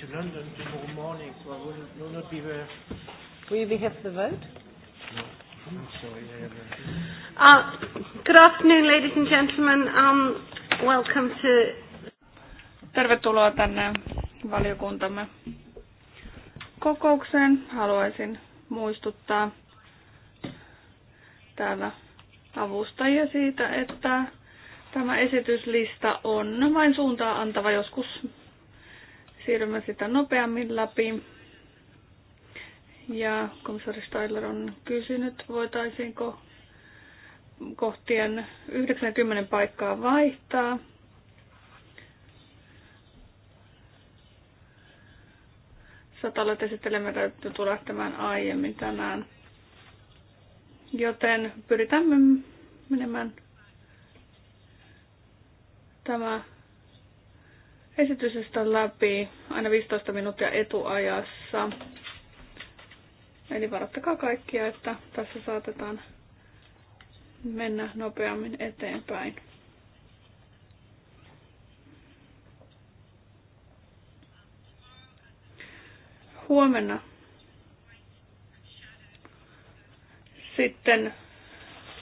going to London tomorrow morning, so I will, will no, not be there. Will you be here for the vote? No. I'm sorry, I have a... uh, good afternoon, ladies and gentlemen. Um, welcome to... Tervetuloa tänne valiokuntamme kokoukseen. Haluaisin muistuttaa täällä avustajia siitä, että tämä esityslista on vain suuntaa antava joskus Siirrymme sitä nopeammin läpi. Ja komissaari Steiler on kysynyt, voitaisiinko kohtien 90 paikkaa vaihtaa. Satalat esittelemme täytyy lähtemään aiemmin tänään. Joten pyritään menemään tämä esitysestä läpi aina 15 minuuttia etuajassa. Eli varoittakaa kaikkia, että tässä saatetaan mennä nopeammin eteenpäin. Huomenna sitten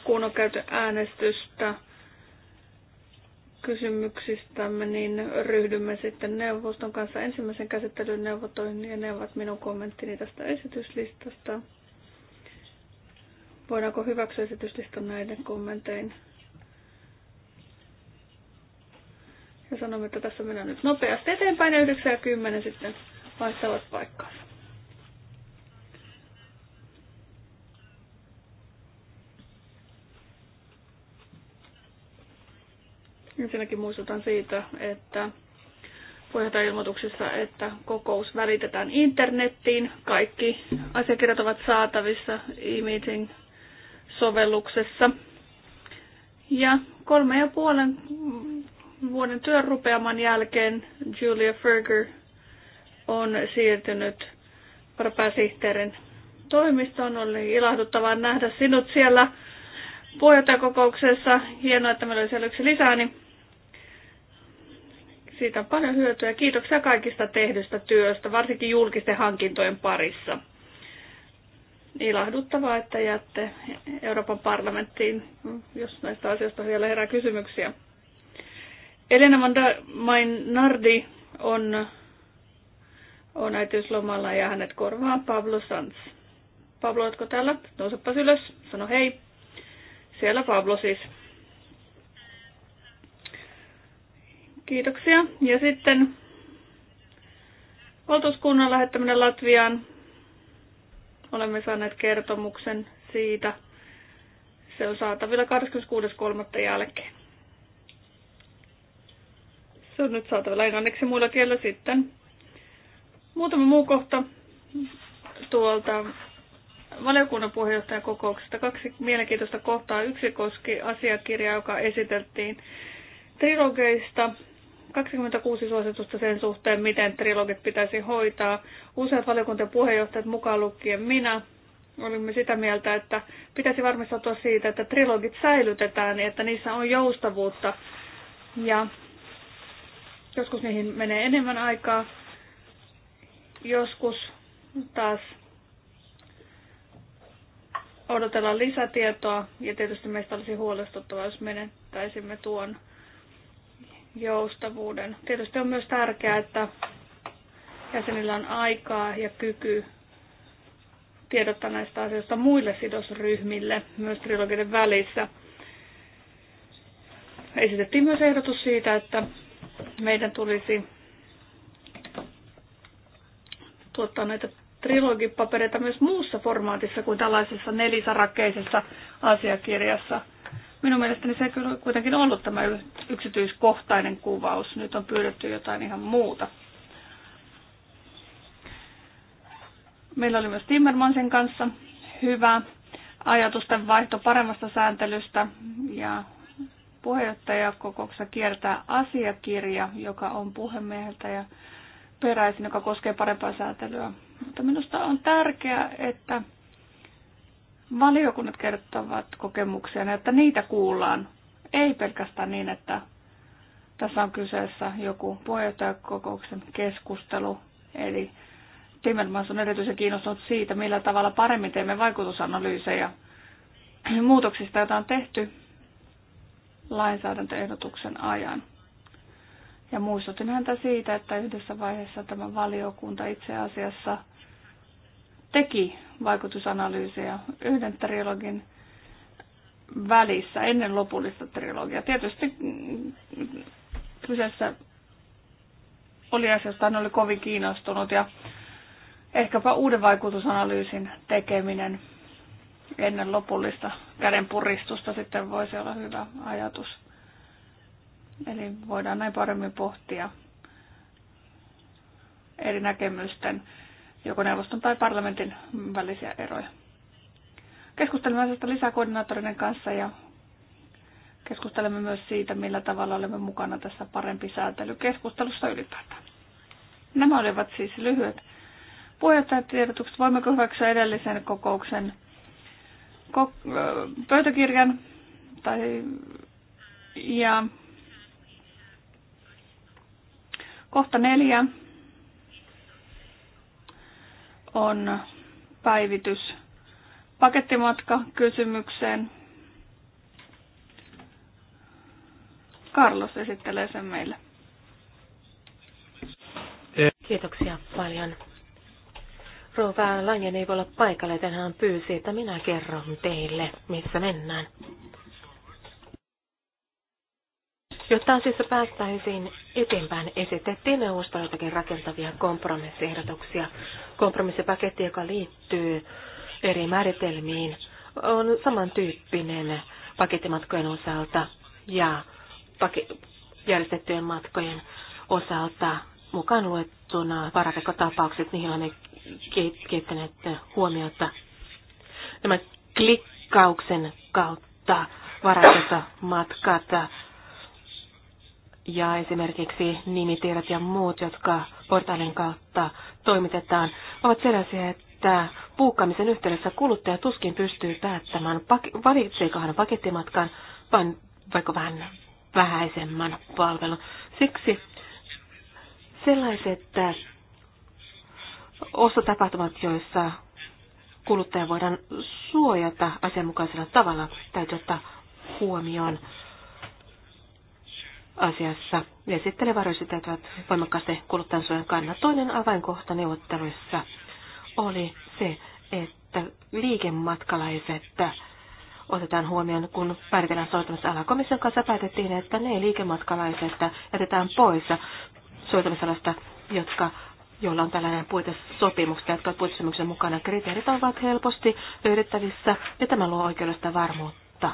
kun on käyty äänestystä, kysymyksistämme, niin ryhdymme sitten neuvoston kanssa ensimmäisen käsittelyn neuvotoihin ja ne ovat minun kommenttini tästä esityslistasta. Voidaanko hyväksyä esityslistan näiden kommentein? Ja sanomme, että tässä mennään nyt nopeasti eteenpäin ja 9 ja 10 sitten vaihtavat paikkaansa. Ensinnäkin muistutan siitä, että puhetaan ilmoituksessa, että kokous välitetään internettiin. Kaikki asiakirjat ovat saatavissa e-meeting-sovelluksessa. Ja kolme ja puolen vuoden työn rupeaman jälkeen Julia Ferger on siirtynyt varapääsihteerin toimistoon. Oli ilahduttavaa nähdä sinut siellä puheenjohtajakokouksessa. Hienoa, että meillä oli siellä yksi lisää, niin siitä on paljon hyötyä. Kiitoksia kaikista tehdystä työstä, varsinkin julkisten hankintojen parissa. Ilahduttavaa, että jäätte Euroopan parlamenttiin, jos näistä asioista vielä herää kysymyksiä. Elena Mainardi on, on äitiyslomalla ja hänet korvaa Pablo Sanz. Pablo, oletko täällä? Nousepas ylös, sano hei. Siellä Pablo siis. Kiitoksia. Ja sitten valtuuskunnan lähettäminen Latviaan. Olemme saaneet kertomuksen siitä. Se on saatavilla 26.3. jälkeen. Se on nyt saatavilla englanniksi muilla kielillä sitten. Muutama muu kohta tuolta valiokunnan puheenjohtajan kokouksesta. Kaksi mielenkiintoista kohtaa. Yksi koski asiakirjaa, joka esiteltiin trilogeista 26 suositusta sen suhteen, miten trilogit pitäisi hoitaa. Useat valiokuntien puheenjohtajat mukaan lukien minä olimme sitä mieltä, että pitäisi varmistautua siitä, että trilogit säilytetään, että niissä on joustavuutta. Ja joskus niihin menee enemmän aikaa, joskus taas odotellaan lisätietoa ja tietysti meistä olisi huolestuttavaa, jos menettäisimme tuon joustavuuden. Tietysti on myös tärkeää, että jäsenillä on aikaa ja kyky tiedottaa näistä asioista muille sidosryhmille, myös trilogien välissä. Esitettiin myös ehdotus siitä, että meidän tulisi tuottaa näitä trilogipapereita myös muussa formaatissa kuin tällaisessa nelisarakkeisessa asiakirjassa. Minun mielestäni se on kuitenkin ollut tämä yksityiskohtainen kuvaus. Nyt on pyydetty jotain ihan muuta. Meillä oli myös Timmermansin kanssa hyvä ajatusten vaihto paremmasta sääntelystä ja puheenjohtajakokouksessa kiertää asiakirja, joka on puhemieheltä ja peräisin, joka koskee parempaa säätelyä. Mutta minusta on tärkeää, että valiokunnat kertovat kokemuksia, että niitä kuullaan. Ei pelkästään niin, että tässä on kyseessä joku puheenjohtajakokouksen keskustelu, eli Timmermans on erityisen kiinnostunut siitä, millä tavalla paremmin teemme vaikutusanalyysejä muutoksista, joita on tehty lainsäädäntöehdotuksen ajan. Ja muistutin häntä siitä, että yhdessä vaiheessa tämä valiokunta itse asiassa teki vaikutusanalyysiä yhden trilogin välissä, ennen lopullista trilogiaa. Tietysti mm, kyseessä oli asia, hän oli kovin kiinnostunut ja ehkäpä uuden vaikutusanalyysin tekeminen ennen lopullista käden puristusta sitten voisi olla hyvä ajatus. Eli voidaan näin paremmin pohtia eri näkemysten joko neuvoston tai parlamentin välisiä eroja. Keskustelemme asiasta lisäkoordinaattorinen kanssa ja keskustelemme myös siitä, millä tavalla olemme mukana tässä parempi säätelykeskustelussa ylipäätään. Nämä olivat siis lyhyet puheenjohtajatiedotukset. Voimmeko hyväksyä edellisen kokouksen pöytäkirjan tai, ja kohta neljä on päivitys pakettimatka kysymykseen. Carlos esittelee sen meille. Kiitoksia paljon. Rouva Lange ei voi olla paikalla, joten hän pyysi, että minä kerron teille, missä mennään. Jotta asiassa päästäisiin eteenpäin, esitettiin neuvostoiltakin rakentavia kompromissiehdotuksia. Kompromissipaketti, joka liittyy eri määritelmiin, on samantyyppinen pakettimatkojen osalta ja pake- järjestettyjen matkojen osalta mukaan luettuna vararekotapaukset, niihin olemme kiittäneet huomiota. Nämä klikkauksen kautta varatut matkat ja esimerkiksi nimitiedot ja muut, jotka portaalin kautta toimitetaan, ovat sellaisia, että puukkaamisen yhteydessä kuluttaja tuskin pystyy päättämään, valitseeko hän pakettimatkan vai vaikka vähän vähäisemmän palvelun. Siksi sellaiset ostotapahtumat, joissa kuluttaja voidaan suojata asianmukaisella tavalla, täytyy ottaa huomioon asiassa. Esittelevaroiset ovat voimakkaasti kuluttajansuojan kannat. Toinen avainkohta neuvotteluissa oli se, että liikematkalaiset otetaan huomioon, kun päätetään soveltamisalaa. Komission kanssa päätettiin, että ne liikematkalaiset jätetään pois soittamisalasta, jotka jolla on tällainen puitesopimus, jotka puitesopimuksen mukana kriteerit ovat helposti löydettävissä, ja tämä luo oikeudesta varmuutta.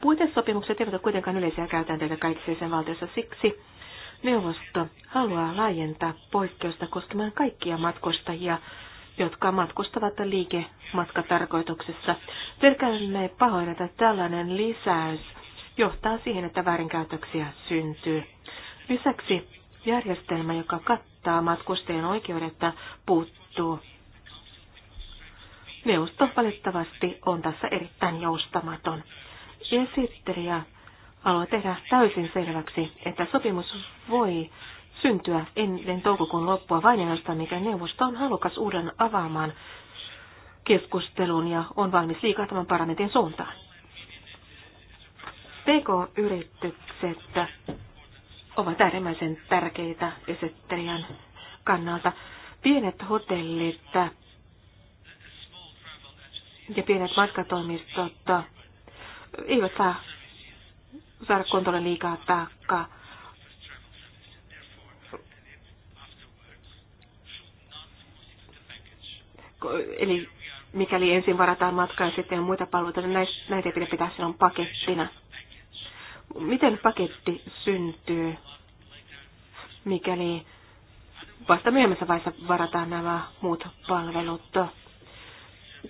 Puitesopimukset eivät ole kuitenkaan yleisiä käytänteitä kaikissa jäsenvaltioissa, siksi neuvosto haluaa laajentaa poikkeusta koskemaan kaikkia matkustajia, jotka matkustavat liikematkatarkoituksessa. Pelkäämme pahoin, että tällainen lisäys johtaa siihen, että väärinkäytöksiä syntyy. Lisäksi järjestelmä, joka kattaa matkustajien oikeudet, puuttuu. Neuvosto valitettavasti on tässä erittäin joustamaton. Esittelijä haluaa tehdä täysin selväksi, että sopimus voi syntyä ennen toukokuun loppua vain ainoastaan, mikä neuvosto on halukas uuden avaamaan keskustelun ja on valmis liikahtamaan parlamentin suuntaan. PK-yritykset ovat äärimmäisen tärkeitä esittelijän kannalta. Pienet hotellit ja pienet matkatoimistot eivät saa saada kontolle liikaa taakkaa. Eli mikäli ensin varataan matkaa ja sitten muita palveluita, niin näitä ei pidä pitää silloin pakettina. Miten paketti syntyy, mikäli vasta myöhemmässä vaiheessa varataan nämä muut palvelut?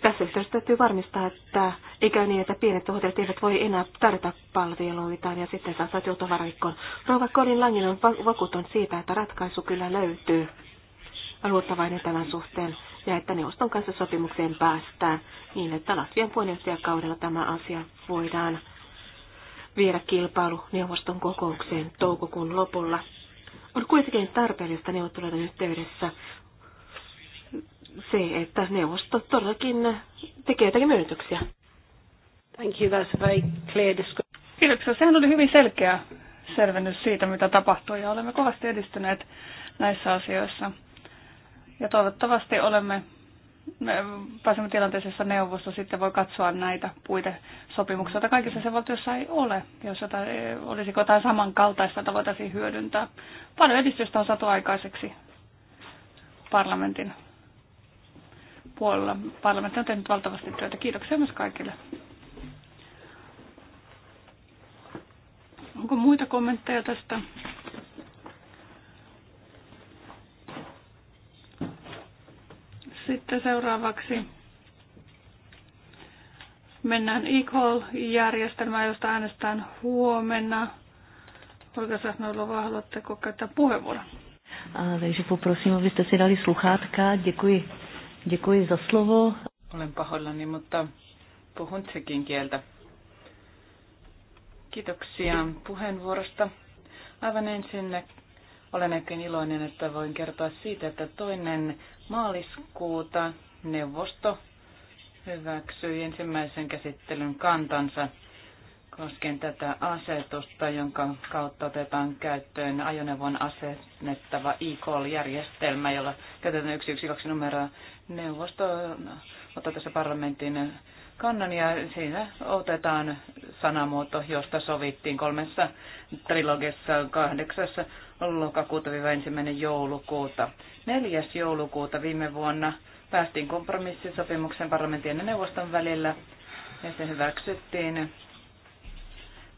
Tässä yhteydessä täytyy varmistaa, että ei käy niin, että pienet hotellit eivät voi enää tarjota palveluitaan ja sitten saat joutua varikkoon. Rouva Colin Langin on vakuuton siitä, että ratkaisu kyllä löytyy. Luottavainen tämän suhteen ja että neuvoston kanssa sopimukseen päästään niin, että Latvian puheenjohtajakaudella tämä asia voidaan viedä neuvoston kokoukseen toukokuun lopulla. On kuitenkin tarpeellista neuvottelujen yhteydessä se, että neuvosto todellakin tekee jotakin myönnytyksiä. Thank you, that's very clear Kiitoksia. Sehän oli hyvin selkeä selvennys siitä, mitä tapahtui, ja olemme kovasti edistyneet näissä asioissa. Ja toivottavasti olemme, me pääsemme tilanteessa, neuvosto sitten voi katsoa näitä puitesopimuksia, joita kaikissa se valtiossa ei ole, jos jotain, olisiko jotain samankaltaista, jota voitaisiin hyödyntää. Paljon edistystä on saatu aikaiseksi parlamentin puolella. Parlamentti on tehnyt valtavasti työtä. Kiitoksia myös kaikille. Onko muita kommentteja tästä? Sitten seuraavaksi mennään Equal-järjestelmään, josta äänestään huomenna. Olga vaan haluatteko käyttää puheenvuoron? Takže poprosím, abyste si dali sluchátka. Děkuji Děkuji za slovo. Olen pahoillani, mutta puhun tsekin kieltä. Kiitoksia puheenvuorosta. Aivan ensin olen oikein iloinen, että voin kertoa siitä, että toinen maaliskuuta neuvosto hyväksyi ensimmäisen käsittelyn kantansa koskien tätä asetusta, jonka kautta otetaan käyttöön ajoneuvon asennettava e-call-järjestelmä, jolla käytetään 112 numeroa neuvosto ottaa tässä parlamentin kannan ja siinä otetaan sanamuoto, josta sovittiin kolmessa trilogessa kahdeksassa lokakuuta 1. joulukuuta. 4. joulukuuta viime vuonna päästiin kompromissisopimuksen parlamentin ja neuvoston välillä ja se hyväksyttiin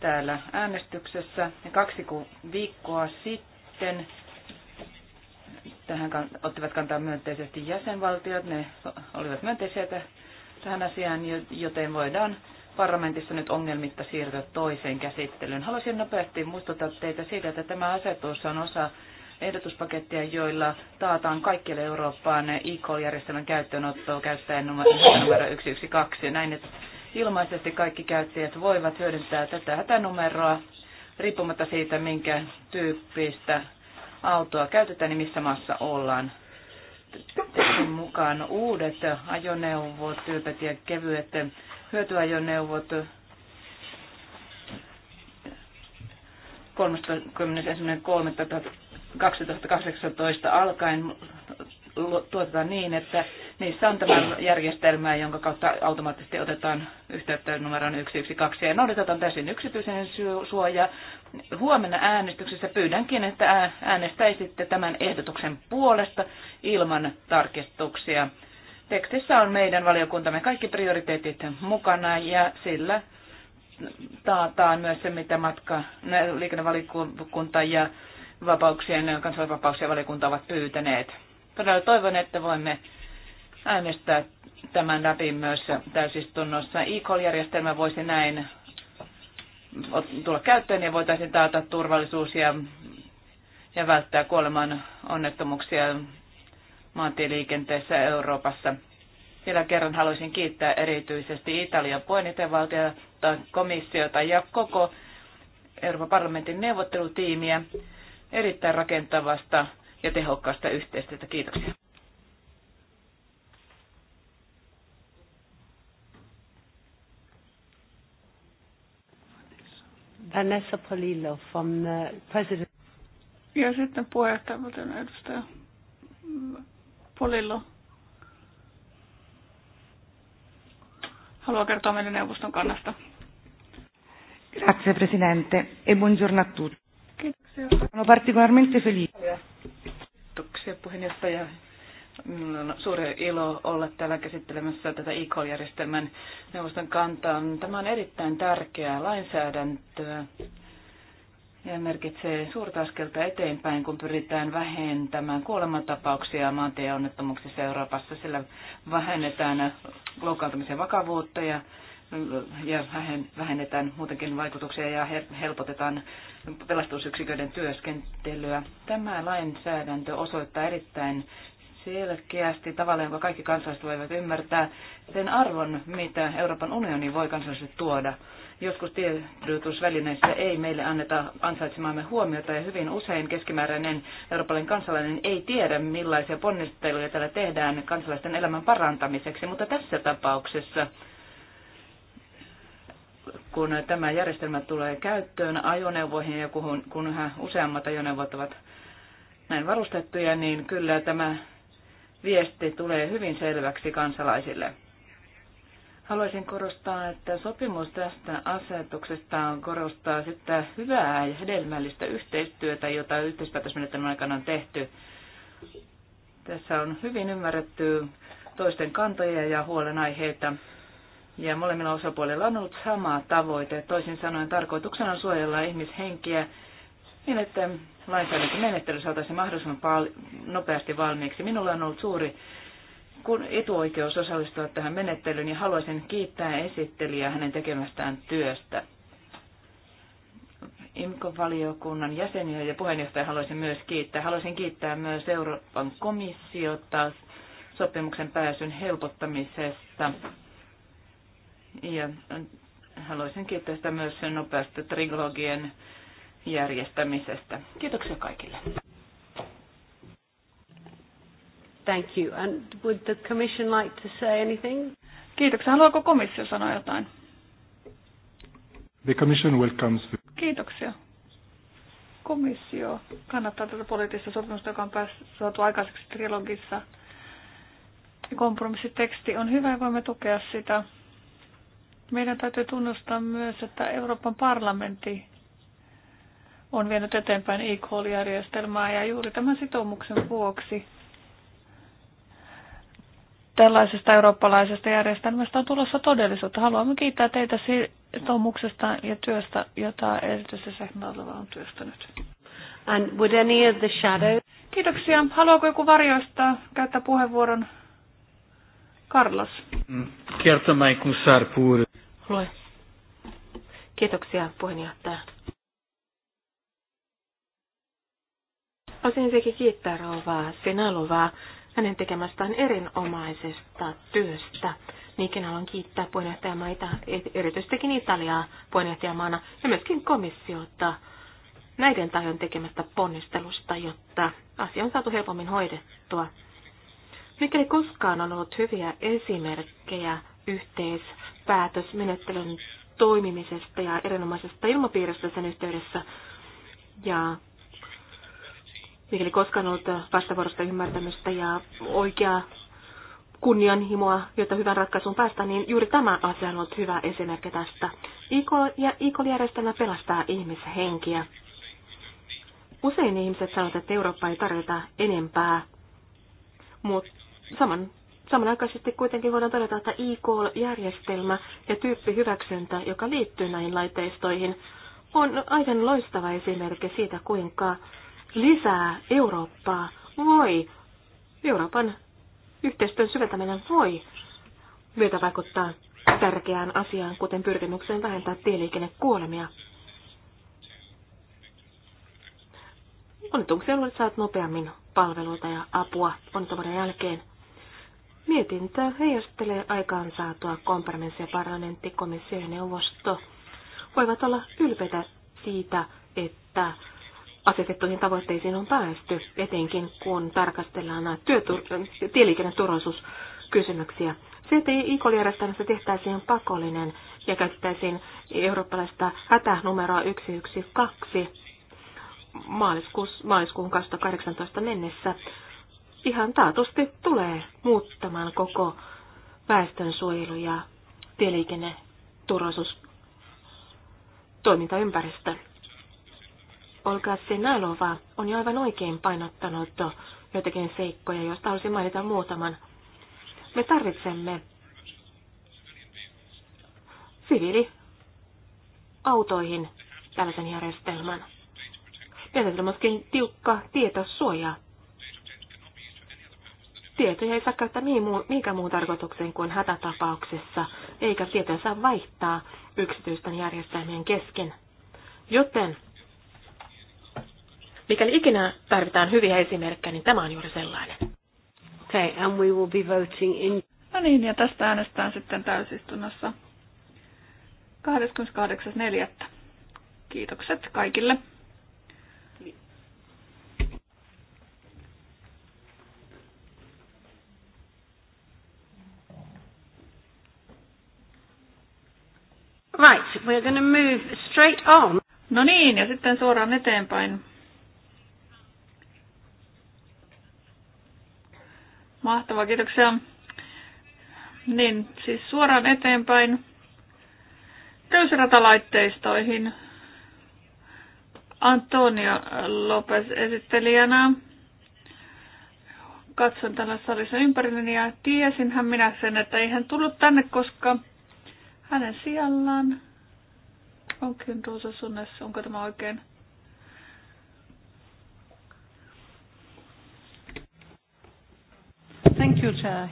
täällä äänestyksessä. Ja kaksi viikkoa sitten Tähän ottivat kantaa myönteisesti jäsenvaltiot. Ne olivat myönteisiä tähän asiaan, joten voidaan parlamentissa nyt ongelmitta siirtyä toiseen käsittelyyn. Haluaisin nopeasti muistuttaa teitä siitä, että tämä asetus on osa ehdotuspakettia, joilla taataan kaikille Eurooppaan e-call-järjestelmän käyttöönottoa käyttäen numero 112. Näin, että ilmaisesti kaikki käyttäjät voivat hyödyntää tätä hätänumeroa riippumatta siitä, minkä tyyppistä autoa käytetään, niin missä maassa ollaan. Tekstin mukaan uudet ajoneuvot, työpät ja kevyet hyötyajoneuvot 31.3.2018 alkaen tuotetaan niin, että niissä on tämä järjestelmä, jonka kautta automaattisesti otetaan yhteyttä numeron 112 ja noudatetaan täysin yksityisen suojaa, huomenna äänestyksessä pyydänkin, että äänestäisitte tämän ehdotuksen puolesta ilman tarkistuksia. Tekstissä on meidän valiokuntamme kaikki prioriteetit mukana ja sillä taataan myös se, mitä matka, liikennevalikunta ja vapauksien, kansainvapauksien valiokunta ovat pyytäneet. Todella toivon, että voimme äänestää tämän läpi myös täysistunnossa. e järjestelmä voisi näin tulla käyttöön ja voitaisiin taata turvallisuus ja, ja välttää kuoleman onnettomuuksia maantieliikenteessä Euroopassa. Vielä kerran haluaisin kiittää erityisesti Italian puheenjohtajavaltiota, komissiota ja koko Euroopan parlamentin neuvottelutiimiä erittäin rakentavasta ja tehokkaasta yhteistyötä. Kiitoksia. Vanessa Polillo from the President. Ja sitten puheenjohtajavaltion edustaja Polillo. Haluaa kertoa meidän neuvoston kannasta. Grazie Presidente e buongiorno a tutti. Kiitoksia. Sono particolarmente felice. Kiitoksia puheenjohtaja. Minulla on suuri ilo olla täällä käsittelemässä tätä IK-järjestelmän neuvoston kantaa. Tämä on erittäin tärkeää lainsäädäntöä ja merkitsee suurta askelta eteenpäin, kun pyritään vähentämään maantien onnettomuuksissa Euroopassa, sillä vähennetään loukkaantumisen vakavuutta ja, ja vähennetään muutenkin vaikutuksia ja helpotetaan pelastusyksiköiden työskentelyä. Tämä lainsäädäntö osoittaa erittäin selkeästi tavalla, jonka kaikki kansalaiset voivat ymmärtää sen arvon, mitä Euroopan unioni voi kansalaisille tuoda. Joskus tiedotusvälineissä ei meille anneta ansaitsemaamme huomiota ja hyvin usein keskimääräinen eurooppalainen kansalainen ei tiedä, millaisia ponnisteluja täällä tehdään kansalaisten elämän parantamiseksi, mutta tässä tapauksessa kun tämä järjestelmä tulee käyttöön ajoneuvoihin ja kun, kun yhä useammat ajoneuvot ovat näin varustettuja, niin kyllä tämä viesti tulee hyvin selväksi kansalaisille. Haluaisin korostaa, että sopimus tästä asetuksesta korostaa sitä hyvää ja hedelmällistä yhteistyötä, jota yhteispäätösmenettelyn aikana on tehty. Tässä on hyvin ymmärretty toisten kantoja ja huolenaiheita. Ja molemmilla osapuolilla on ollut sama tavoite. Toisin sanoen tarkoituksena on suojella ihmishenkiä niin että lainsäädäntömenettely saataisiin mahdollisimman nopeasti valmiiksi. Minulla on ollut suuri kun etuoikeus osallistua tähän menettelyyn ja niin haluaisin kiittää esittelijää hänen tekemästään työstä. IMCO-valiokunnan jäseniä ja puheenjohtaja haluaisin myös kiittää. Haluaisin kiittää myös Euroopan komissiota sopimuksen pääsyn helpottamisesta. Ja haluaisin kiittää sitä myös nopeasta trilogien järjestämisestä. Kiitoksia kaikille. Thank you. And would the commission like to say anything? Kiitoksia. Haluaako komissio sanoa jotain? The commission welcomes. Kiitoksia. Komissio kannattaa tätä poliittista sopimusta, joka on päässyt, saatu aikaiseksi trilogissa. Kompromissiteksti on hyvä ja voimme tukea sitä. Meidän täytyy tunnustaa myös, että Euroopan parlamentti on vienyt eteenpäin e-call-järjestelmää ja juuri tämän sitoumuksen vuoksi tällaisesta eurooppalaisesta järjestelmästä on tulossa todellisuutta. Haluamme kiittää teitä sitoumuksesta ja työstä, jota erityisesti Sehnalova on työstänyt. And would any of the shadow... Kiitoksia. Haluaako joku varjoista käyttää puheenvuoron? Carlos. Mm, Kertomaan kun Kiitoksia puheenjohtaja. Haluaisin ensinnäkin kiittää rouvaa Sinaluvaa hänen tekemästään erinomaisesta työstä. Niinkin haluan kiittää puheenjohtajamaita, erityisestikin Italiaa puheenjohtajamaana ja myöskin komissiota näiden tahojen tekemästä ponnistelusta, jotta asia on saatu helpommin hoidettua. Mikäli koskaan on ollut hyviä esimerkkejä yhteispäätösmenettelyn toimimisesta ja erinomaisesta ilmapiiristä sen yhteydessä, ja mikäli koskaan ollut vastavuorosta ymmärtämystä ja oikeaa kunnianhimoa, jotta hyvän ratkaisun päästä, niin juuri tämä asia on ollut hyvä esimerkki tästä. IKOL-järjestelmä pelastaa ihmishenkiä. Usein ihmiset sanovat, että Eurooppa ei tarvita enempää, mutta saman, samanaikaisesti kuitenkin voidaan todeta, että IKOL-järjestelmä ja tyyppihyväksyntä, joka liittyy näihin laitteistoihin, on aivan loistava esimerkki siitä, kuinka lisää Eurooppaa voi, Euroopan yhteistyön syventäminen voi myötä vaikuttaa tärkeään asiaan, kuten pyrkimykseen vähentää tieliikennekuolemia. Onnettomuuksien olet saat nopeammin palveluita ja apua onnettomuuden jälkeen. Mietintö heijastelee aikaan saatua kompromissia parlamentti, komissio ja neuvosto voivat olla ylpeitä siitä, että asetettuihin tavoitteisiin on päästy, etenkin kun tarkastellaan työtur- tieliikenneturvallisuuskysymyksiä. Se, että ikol järjestelmässä tehtäisiin pakollinen ja käytettäisiin eurooppalaista hätänumeroa 112 maaliskuus, maaliskuun 2018 mennessä, ihan taatusti tulee muuttamaan koko väestönsuojelu ja tieliikenneturvallisuus toimintaympäristö. Olga Senalova on jo aivan oikein painottanut joitakin seikkoja, joista haluaisin mainita muutaman. Me tarvitsemme autoihin tällaisen järjestelmän. Meillä on myöskin tiukka tietosuoja. Tietoja ei saa käyttää mihinkään muun tarkoitukseen kuin hätätapauksessa, eikä tietoja saa vaihtaa yksityisten järjestelmien kesken. Joten Mikäli ikinä tarvitaan hyviä esimerkkejä, niin tämä on juuri sellainen. Okay, and we will be voting in... No niin, ja tästä äänestetään sitten täysistunnossa 28.4. Kiitokset kaikille. Right, we're going to move straight on. No niin, ja sitten suoraan eteenpäin. Mahtavaa, kiitoksia. Niin, siis suoraan eteenpäin köysiratalaitteistoihin. Antonio Lopez esittelijänä. Katson tällä salissa ympärilleni ja tiesinhän minä sen, että ei hän tullut tänne, koska hänen sijallaan onkin tuossa sunnessa onko tämä oikein?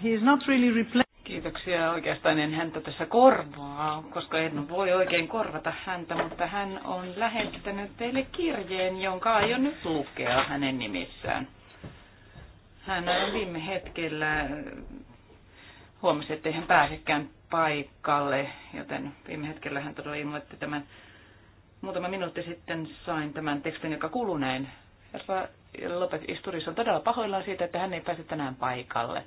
He is not really Kiitoksia. Oikeastaan en häntä tässä korvaa, koska en voi oikein korvata häntä, mutta hän on lähettänyt teille kirjeen, jonka aion nyt lukea hänen nimissään. Hän on viime hetkellä huomasi, ettei hän pääsekään paikalle, joten viime hetkellä hän todella ilmoitti tämän. Muutama minuutti sitten sain tämän tekstin, joka kuuluu näin. Herra Lopet Isturis on todella pahoillaan siitä, että hän ei pääse tänään paikalle.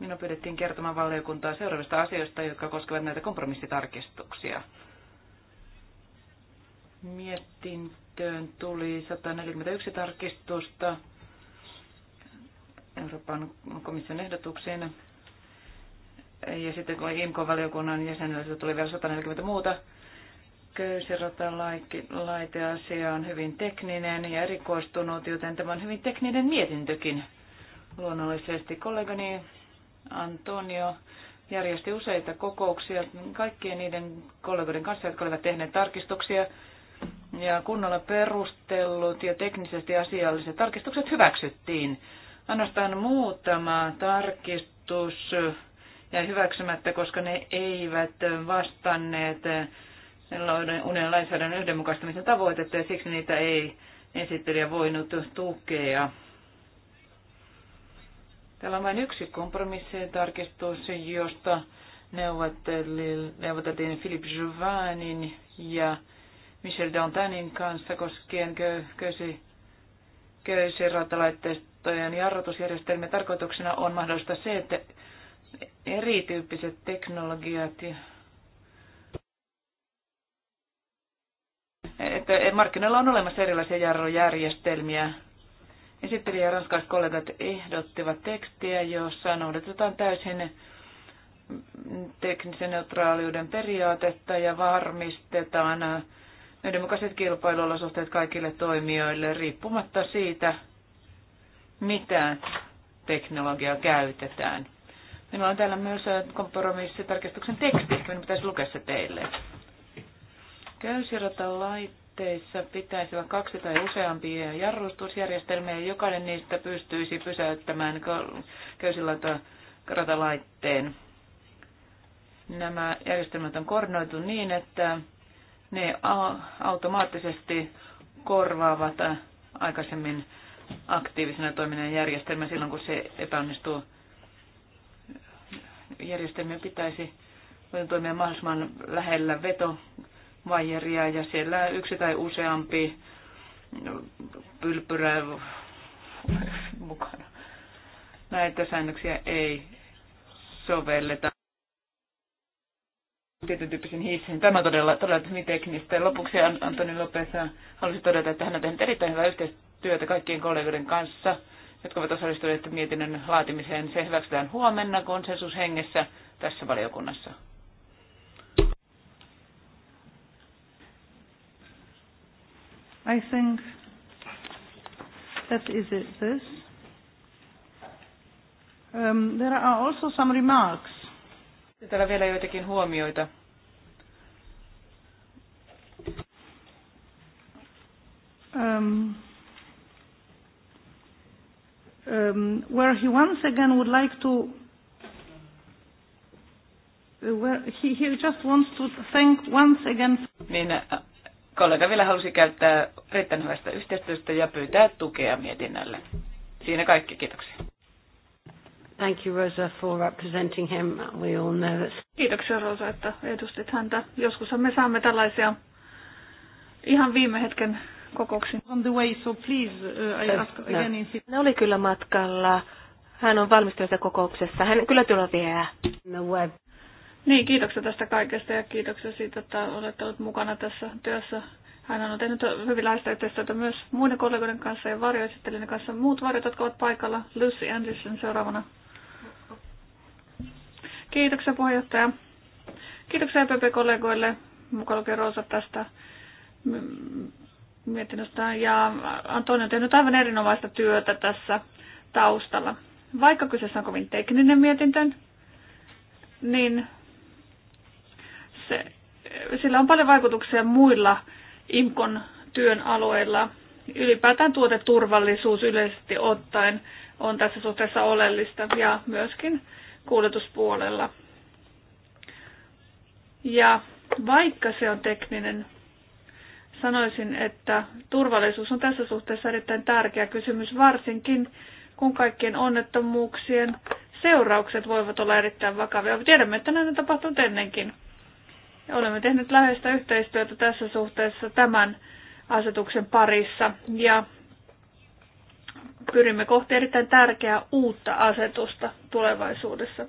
Minun pyydettiin kertomaan valiokuntaa seuraavista asioista, jotka koskevat näitä kompromissitarkistuksia. Mietintöön tuli 141 tarkistusta Euroopan komission ehdotukseen. Ja sitten kun IMK-valiokunnan jäseniltä tuli vielä 140 muuta, köysirata-laiteasia on hyvin tekninen ja erikoistunut, joten tämä on hyvin tekninen mietintökin. Luonnollisesti kollegani Antonio järjesti useita kokouksia kaikkien niiden kollegoiden kanssa, jotka olivat tehneet tarkistuksia ja kunnolla perustellut ja teknisesti asialliset tarkistukset hyväksyttiin. Ainoastaan muutama tarkistus jäi hyväksymättä, koska ne eivät vastanneet uuden lainsäädännön yhdenmukaistamisen tavoitetta ja siksi niitä ei esittelijä voinut tukea. Täällä on vain yksi kompromissitarkistus, josta neuvoteltiin Philippe Jouvinin ja Michel Dantanin kanssa koskien köysi, köysiratalaitteistojen jarrutusjärjestelmiä. Tarkoituksena on mahdollista se, että erityyppiset teknologiat ja että markkinoilla on olemassa erilaisia jarrujärjestelmiä Esittelijä ja kollegat ehdottivat tekstiä, jossa noudatetaan täysin teknisen neutraaliuden periaatetta ja varmistetaan yhdenmukaiset kilpailuolosuhteet kaikille toimijoille riippumatta siitä, mitä teknologiaa käytetään. Minulla on täällä myös kompromissitarkistuksen teksti, minun pitäisi lukea se teille. Köysirata lait raiteissa pitäisi olla kaksi tai useampia jarrustusjärjestelmiä, ja jokainen niistä pystyisi pysäyttämään köysilautaraitalaitteen. Nämä järjestelmät on koordinoitu niin, että ne automaattisesti korvaavat aikaisemmin aktiivisena toiminnan järjestelmä silloin, kun se epäonnistuu. Järjestelmien pitäisi toimia mahdollisimman lähellä veto vaijeria ja siellä yksi tai useampi pylpyrä mukana. Näitä säännöksiä ei sovelleta tietyn tyyppisen hissin. Tämä on todella, todella hyvin teknistä. Lopuksi Antoni Lopesa halusi todeta, että hän on tehnyt erittäin hyvää yhteistyötä kaikkien kollegoiden kanssa, jotka ovat osallistuneet mietinnön laatimiseen. Se hyväksytään huomenna konsensushengessä tässä valiokunnassa. I think that is it, this. Um, there are also some remarks. Täällä vielä joitakin huomioita. Um, um, where he once again would like to uh, where he, he just wants to thank once again. Niin kollega vielä halusi käyttää erittäin hyvästä yhteistyöstä ja pyytää tukea mietinnälle. Siinä kaikki, kiitoksia. Thank you, Rosa, for representing him. We all know that... Kiitoksia, Rosa, että edustit häntä. Joskus me saamme tällaisia ihan viime hetken kokouksia. On the way, so please, uh, I ask no. again in... No Hän oli kyllä matkalla. Hän on valmistelussa kokouksessa. Hän kyllä tulee vielä. No web. Niin, kiitoksia tästä kaikesta ja kiitoksia siitä, että olette olleet mukana tässä työssä. Hän on tehnyt hyvin läheistä yhteistyötä myös muiden kollegoiden kanssa ja varjoesittelijöiden kanssa. Muut varjot, jotka ovat paikalla. Lucy Anderson seuraavana. Kiitoksia puheenjohtaja. Kiitoksia EPP-kollegoille, mukaan lukee Roosa tästä mietinnöstä. Ja Antonio on tehnyt aivan erinomaista työtä tässä taustalla. Vaikka kyseessä on kovin tekninen mietintö, niin se, sillä on paljon vaikutuksia muilla IMKON työn alueilla. Ylipäätään tuoteturvallisuus yleisesti ottaen on tässä suhteessa oleellista ja myöskin kuljetuspuolella. Ja vaikka se on tekninen, sanoisin, että turvallisuus on tässä suhteessa erittäin tärkeä kysymys, varsinkin kun kaikkien onnettomuuksien seuraukset voivat olla erittäin vakavia. Tiedämme, että näin on tapahtunut ennenkin. Olemme tehneet läheistä yhteistyötä tässä suhteessa tämän asetuksen parissa ja pyrimme kohti erittäin tärkeää uutta asetusta tulevaisuudessa.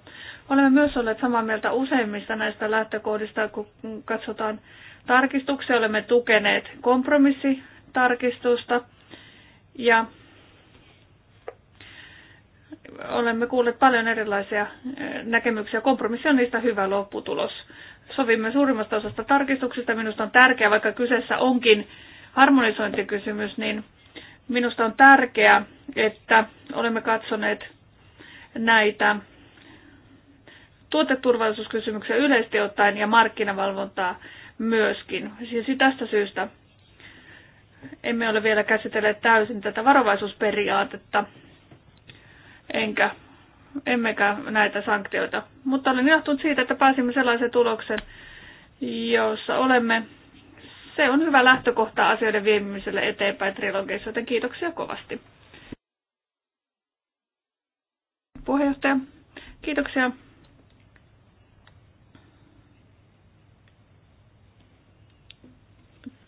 Olemme myös olleet samaa mieltä useimmista näistä lähtökohdista, kun katsotaan tarkistuksia. Olemme tukeneet kompromissitarkistusta ja olemme kuulleet paljon erilaisia eh, näkemyksiä. Kompromissi on niistä hyvä lopputulos. Sovimme suurimmasta osasta tarkistuksista. Minusta on tärkeää, vaikka kyseessä onkin harmonisointikysymys, niin minusta on tärkeää, että olemme katsoneet näitä tuoteturvallisuuskysymyksiä yleisesti ottaen ja markkinavalvontaa myöskin. Siis tästä syystä emme ole vielä käsitelleet täysin tätä varovaisuusperiaatetta, enkä emmekä näitä sanktioita. Mutta olen johtunut siitä, että pääsimme sellaiseen tulokseen, jossa olemme. Se on hyvä lähtökohta asioiden viemiselle eteenpäin trilogeissa, joten kiitoksia kovasti. Puheenjohtaja, kiitoksia.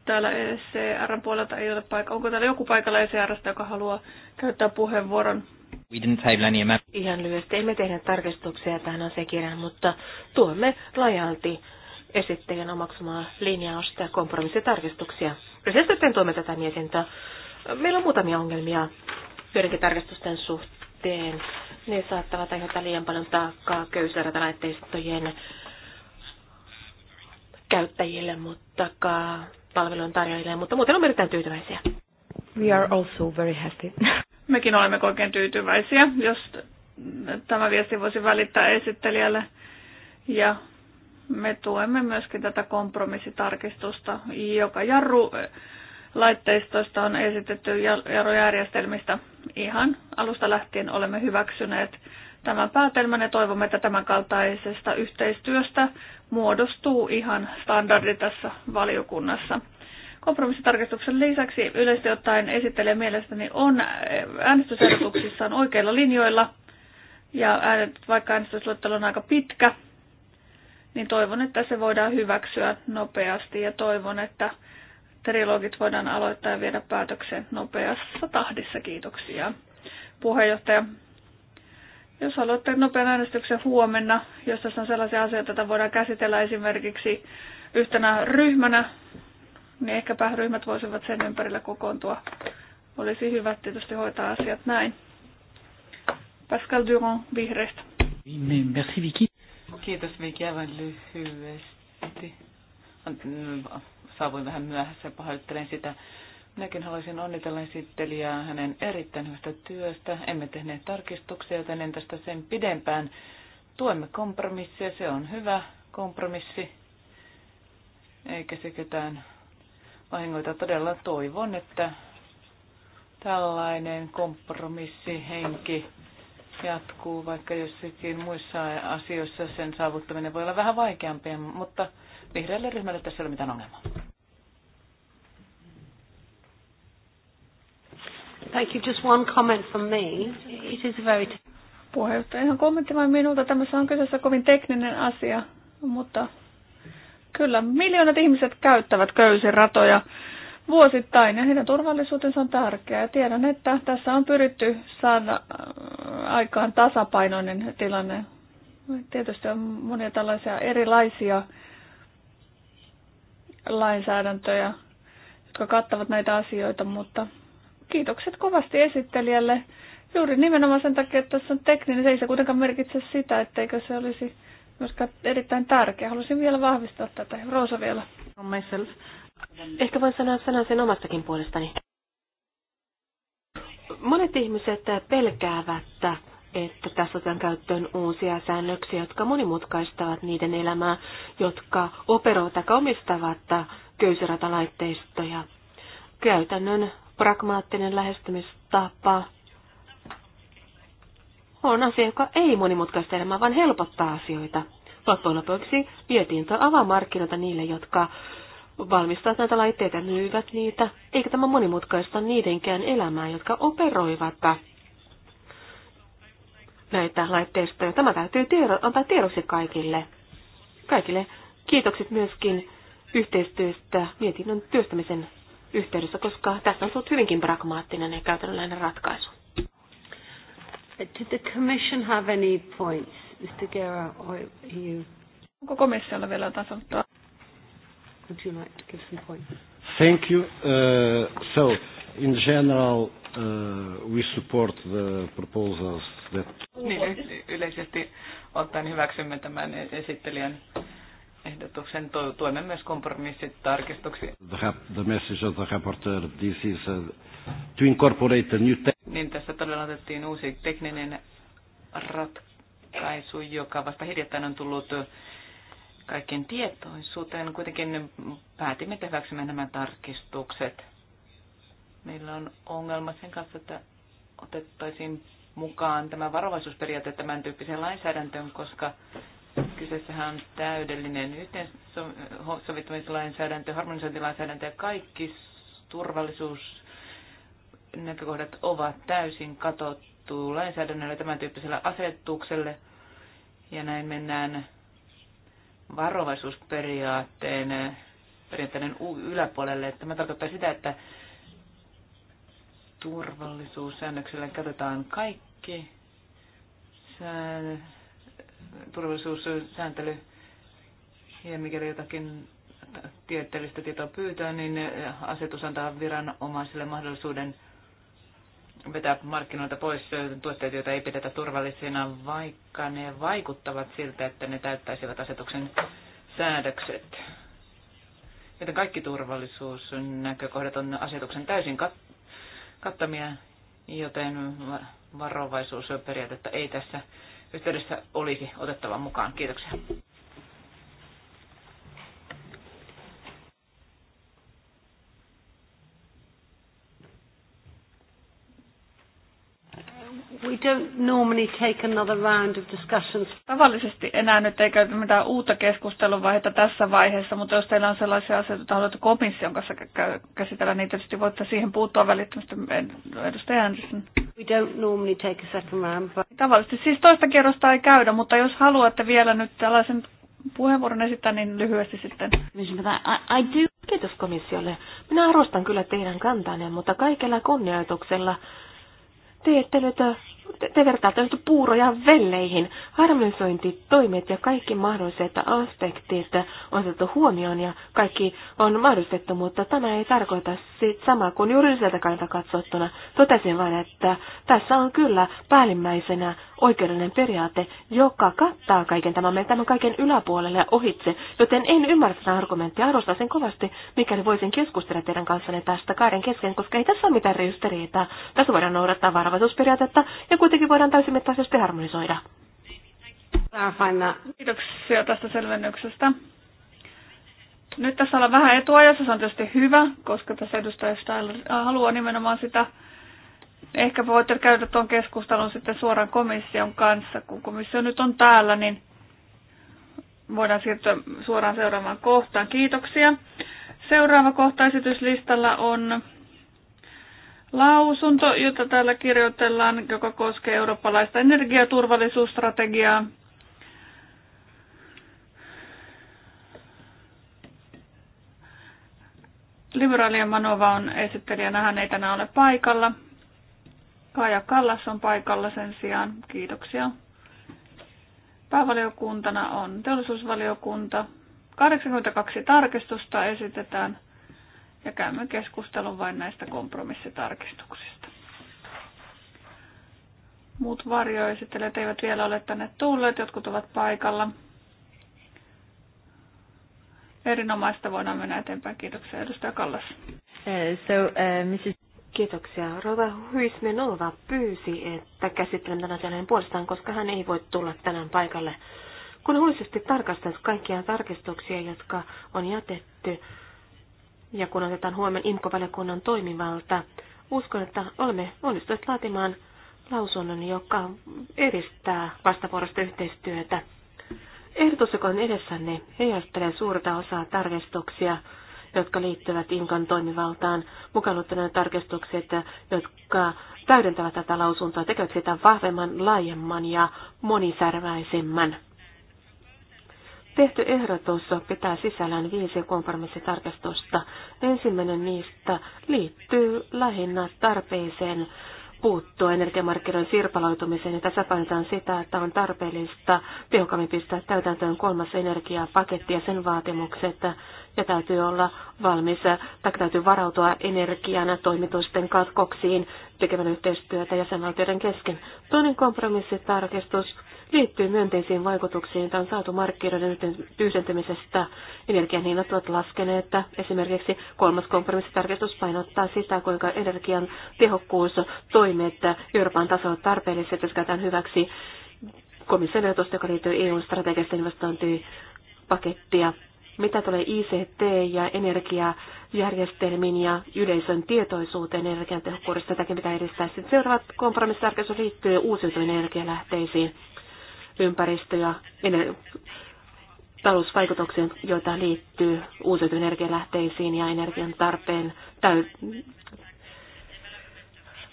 Täällä ECR-puolelta ei ole paikka. Onko täällä joku paikalla ECRstä, joka haluaa käyttää puheenvuoron? We didn't table any Ihan lyhyesti, emme tehdä tarkistuksia tähän asiakirjaan, mutta tuomme laajalti esittelijän omaksumaa linjausta ja kompromissitarkistuksia. Ja sitten tuomme tätä mietintöä. Meillä on muutamia ongelmia joidenkin tarkistusten suhteen. Ne saattavat aiheuttaa liian paljon taakkaa köysärätalaitteistojen käyttäjille, mutta palvelun tarjoajille, mutta muuten on erittäin tyytyväisiä. We are also very happy. Mekin olemme oikein tyytyväisiä, jos tämä viesti voisi välittää esittelijälle. Ja me tuemme myöskin tätä kompromissitarkistusta, joka jarru eh, laitteistoista on esitetty jarrujärjestelmistä. Ihan alusta lähtien olemme hyväksyneet tämän päätelmän ja toivomme, että tämän kaltaisesta yhteistyöstä muodostuu ihan standardi tässä valiokunnassa. Kompromissitarkistuksen lisäksi yleisesti ottaen esittelee mielestäni on äh, äänestysehdotuksissaan oikeilla linjoilla. Ja vaikka äänestysluettelo on aika pitkä, niin toivon, että se voidaan hyväksyä nopeasti ja toivon, että trilogit voidaan aloittaa ja viedä päätökseen nopeassa tahdissa. Kiitoksia. Puheenjohtaja, jos haluatte nopean äänestyksen huomenna, jos tässä on sellaisia asioita, joita voidaan käsitellä esimerkiksi yhtenä ryhmänä, niin ehkäpä ryhmät voisivat sen ympärillä kokoontua. Olisi hyvä tietysti hoitaa asiat näin. Pascal Durand, vihreistä. Merci Vicky. Kiitos Vicky, aivan lyhyesti. Saavuin vähän myöhässä, pahoittelen sitä. Minäkin haluaisin onnitella esittelijää hänen erittäin hyvästä työstä. Emme tehneet tarkistuksia, joten en tästä sen pidempään. Tuemme kompromissia, se on hyvä kompromissi. Eikä se ketään vahingoita. Todella toivon, että tällainen kompromissihenki jatkuu, vaikka jossakin muissa asioissa sen saavuttaminen voi olla vähän vaikeampia, mutta vihreälle ryhmälle tässä ei ole mitään ongelmaa. Thank you. Just one comment from me. It is very... Puheenjohtaja, ihan kommentti vain minulta. Tämä on kyseessä kovin tekninen asia, mutta Kyllä, miljoonat ihmiset käyttävät köysiratoja vuosittain ja heidän turvallisuutensa on tärkeää. Tiedän, että tässä on pyritty saada äh, aikaan tasapainoinen tilanne. Tietysti on monia tällaisia erilaisia lainsäädäntöjä, jotka kattavat näitä asioita, mutta kiitokset kovasti esittelijälle. Juuri nimenomaan sen takia, että tässä on tekninen, se ei se kuitenkaan merkitse sitä, etteikö se olisi myöskään erittäin tärkeä. Haluaisin vielä vahvistaa tätä. Rosa vielä. Ehkä voin sanoa sanan sen omastakin puolestani. Monet ihmiset pelkäävät, että tässä otetaan käyttöön uusia säännöksiä, jotka monimutkaistavat niiden elämää, jotka operoivat tai omistavat köysiratalaitteistoja. Käytännön pragmaattinen lähestymistapa on asia, joka ei monimutkaista elämää, vaan helpottaa asioita. Loppujen lopuksi vietiin avaa markkinoita niille, jotka valmistavat näitä laitteita ja myyvät niitä, eikä tämä monimutkaista niidenkään elämää, jotka operoivat näitä laitteistoja. Tämä täytyy tiedo, antaa tiedoksi kaikille. Kaikille kiitokset myöskin yhteistyöstä mietinnön työstämisen yhteydessä, koska tässä on ollut hyvinkin pragmaattinen ja käytännönläheinen ratkaisu. Did the commission have any points, Mr. Guerra, or you? Onko komissiolla vielä jotain sanottua? Would you like to give some points? Thank you. Uh, so, in general, uh, we support the proposals that... Niin, yleisesti ottaen hyväksymme tämän esittelijän ehdotuksen. Tuemme myös kompromissit tarkistuksia. The, the message of the rapporteur, this is uh, to incorporate a new niin tässä todella otettiin uusi tekninen ratkaisu, joka vasta hiljattain on tullut kaikkien tietoisuuteen. Kuitenkin päätimme tehdäksemme nämä tarkistukset. Meillä on ongelma sen kanssa, että otettaisiin mukaan tämä varovaisuusperiaate tämän tyyppiseen lainsäädäntöön, koska kyseessähän on täydellinen yhteensovittamislainsäädäntö, harmonisointilainsäädäntö ja kaikki turvallisuus näkökohdat ovat täysin katottu lainsäädännöllä tämän tyyppiselle asetukselle. Ja näin mennään varovaisuusperiaatteen perinteinen yläpuolelle. Tämä tarkoittaa sitä, että turvallisuussäännöksellä katsotaan kaikki sään, turvallisuussääntely ja mikäli jotakin tieteellistä tietoa pyytää, niin asetus antaa viranomaisille mahdollisuuden vetää markkinoilta pois tuotteita, joita ei pidetä turvallisina, vaikka ne vaikuttavat siltä, että ne täyttäisivät asetuksen säädökset. Joten kaikki turvallisuusnäkökohdat on asetuksen täysin kat- kattamia, joten varovaisuusperiaatetta ei tässä yhteydessä olisi otettava mukaan. Kiitoksia. We don't normally take another round of discussions. Tavallisesti enää nyt ei käytä mitään uutta keskusteluvaihetta tässä vaiheessa, mutta jos teillä on sellaisia asioita, joita haluatte komission kanssa käsitellä, niin tietysti voitte siihen puuttua välittömästi edustaja Anderson. We don't normally take a second round. But... Tavallisesti siis toista kierrosta ei käydä, mutta jos haluatte vielä nyt tällaisen puheenvuoron esittää, niin lyhyesti sitten. I, I do. Kiitos komissiolle. Minä arvostan kyllä teidän kantanne, mutta kaikella kunnioituksella te ette löytä, äh, te vertailette puuroja velleihin. Harmonisointitoimet ja kaikki mahdolliset aspektit on otettu huomioon ja kaikki on mahdollistettu, mutta tämä ei tarkoita sit samaa kuin juridiselta kannalta katsottuna. Totesin vain, että tässä on kyllä päällimmäisenä oikeudellinen periaate, joka kattaa kaiken tämän, tämän kaiken yläpuolelle ja ohitse, joten en ymmärrä tätä argumenttia, arvostan sen kovasti, mikäli voisin keskustella teidän kanssanne tästä kaaren kesken, koska ei tässä ole mitään ristiriitaa. Tässä voidaan noudattaa varmaan varovaisuusperiaatetta ja kuitenkin voidaan täysimittaisesti harmonisoida. Kiitoksia tästä selvennyksestä. Nyt tässä ollaan vähän etuajassa, se on tietysti hyvä, koska tässä edustaja Steiler äh, haluaa nimenomaan sitä. Ehkä voitte käydä tuon keskustelun sitten suoraan komission kanssa, kun komissio nyt on täällä, niin voidaan siirtyä suoraan seuraavaan kohtaan. Kiitoksia. Seuraava kohta esityslistalla on lausunto, jota täällä kirjoitellaan, joka koskee eurooppalaista energiaturvallisuusstrategiaa. Liberaalien Manova on esittelijänä, hän ei tänään ole paikalla. Kaja Kallas on paikalla sen sijaan, kiitoksia. Päävaliokuntana on teollisuusvaliokunta. 82 tarkistusta esitetään ja käymme keskustelun vain näistä kompromissitarkistuksista. Muut varjoesittelijät eivät vielä ole tänne tulleet, jotkut ovat paikalla. Erinomaista voidaan mennä eteenpäin. Kiitoksia, edustaja Kallas. Eh, so, uh, Mrs. Kiitoksia. Rova Huismenova pyysi, että käsittelen tämän asian hänen puolestaan, koska hän ei voi tulla tänään paikalle. Kun huolisesti tarkastaisi kaikkia tarkistuksia, jotka on jätetty, ja kun otetaan huomioon imkovaliokunnan toimivalta, uskon, että olemme onnistuneet laatimaan lausunnon, joka edistää vastavuorosta yhteistyötä. Ehdotus, joka on edessänne, heijastelee suurta osaa tarkistuksia, jotka liittyvät Inkan toimivaltaan, mukaan tarkistukset, jotka täydentävät tätä lausuntoa, tekevät sitä vahvemman, laajemman ja monisärväisemmän. Tehty ehdotus pitää sisällään viisi kompromissitarkastusta. Ensimmäinen niistä liittyy lähinnä tarpeeseen puuttua energiamarkkinoiden sirpaloitumiseen ja tässä painetaan sitä, että on tarpeellista tehokkaammin pistää täytäntöön kolmas energiapaketti ja sen vaatimukset ja täytyy olla valmis tai täytyy varautua energian toimitusten katkoksiin tekemään yhteistyötä jäsenvaltioiden kesken. Toinen kompromissitarkistus liittyy myönteisiin vaikutuksiin, joita on saatu markkinoiden tyhjentämisestä. Energian hinnat ovat laskeneet, että esimerkiksi kolmas kompromissitarkistus painottaa sitä, kuinka energian tehokkuus että Euroopan tasolla tarpeelliset, jos käytetään hyväksi komission ehdotusta, joka liittyy EUn strategisten investointipakettia. Mitä tulee ICT- ja energiajärjestelmiin ja yleisön tietoisuuteen energiantehokkuudesta, tätäkin pitää edistää. Sitten seuraavat kompromissitarkistus liittyy uusiutuviin energialähteisiin ympäristö- ja talousvaikutuksiin, joita liittyy uusiutuvien energialähteisiin ja energian tarpeen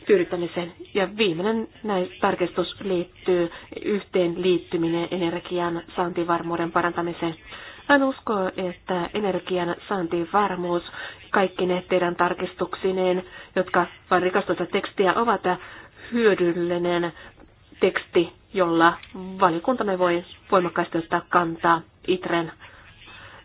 tyydyttämiseen. Ja viimeinen näin tarkistus liittyy yhteen liittyminen energian saantivarmuuden parantamiseen. Hän uskoo, että energian saantivarmuus, kaikki ne teidän tarkistuksineen, jotka vain rikastuvat tekstiä ovat hyödyllinen teksti jolla valiokuntamme voi voimakkaasti ottaa kantaa ITREn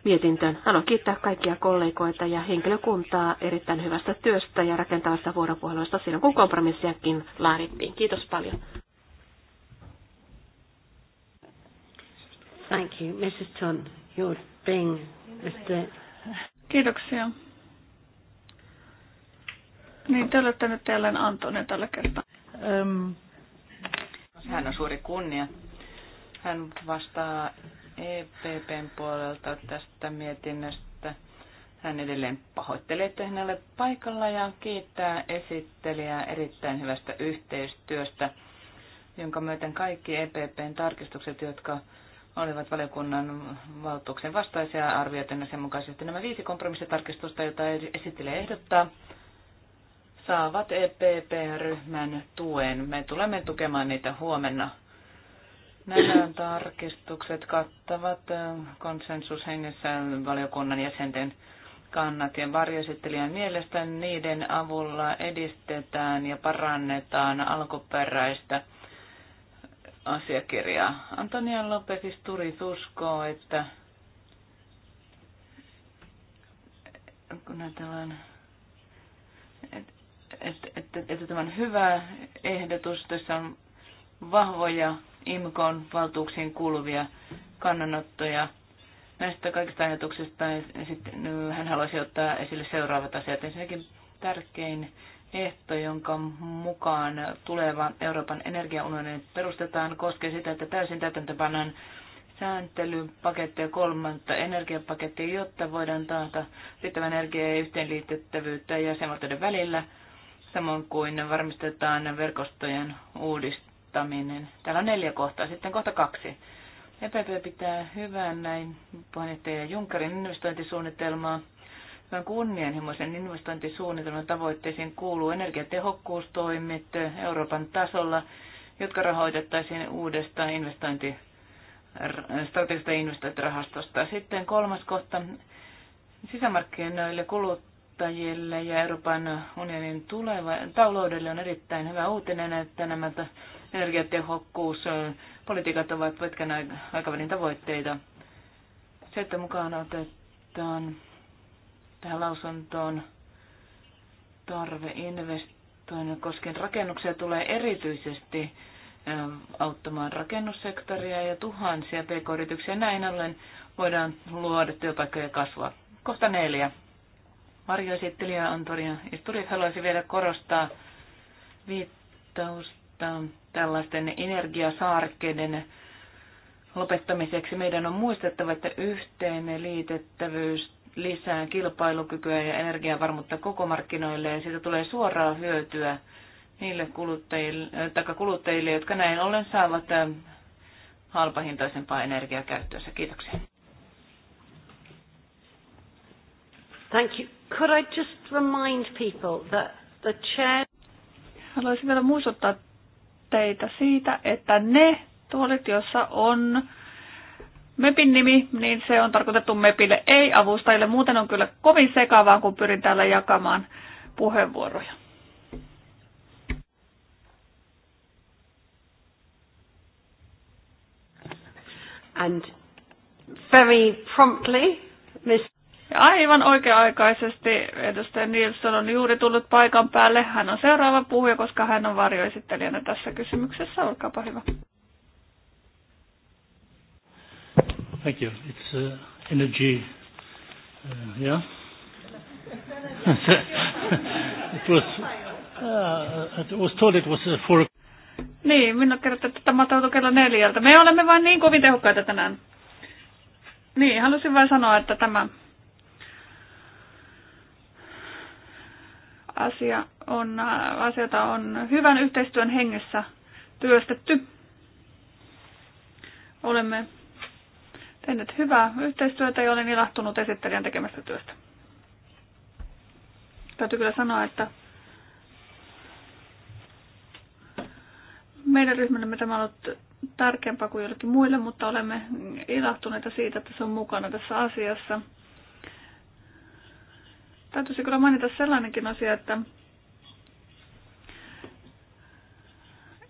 mietintöön. Haluan kiittää kaikkia kollegoita ja henkilökuntaa erittäin hyvästä työstä ja rakentavasta vuoropuhelusta silloin, kun kompromissiakin laadittiin. Kiitos paljon. Thank you, Mrs. Ton. Your being Mr. Kiitoksia. Niin, te olette nyt jälleen Antone tällä kertaa. Um, hän on suuri kunnia. Hän vastaa EPPn puolelta tästä mietinnöstä. Hän edelleen pahoittelee, että hän ole paikalla ja kiittää esittelijää erittäin hyvästä yhteistyöstä, jonka myöten kaikki EPPn tarkistukset, jotka olivat valiokunnan valtuuksen vastaisia arvioiden sen mukaisesti nämä viisi kompromissitarkistusta, joita esittelee ehdottaa, saavat EPP-ryhmän tuen. Me tulemme tukemaan niitä huomenna. Nämä tarkistukset kattavat konsensushengessä valiokunnan jäsenten kannat ja varjoesittelijän mielestä niiden avulla edistetään ja parannetaan alkuperäistä asiakirjaa. Antonia Lopezis Turis uskoo, että kun ajatellaan että, että, että tämä on hyvä ehdotus. Tässä on vahvoja IMKOn valtuuksiin kuuluvia kannanottoja. Näistä kaikista ajatuksista sitten, no, hän haluaisi ottaa esille seuraavat asiat. Ensinnäkin tärkein ehto, jonka mukaan tuleva Euroopan energiaunioni perustetaan, koskee sitä, että täysin täytäntöpannaan sääntelypakettia ja kolmatta energiapakettia, jotta voidaan taata riittävän energiaa ja yhteenliitettävyyttä jäsenvaltioiden välillä – samoin kuin varmistetaan verkostojen uudistaminen. Täällä on neljä kohtaa, sitten kohta kaksi. EPP pitää hyvän näin puheenjohtaja Junckerin investointisuunnitelmaa. Hyvän kunnianhimoisen investointisuunnitelman tavoitteisiin kuuluu energiatehokkuustoimet Euroopan tasolla, jotka rahoitettaisiin uudesta investointi, strategisesta investointirahastosta. Sitten kolmas kohta sisämarkkinoille kulut kuluttajille ja Euroopan unionin tuleva, taloudelle on erittäin hyvä uutinen, että nämä energiatehokkuuspolitiikat ovat pitkän aikavälin tavoitteita. Se, että mukaan otetaan tähän lausuntoon tarve investoinnin koskien rakennuksia tulee erityisesti auttamaan rakennussektoria ja tuhansia pk-yrityksiä. Näin ollen voidaan luoda työpaikkoja kasvua. Kohta neljä ja Antoria Isturi haluaisi vielä korostaa viittausta tällaisten energiasaarkkeiden lopettamiseksi. Meidän on muistettava, että yhteinen liitettävyys lisää kilpailukykyä ja energiavarmuutta koko markkinoille ja siitä tulee suoraa hyötyä niille kuluttajille, tai kuluttajille, jotka näin ollen saavat halpahintaisempaa energiaa käyttöönsä. Kiitoksia. Thank you. Could I just remind people that the chair... Haluaisin vielä muistuttaa teitä siitä, että ne tuolit, joissa on MEPin nimi, niin se on tarkoitettu MEPille, ei avustajille. Muuten on kyllä kovin sekavaa, kun pyrin täällä jakamaan puheenvuoroja. And very promptly, Miss... Aivan oikea-aikaisesti edustaja Nilsson on juuri tullut paikan päälle. Hän on seuraava puhuja, koska hän on varjoesittelijänä tässä kysymyksessä. Olkaapa hyvä. Thank you. It's uh, energy. Uh, yeah. it was. Uh, it was told it was uh, four. Niin, minä kerrotaan, että tämä tautui kello neljältä. Me olemme vain niin kovin tehokkaita tänään. Niin, halusin vain sanoa, että tämä asia on, asioita on hyvän yhteistyön hengessä työstetty. Olemme tehneet hyvää yhteistyötä ja olen ilahtunut esittelijän tekemästä työstä. Täytyy kyllä sanoa, että meidän ryhmällemme tämä on ollut tärkeämpää kuin jollekin muille, mutta olemme ilahtuneita siitä, että se on mukana tässä asiassa. Täytyisi kyllä mainita sellainenkin asia, että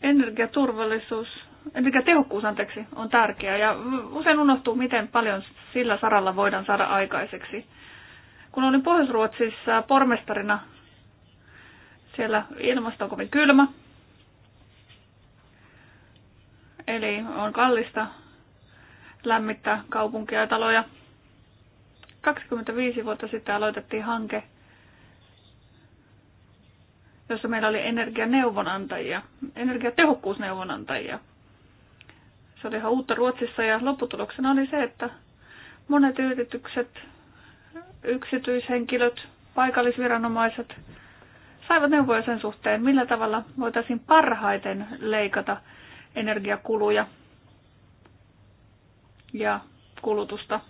energiaturvallisuus, energiatehokkuus anteeksi, on tärkeää ja usein unohtuu, miten paljon sillä saralla voidaan saada aikaiseksi. Kun olin Pohjois-Ruotsissa pormestarina, siellä ilmasto on kovin kylmä, eli on kallista lämmittää kaupunkia ja taloja – 25 vuotta sitten aloitettiin hanke, jossa meillä oli energianeuvonantajia, energiatehokkuusneuvonantajia. Se oli ihan uutta Ruotsissa ja lopputuloksena oli se, että monet yritykset, yksityishenkilöt, paikallisviranomaiset saivat neuvoja sen suhteen, millä tavalla voitaisiin parhaiten leikata energiakuluja ja kulutusta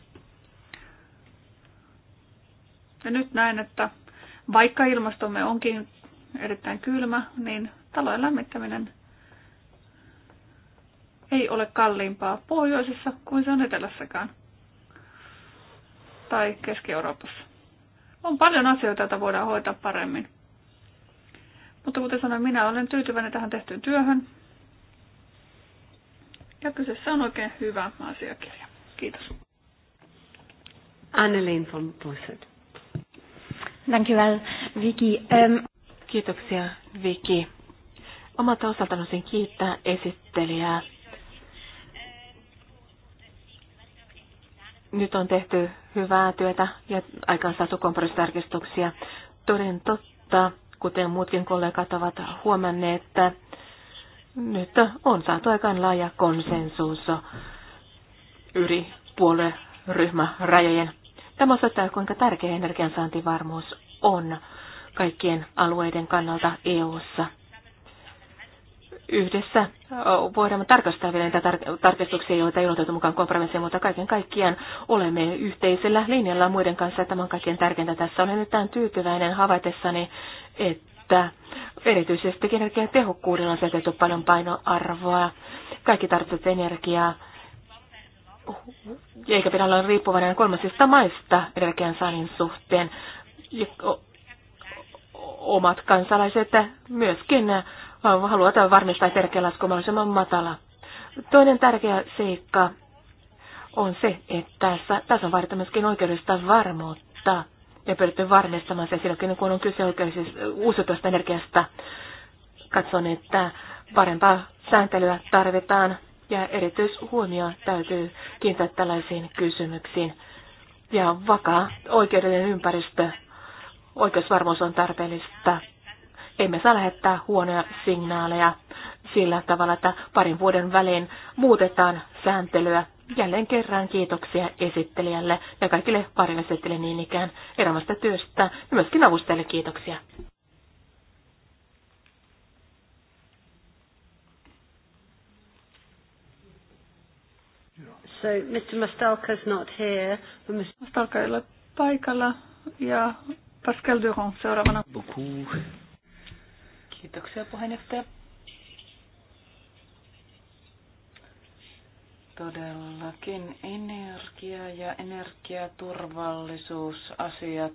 ja nyt näen, että vaikka ilmastomme onkin erittäin kylmä, niin talojen lämmittäminen ei ole kalliimpaa pohjoisessa kuin se on etelässäkään tai Keski-Euroopassa. On paljon asioita, joita voidaan hoitaa paremmin. Mutta kuten sanoin, minä olen tyytyväinen tähän tehtyyn työhön. Ja kyseessä on oikein hyvä asiakirja. Kiitos. Anneliin von Busset. Dankjewel, Vicky. Um... Kiitoksia, Vicky. Omalta osaltani haluaisin kiittää esittelijää. Nyt on tehty hyvää työtä ja aikaansaatu kompromissitarkistuksia. Toden totta, kuten muutkin kollegat ovat huomanneet, että nyt on saatu aikaan laaja konsensus yli puolueryhmärajojen. Tämä osoittaa, kuinka tärkeä energiansaantivarmuus on kaikkien alueiden kannalta EU:ssa. Yhdessä voidaan tarkastaa vielä niitä tar- tarkistuksia, joita ei otettu mukaan kompromissiin, mutta kaiken kaikkiaan olemme yhteisellä linjalla muiden kanssa. Tämä on kaikkein tärkeintä tässä. Olen nyt tämän tyytyväinen havaitessani, että erityisesti energiatehokkuudella on asetettu paljon painoarvoa. Kaikki tarvitset energiaa eikä pidä olla riippuvainen kolmasista maista energiansaannin suhteen. Omat kansalaiset myöskin haluavat varmistaa, että energialasku on mahdollisimman matala. Toinen tärkeä seikka on se, että tässä, tässä on vaadittu myöskin oikeudellista varmuutta ja pyritty varmistamaan se silloin, kun on kyse uusiutuvasta energiasta. Katson, että parempaa sääntelyä tarvitaan ja erityishuomio täytyy kiinnittää tällaisiin kysymyksiin. Ja vakaa oikeudellinen ympäristö, oikeusvarmuus on tarpeellista. Emme saa lähettää huonoja signaaleja sillä tavalla, että parin vuoden välein muutetaan sääntelyä. Jälleen kerran kiitoksia esittelijälle ja kaikille esittelijä niin ikään erämästä työstä ja myöskin avustajille kiitoksia. So Mr. Mastalka is not here. But Mr. Mastalka ei ole paikalla ja Pascal Durand seuraavana. Kiitoksia puheenjohtaja. Todellakin energia ja energiaturvallisuusasiat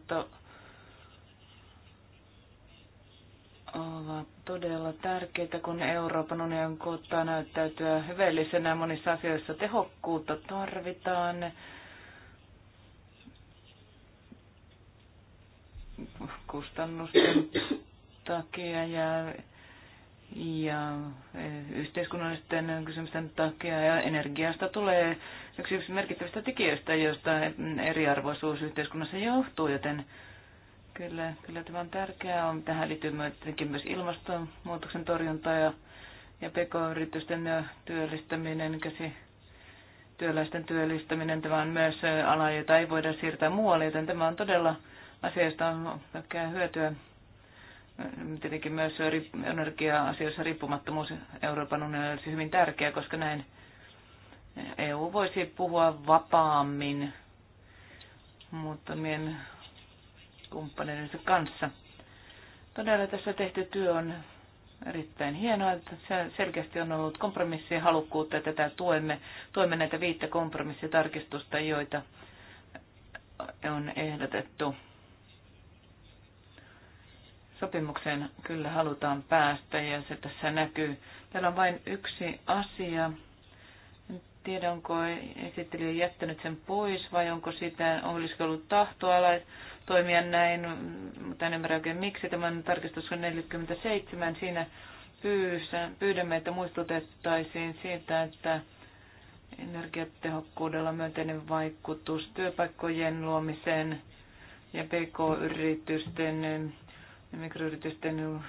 ovat todella tärkeitä, kun Euroopan unionin koottaa näyttäytyä hyvällisenä. Monissa asioissa tehokkuutta tarvitaan. kustannusten takia ja, ja e, yhteiskunnallisten kysymysten takia ja energiasta tulee yksi merkittävistä tekijöistä, joista eriarvoisuus yhteiskunnassa johtuu, joten Kyllä, kyllä tämä on tärkeää. On, tähän liittyy myös ilmastonmuutoksen torjunta ja, ja pk-yritysten työllistäminen, käsi työläisten työllistäminen. Tämä on myös ala, jota ei voida siirtää muualle, joten tämä on todella asia, josta on kaikkea hyötyä. Mm, tietenkin myös energia-asioissa riippumattomuus Euroopan unionille olisi hyvin tärkeä, koska näin EU voisi puhua vapaammin mutta muuttamien kumppaneidensa kanssa. Todella tässä tehty työ on erittäin hienoa, että selkeästi on ollut kompromissia halukkuutta että tätä tuemme, tuemme näitä viittä kompromissitarkistusta, joita on ehdotettu. Sopimukseen kyllä halutaan päästä ja se tässä näkyy. Täällä on vain yksi asia, tiedä, onko esittelijä jättänyt sen pois vai onko sitä, olisiko ollut tahtoa toimia näin, mutta en ymmärrä oikein miksi. Tämän tarkistus on 47. Siinä pyydämme, että muistutettaisiin siitä, että energiatehokkuudella myönteinen vaikutus työpaikkojen luomiseen ja pk-yritysten mikroyritysten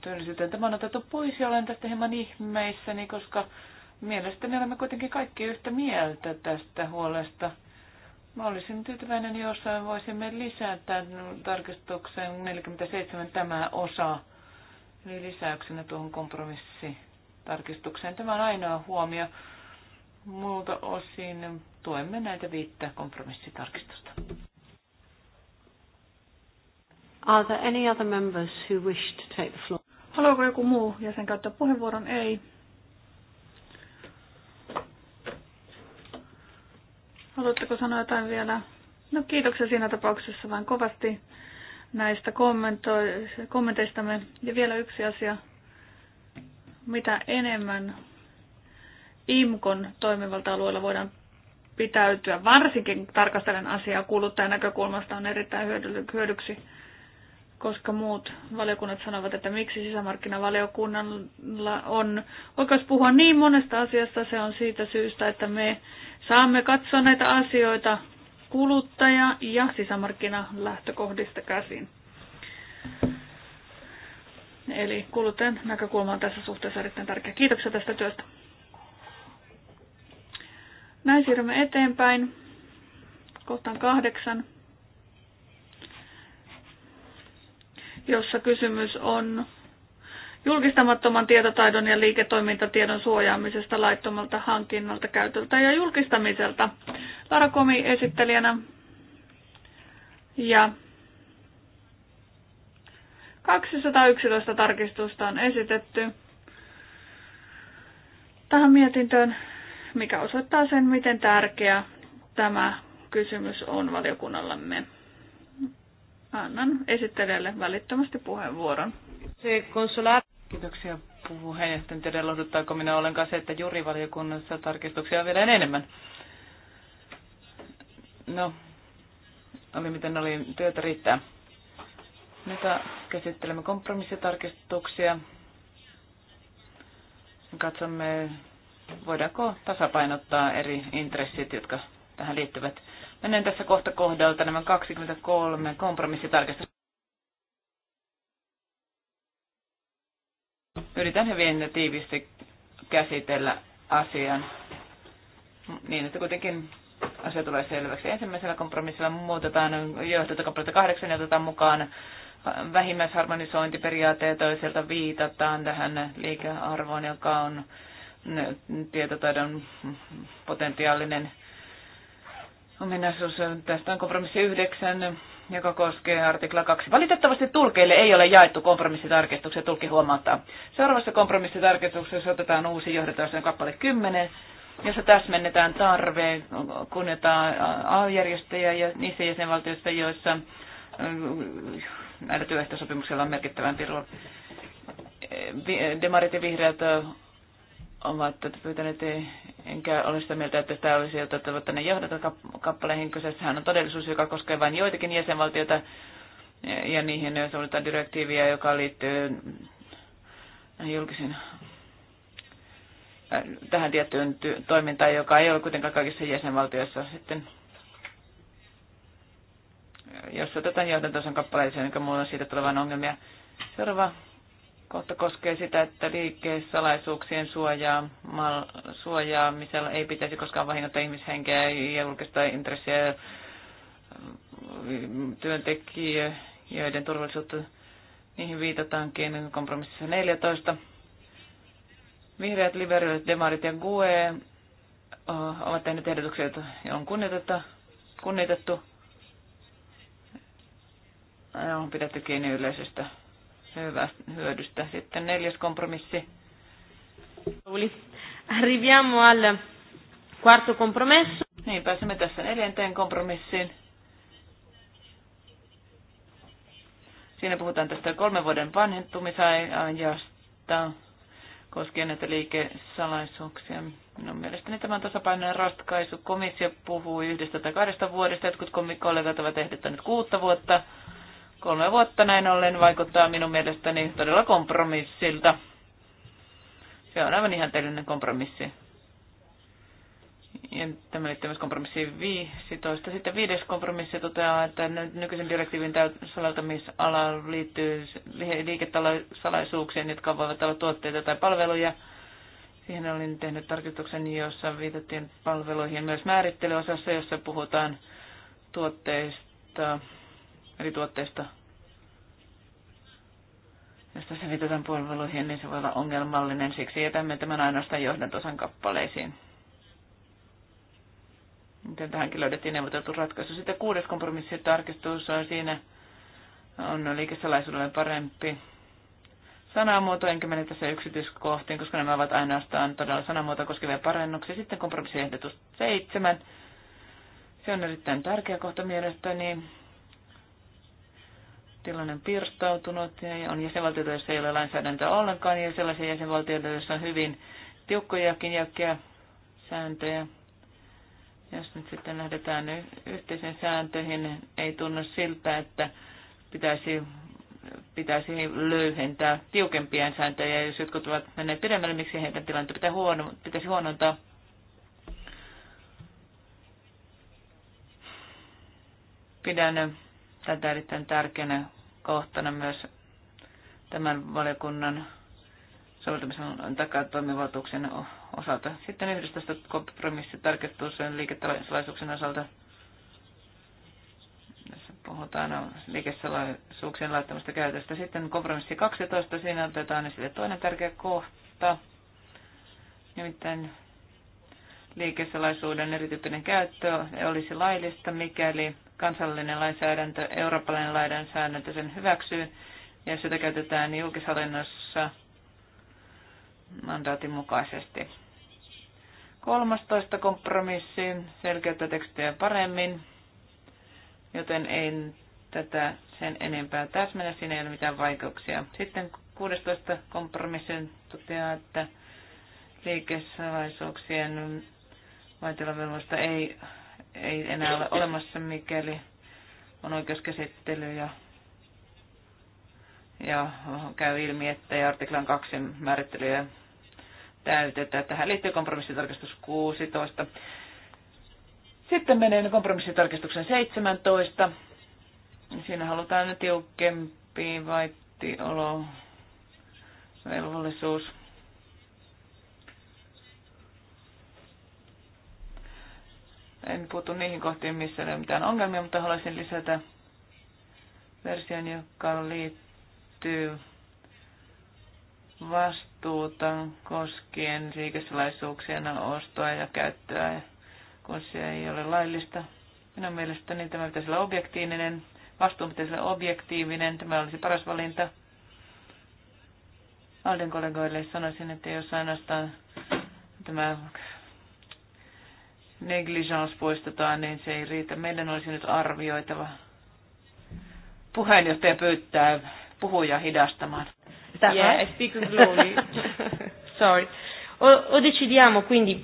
työllisyyteen. Tämä on otettu pois ja olen tästä hieman ihmeissäni, koska Mielestäni olemme kuitenkin kaikki yhtä mieltä tästä huolesta. Mä olisin tyytyväinen, jos voisimme lisätä tarkistukseen 47 tämä osa, eli lisäyksenä tuohon kompromissitarkistukseen. Tämä on ainoa huomio. muuta osin tuemme näitä viittä kompromissitarkistusta. Are there any other members who wish to take the floor? Haluaako joku muu jäsen käyttää puheenvuoron? Ei. Haluatteko sanoa jotain vielä? No kiitoksia siinä tapauksessa vain kovasti näistä kommenteistamme. Ja vielä yksi asia. Mitä enemmän IMKON toimivalta-alueella voidaan pitäytyä, varsinkin tarkastelen asiaa kuluttajan näkökulmasta, on erittäin hyödyksi koska muut valiokunnat sanovat, että miksi sisämarkkinavaliokunnalla on oikeus puhua niin monesta asiasta. Se on siitä syystä, että me saamme katsoa näitä asioita kuluttaja- ja sisämarkkinalähtökohdista käsin. Eli kuluttajan näkökulma on tässä suhteessa erittäin tärkeä. Kiitoksia tästä työstä. Näin siirrymme eteenpäin. Kohtaan kahdeksan. jossa kysymys on julkistamattoman tietotaidon ja liiketoimintatiedon suojaamisesta laittomalta hankinnalta, käytöltä ja julkistamiselta. Lara Komi esittelijänä ja 211 tarkistusta on esitetty tähän mietintöön, mikä osoittaa sen, miten tärkeä tämä kysymys on valiokunnallamme. Annan esittelijälle välittömästi puheenvuoron. Se konsulaat. Kiitoksia puheenjohtajan. Tiedän lohduttaako minä ollenkaan se, että jurivaliokunnassa tarkistuksia on vielä enemmän. No, oli miten oli, työtä riittää. Nyt käsittelemme kompromissitarkistuksia. Katsomme, voidaanko tasapainottaa eri intressit, jotka tähän liittyvät. Menen tässä kohta kohdalta nämä 23 kompromissitarkistus. Yritän hyvin tiivisti käsitellä asian niin, että kuitenkin asia tulee selväksi. Ensimmäisellä kompromissilla muutetaan johtotokappaletta kahdeksan ja otetaan mukaan vähimmäisharmonisointiperiaate ja toiselta viitataan tähän liikearvoon, joka on tietotaidon potentiaalinen ominaisuus. Tästä on kompromissi 9, joka koskee artikla 2. Valitettavasti tulkeille ei ole jaettu kompromissitarkistuksia, tulki huomauttaa. Seuraavassa kompromissitarkistuksessa otetaan uusi johdetaan kappale 10, jossa täsmennetään tarve kunnetaan AY-järjestöjä ja niissä jäsenvaltioissa, joissa äh, näillä työehtosopimuksilla on merkittävämpi rooli. Äh, demarit ja vihreät ovat tätä pyytäneet, enkä ole sitä mieltä, että tämä olisi otettava tänne kappaleihin. Kyseessähän on todellisuus, joka koskee vain joitakin jäsenvaltioita ja niihin sovelletaan direktiiviä, joka liittyy julkisiin äh, tähän tiettyyn toimintaan, joka ei ole kuitenkaan kaikissa jäsenvaltioissa sitten äh, jos otetaan johdantosan kappaleeseen, niin minulla on siitä tulevan ongelmia. Seuraava kohta koskee sitä, että liikkeessalaisuuksien suojaa, suojaamisella ei pitäisi koskaan vahingoittaa ihmishenkeä ja julkista intressiä mm, työntekijöiden turvallisuutta. Niihin viitataankin kompromississa 14. Vihreät, liberaalit, demarit ja GUE oh, ovat tehneet ehdotuksia, joita on kunnioitettu. Ja on pidetty kiinni yleisestä hyvä hyödystä. Sitten neljäs kompromissi. Arriviamo al quarto compromesso. Niin, pääsemme tässä neljänteen kompromissiin. Siinä puhutaan tästä kolmen vuoden vanhentumisajasta koskien näitä liikesalaisuuksia. Minun no, mielestäni tämä on tasapainoinen ratkaisu. Komissio puhuu yhdestä tai kahdesta vuodesta. Jotkut kollegat ovat ehdottaneet kuutta vuotta. Kolme vuotta näin ollen vaikuttaa minun mielestäni todella kompromissilta. Se on aivan teidän kompromissi. Ja tämä liittyy myös kompromissiin 15. Sitten viides kompromissi toteaa, että nykyisen direktiivin soveltamisala liittyy liiketalousalaisuuksiin, jotka voivat olla tuotteita tai palveluja. Siihen olin tehnyt tarkistuksen, jossa viitattiin palveluihin myös määrittelyosassa, jossa puhutaan tuotteista, eri tuotteista, josta viitataan palveluihin, niin se voi olla ongelmallinen. Siksi jätämme tämän ainoastaan johdantosan kappaleisiin. Miten tähänkin löydettiin neuvoteltu ratkaisu. Sitten kuudes kompromissi tarkistus on siinä on liikesalaisuudelle parempi sanamuoto, enkä mene tässä yksityiskohtiin, koska nämä ovat ainoastaan todella sanamuotoa koskevia parannuksia. Sitten kompromissiehdotus seitsemän. Se on erittäin tärkeä kohta mielestäni tilanne on pirstautunut ja on jäsenvaltioita, joissa ei ole lainsäädäntöä ollenkaan ja sellaisia jäsenvaltioita, joissa on hyvin tiukkojakin jäkkiä sääntöjä. Jos nyt sitten lähdetään yhteisen sääntöihin, ei tunnu siltä, että pitäisi, pitäisi löyhentää tiukempia sääntöjä. Jos jotkut ovat menneet pidemmälle, miksi heidän tilannetta pitää huono, pitäisi huonontaa? Pidän tätä erittäin tärkeänä kohtana myös tämän valiokunnan soveltamisen takaa toimivaltuuksien osalta. Sitten 11 kompromissitarkistukseen liiketalaisuuksien osalta. Tässä puhutaan liikesalaisuuksien laittamasta käytöstä. Sitten kompromissi 12, siinä otetaan esille toinen tärkeä kohta, nimittäin liikesalaisuuden erityyppinen käyttö olisi laillista, mikäli kansallinen lainsäädäntö, eurooppalainen lainsäädäntö sen hyväksyy ja sitä käytetään julkishallinnossa mandaatin mukaisesti. 13 kompromissi selkeyttä tekstejä paremmin, joten ei tätä sen enempää täsmennä, siinä ei ole mitään vaikeuksia. Sitten 16 kompromissin toteaa, että liikesalaisuuksien vaitelavelvoista ei ei enää ole olemassa, mikäli on oikeuskäsittely ja, ja käy ilmi, että ei artiklan 2 määrittelyä täytetä. Tähän liittyy kompromissitarkistus 16. Sitten menee kompromissitarkistuksen 17. Siinä halutaan tiukempi vaittiolo velvollisuus. En puutu niihin kohtiin, missä ei ole mitään ongelmia, mutta haluaisin lisätä version, joka liittyy vastuuta koskien liikesalaisuuksien ostoa ja käyttöä, kun se ei ole laillista. Minun mielestäni tämä pitäisi olla objektiivinen, vastuun pitäisi olla objektiivinen, tämä olisi paras valinta. Alden kollegoille sanoisin, että jos ainoastaan tämä negligence poistetaan, niin se ei riitä. Meidän olisi nyt arvioitava. Puheenjohtaja pyyttää puhuja hidastamaan. Yeah, I speak slowly. Sorry. O, o decidiamo quindi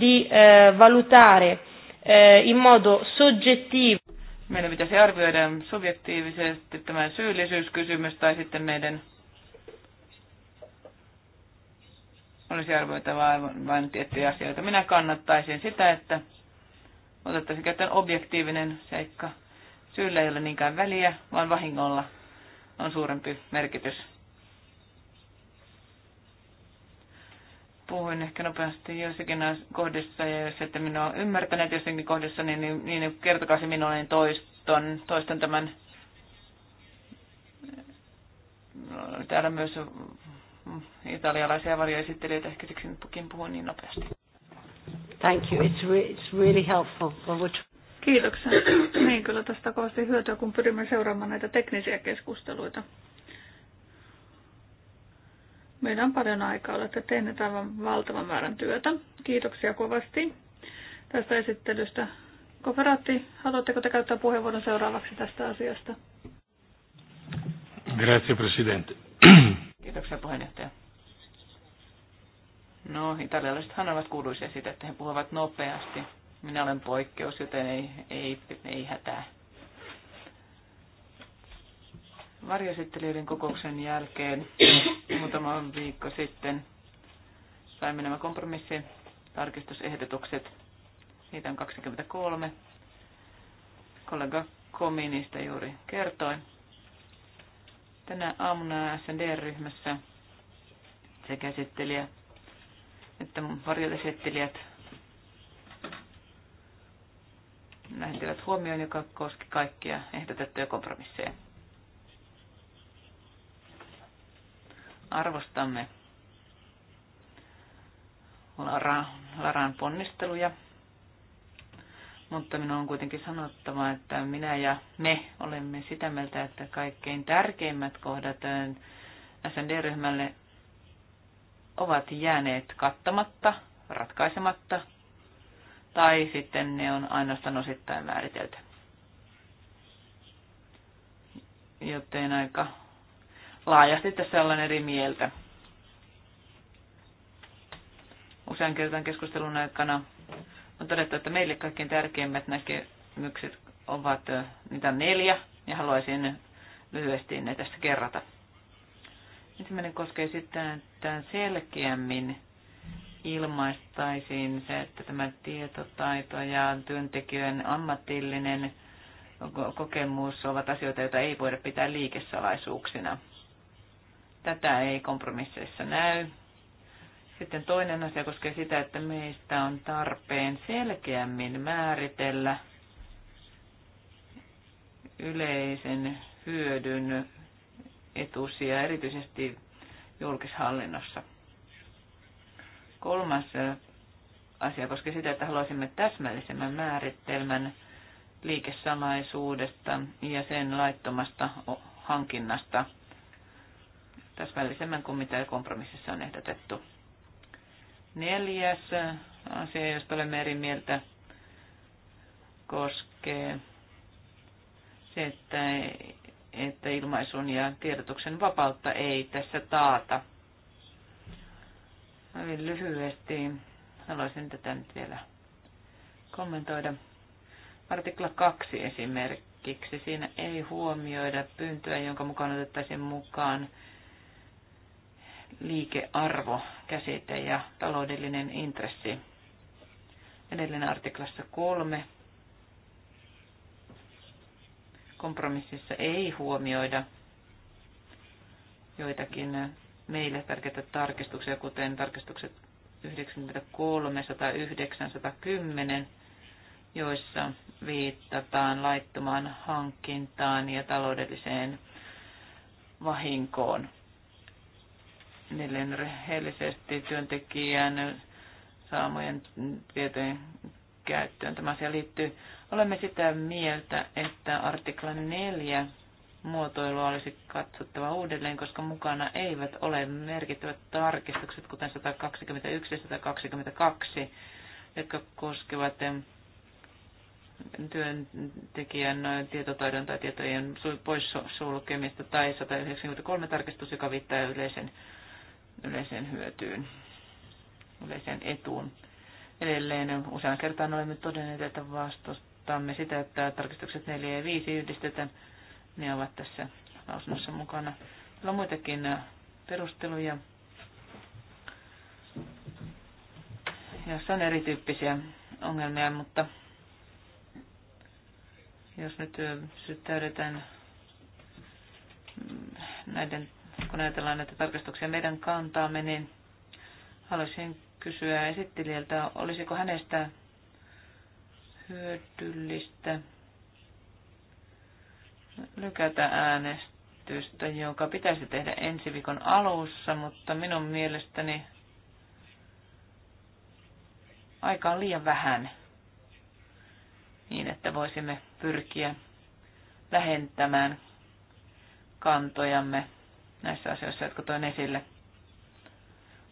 di eh, valutare eh, in modo soggettivo. Meidän pitäisi arvioida subjektiivisesti tämä syyllisyyskysymys tai sitten meidän olisi arvoitava vain tiettyjä asioita. Minä kannattaisin sitä, että otettaisiin käyttöön objektiivinen seikka. Syyllä ei ole niinkään väliä, vaan vahingolla on suurempi merkitys. Puhuin ehkä nopeasti joissakin kohdissa, ja jos ette minua ymmärtäneet jossakin kohdissa, niin, niin, niin kertokaa se minulle, niin toistan, toistan tämän. Täällä myös italialaisia varjoesittelijöitä, ehkä siksi pukin puhun niin nopeasti. Thank you. It's, re- it's really helpful. Would... Kiitoksia. niin, kyllä tästä kovasti hyötyä, kun pyrimme seuraamaan näitä teknisiä keskusteluita. Meillä on paljon aikaa, olette tehneet aivan valtavan määrän työtä. Kiitoksia kovasti tästä esittelystä. Koferaatti, haluatteko te käyttää puheenvuoron seuraavaksi tästä asiasta? Grazie Presidente. Kiitoksia puheenjohtaja. No, italialaisethan ovat kuuluisia siitä, että he puhuvat nopeasti. Minä olen poikkeus, joten ei, ei, ei hätää. Varjosittelijöiden kokouksen jälkeen muutama viikko sitten saimme nämä kompromissitarkistusehdotukset. Niitä on 23. Kollega Kominista juuri kertoi. Tänä aamuna SND-ryhmässä sekä esittelijä että esittelijät lähettivät huomioon, joka koski kaikkia ehdotettuja kompromisseja. Arvostamme Laran ponnisteluja mutta minun on kuitenkin sanottava, että minä ja me olemme sitä mieltä, että kaikkein tärkeimmät kohdat eh, SND-ryhmälle ovat jääneet kattamatta, ratkaisematta, tai sitten ne on ainoastaan osittain määritelty. Joten aika laajasti tässä ollaan eri mieltä. Usean kertaan keskustelun aikana on todettu, että meille kaikkein tärkeimmät näkemykset ovat niitä neljä, ja haluaisin lyhyesti ne tässä kerrata. Ensimmäinen koskee sitä, että selkeämmin ilmaistaisiin se, että tämä tietotaito ja työntekijöiden ammatillinen kokemus ovat asioita, joita ei voida pitää liikesalaisuuksina. Tätä ei kompromisseissa näy. Sitten toinen asia koskee sitä, että meistä on tarpeen selkeämmin määritellä yleisen hyödyn etusia, erityisesti julkishallinnossa. Kolmas asia koskee sitä, että haluaisimme täsmällisemmän määritelmän liikesalaisuudesta ja sen laittomasta hankinnasta täsmällisemmän kuin mitä kompromississa on ehdotettu. Neljäs asia, josta olemme eri mieltä, koskee se, että, että ilmaisun ja tiedotuksen vapautta ei tässä taata. Hyvin lyhyesti haluaisin tätä nyt vielä kommentoida. Artikla 2 esimerkiksi. Siinä ei huomioida pyyntöä, jonka mukaan otettaisiin mukaan liikearvo käsite ja taloudellinen intressi. Edellinen artiklassa kolme. Kompromississa ei huomioida joitakin meille tärkeitä tarkistuksia, kuten tarkistukset 93, 109, 110, joissa viittataan laittomaan hankintaan ja taloudelliseen vahinkoon edelleen rehellisesti työntekijän saamojen tietojen käyttöön. Tämä asia liittyy. Olemme sitä mieltä, että artikla 4 muotoilua olisi katsottava uudelleen, koska mukana eivät ole merkittävät tarkistukset, kuten 121 ja 122, jotka koskevat työntekijän tietotaidon tai tietojen poissulkemista, tai 193 tarkistus, joka viittaa yleisen yleiseen hyötyyn, yleiseen etuun. Edelleen usean kertaan olemme todenneet, että vastustamme sitä, että tarkistukset 4 ja 5 yhdistetään. Ne ovat tässä lausunnossa mukana. Meillä on muitakin perusteluja, Jossa on erityyppisiä ongelmia, mutta jos nyt täydetään näiden kun ajatellaan näitä tarkastuksia meidän kantaamme, niin haluaisin kysyä esittelijältä, olisiko hänestä hyödyllistä lykätä äänestystä, joka pitäisi tehdä ensi viikon alussa, mutta minun mielestäni aika on liian vähän niin, että voisimme pyrkiä lähentämään kantojamme näissä asioissa, jotka toin esille.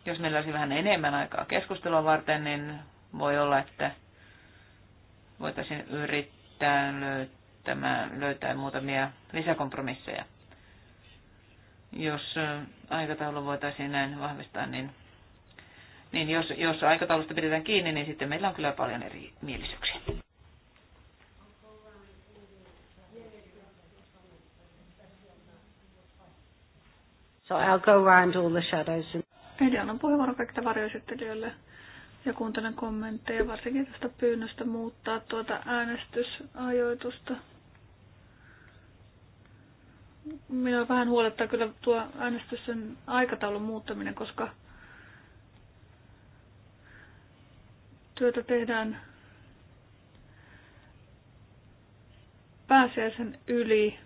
Jos meillä olisi vähän enemmän aikaa keskustelua varten, niin voi olla, että voitaisiin yrittää löytämään, löytää muutamia lisäkompromisseja. Jos aikataulu voitaisiin näin vahvistaa, niin, niin jos, jos aikataulusta pidetään kiinni, niin sitten meillä on kyllä paljon eri mielisyyksiä. So I'll go around all the shadows. Eli annan puheenvuoron kaikille varjoesittelijöille ja kuuntelen kommentteja varsinkin tästä pyynnöstä muuttaa tuota äänestysajoitusta. Minua vähän huolettaa kyllä tuo äänestyksen aikataulun muuttaminen, koska työtä tehdään pääsiäisen yli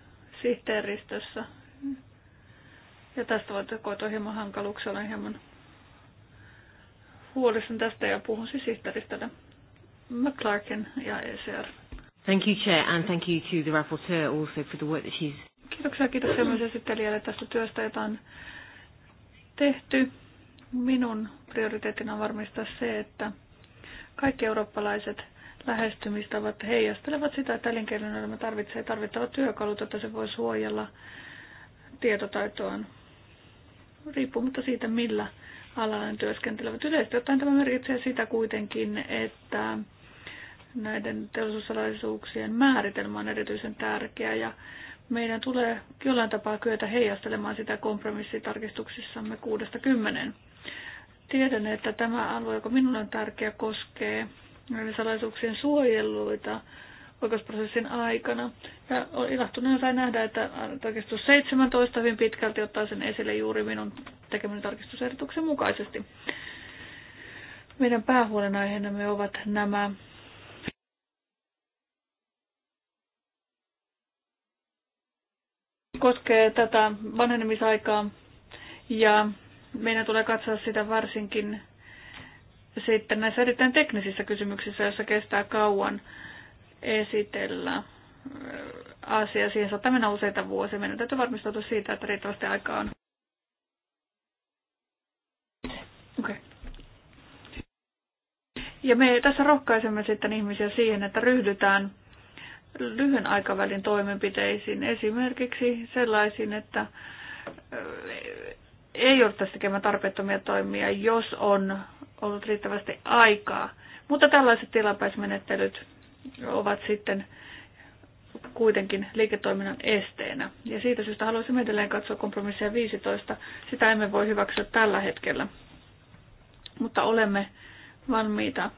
sihteeristössä ja tästä voi koitua hieman hankaluuksia, olen hieman huolissani tästä ja puhun siis sihteeristä McClarkin ja ECR. Thank you, Chair, and thank you to the rapporteur also for the work that she's... Kiitoksia, kiitoksia myös esittelijälle tästä työstä, jota on tehty. Minun prioriteettina on varmistaa se, että kaikki eurooppalaiset lähestymistavat heijastelevat sitä, että elinkeinoelämä tarvitsee tarvittavat työkalut, että se voi suojella tietotaitoaan riippumatta siitä, millä alalla ne työskentelevät. Yleisesti ottaen tämä merkitsee sitä kuitenkin, että näiden teollisuussalaisuuksien määritelmä on erityisen tärkeä ja meidän tulee jollain tapaa kyetä heijastelemaan sitä kompromissitarkistuksissamme kymmenen Tiedän, että tämä alue, joka minulle on tärkeä, koskee salaisuuksien suojeluita oikeusprosessin aikana. Ja ilahtuneen sain nähdä, että tarkistus 17 hyvin pitkälti ottaa sen esille juuri minun tekemäni tarkistusehdotuksen mukaisesti. Meidän päähuolenaiheenamme ovat nämä koskee tätä vanhenemisaikaa ja meidän tulee katsoa sitä varsinkin sitten näissä erittäin teknisissä kysymyksissä, joissa kestää kauan esitellä äh, asia. Siihen saattaa mennä useita vuosia. Meidän täytyy varmistautua siitä, että riittävästi aikaa on. Okay. Ja me tässä rohkaisemme sitten ihmisiä siihen, että ryhdytään lyhyen aikavälin toimenpiteisiin, esimerkiksi sellaisiin, että äh, ei tässä tekemään tarpeettomia toimia, jos on ollut riittävästi aikaa. Mutta tällaiset tilapäismenettelyt ovat sitten kuitenkin liiketoiminnan esteenä. Ja siitä syystä haluaisin edelleen katsoa kompromissia 15. Sitä emme voi hyväksyä tällä hetkellä, mutta olemme valmiita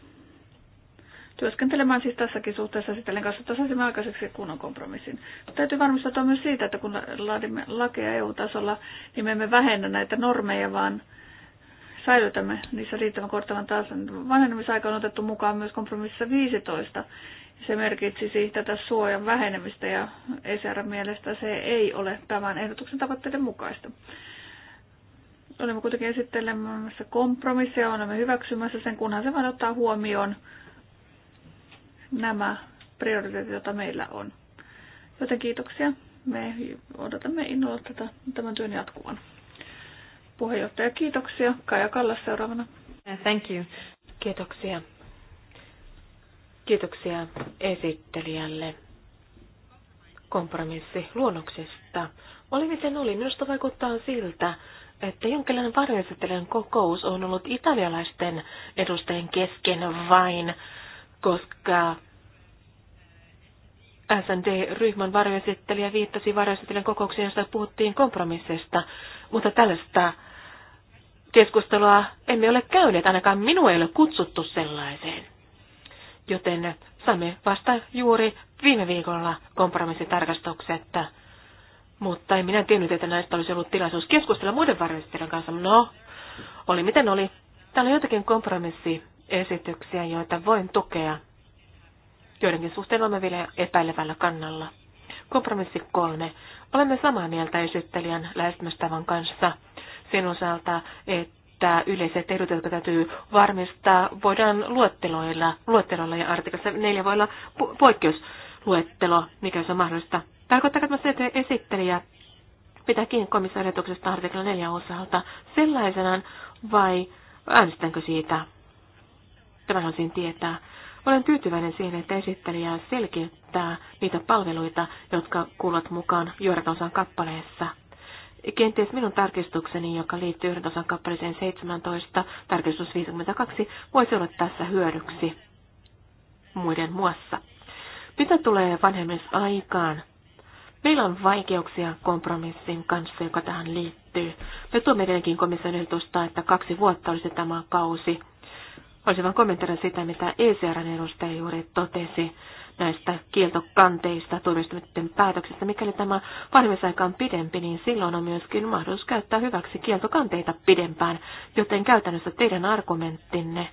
työskentelemään siis tässäkin suhteessa sitten kanssa tasaisemme aikaiseksi kunnon kompromissin. Mutta täytyy varmistaa myös siitä, että kun laadimme lakeja EU-tasolla, niin me emme vähennä näitä normeja, vaan säilytämme niissä riittävän korttavan tason. Vanhenemisaika on otettu mukaan myös kompromississa 15. Se merkitsisi tätä suojan vähenemistä ja ECR mielestä se ei ole tämän ehdotuksen tavoitteiden mukaista. Olemme kuitenkin esittelemässä kompromissia, olemme hyväksymässä sen, kunhan se vain ottaa huomioon nämä prioriteetit, joita meillä on. Joten kiitoksia. Me odotamme innolla tätä, tämän työn jatkuvan. Puheenjohtaja, kiitoksia. Kaija Kallas seuraavana. Thank you. Kiitoksia. Kiitoksia esittelijälle kompromissi luonnoksesta. Oli miten oli, minusta vaikuttaa siltä, että jonkinlainen varjoesittelijän kokous on ollut italialaisten edustajien kesken vain, koska SND-ryhmän varjoesittelijä viittasi varjoesittelijän kokoukseen, jossa puhuttiin kompromissista, mutta tällaista keskustelua emme ole käyneet, ainakaan minua ei ole kutsuttu sellaiseen. Joten saimme vasta juuri viime viikolla kompromissitarkastukset, mutta en minä tiennyt, että näistä olisi ollut tilaisuus keskustella muiden varjoesittelijän kanssa. No, oli miten oli. Täällä on jotakin kompromissiesityksiä, joita voin tukea joidenkin suhteen olemme vielä epäilevällä kannalla. Kompromissi kolme. Olemme samaa mieltä esittelijän lähestymistavan kanssa sen osalta, että yleiset edut, jotka täytyy varmistaa, voidaan luetteloilla, luetteloilla ja artikassa neljä voi olla poikkeusluettelo, mikä se on mahdollista. Tarkoittaako se, että esittelijä pitää kiinni komissaariotuksesta artikla neljä osalta sellaisenaan vai äänestänkö siitä? Tämän haluaisin tietää. Olen tyytyväinen siihen, että esittelijä selkeyttää niitä palveluita, jotka kuuluvat mukaan juuretosan kappaleessa. Kenties minun tarkistukseni, joka liittyy yhdentosan kappaleeseen 17, tarkistus 52, voisi olla tässä hyödyksi muiden muassa. Mitä tulee vanhemmisaikaan? Meillä on vaikeuksia kompromissin kanssa, joka tähän liittyy. Me tuomme edelleenkin komission ehdotusta, että kaksi vuotta olisi tämä kausi – Voisin vain kommentoida sitä, mitä ECRn edustaja juuri totesi näistä kieltokanteista tuomioistuinten päätöksistä. Mikäli tämä varmisaika on pidempi, niin silloin on myöskin mahdollisuus käyttää hyväksi kieltokanteita pidempään, joten käytännössä teidän argumenttinne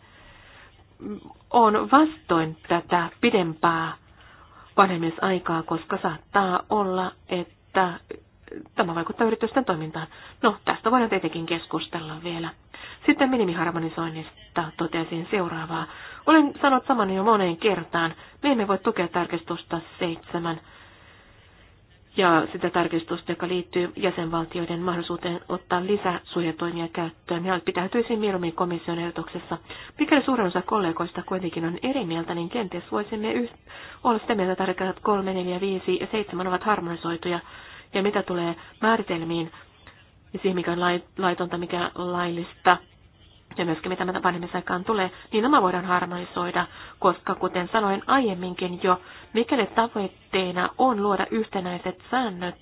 on vastoin tätä pidempää vanhemmisaikaa, koska saattaa olla, että tämä vaikuttaa yritysten toimintaan. No, tästä voidaan tietenkin keskustella vielä. Sitten minimiharmonisoinnista totesin seuraavaa. Olen sanonut saman jo moneen kertaan. Me emme voi tukea tarkistusta seitsemän ja sitä tarkistusta, joka liittyy jäsenvaltioiden mahdollisuuteen ottaa lisäsuojatoimia käyttöön, käyttöön. Ja pitäytyisin mieluummin komission ehdotuksessa. Mikäli suurin osa kollegoista kuitenkin on eri mieltä, niin kenties voisimme yh- olla sitä mieltä, että 3, 4, 5 ja 7 ovat harmonisoituja. Ja mitä tulee määritelmiin, ja siihen, mikä on laitonta, mikä on laillista ja myöskin mitä me vanhemmisaikaan tulee, niin nämä voidaan harmonisoida, koska kuten sanoin aiemminkin jo, mikäli tavoitteena on luoda yhtenäiset säännöt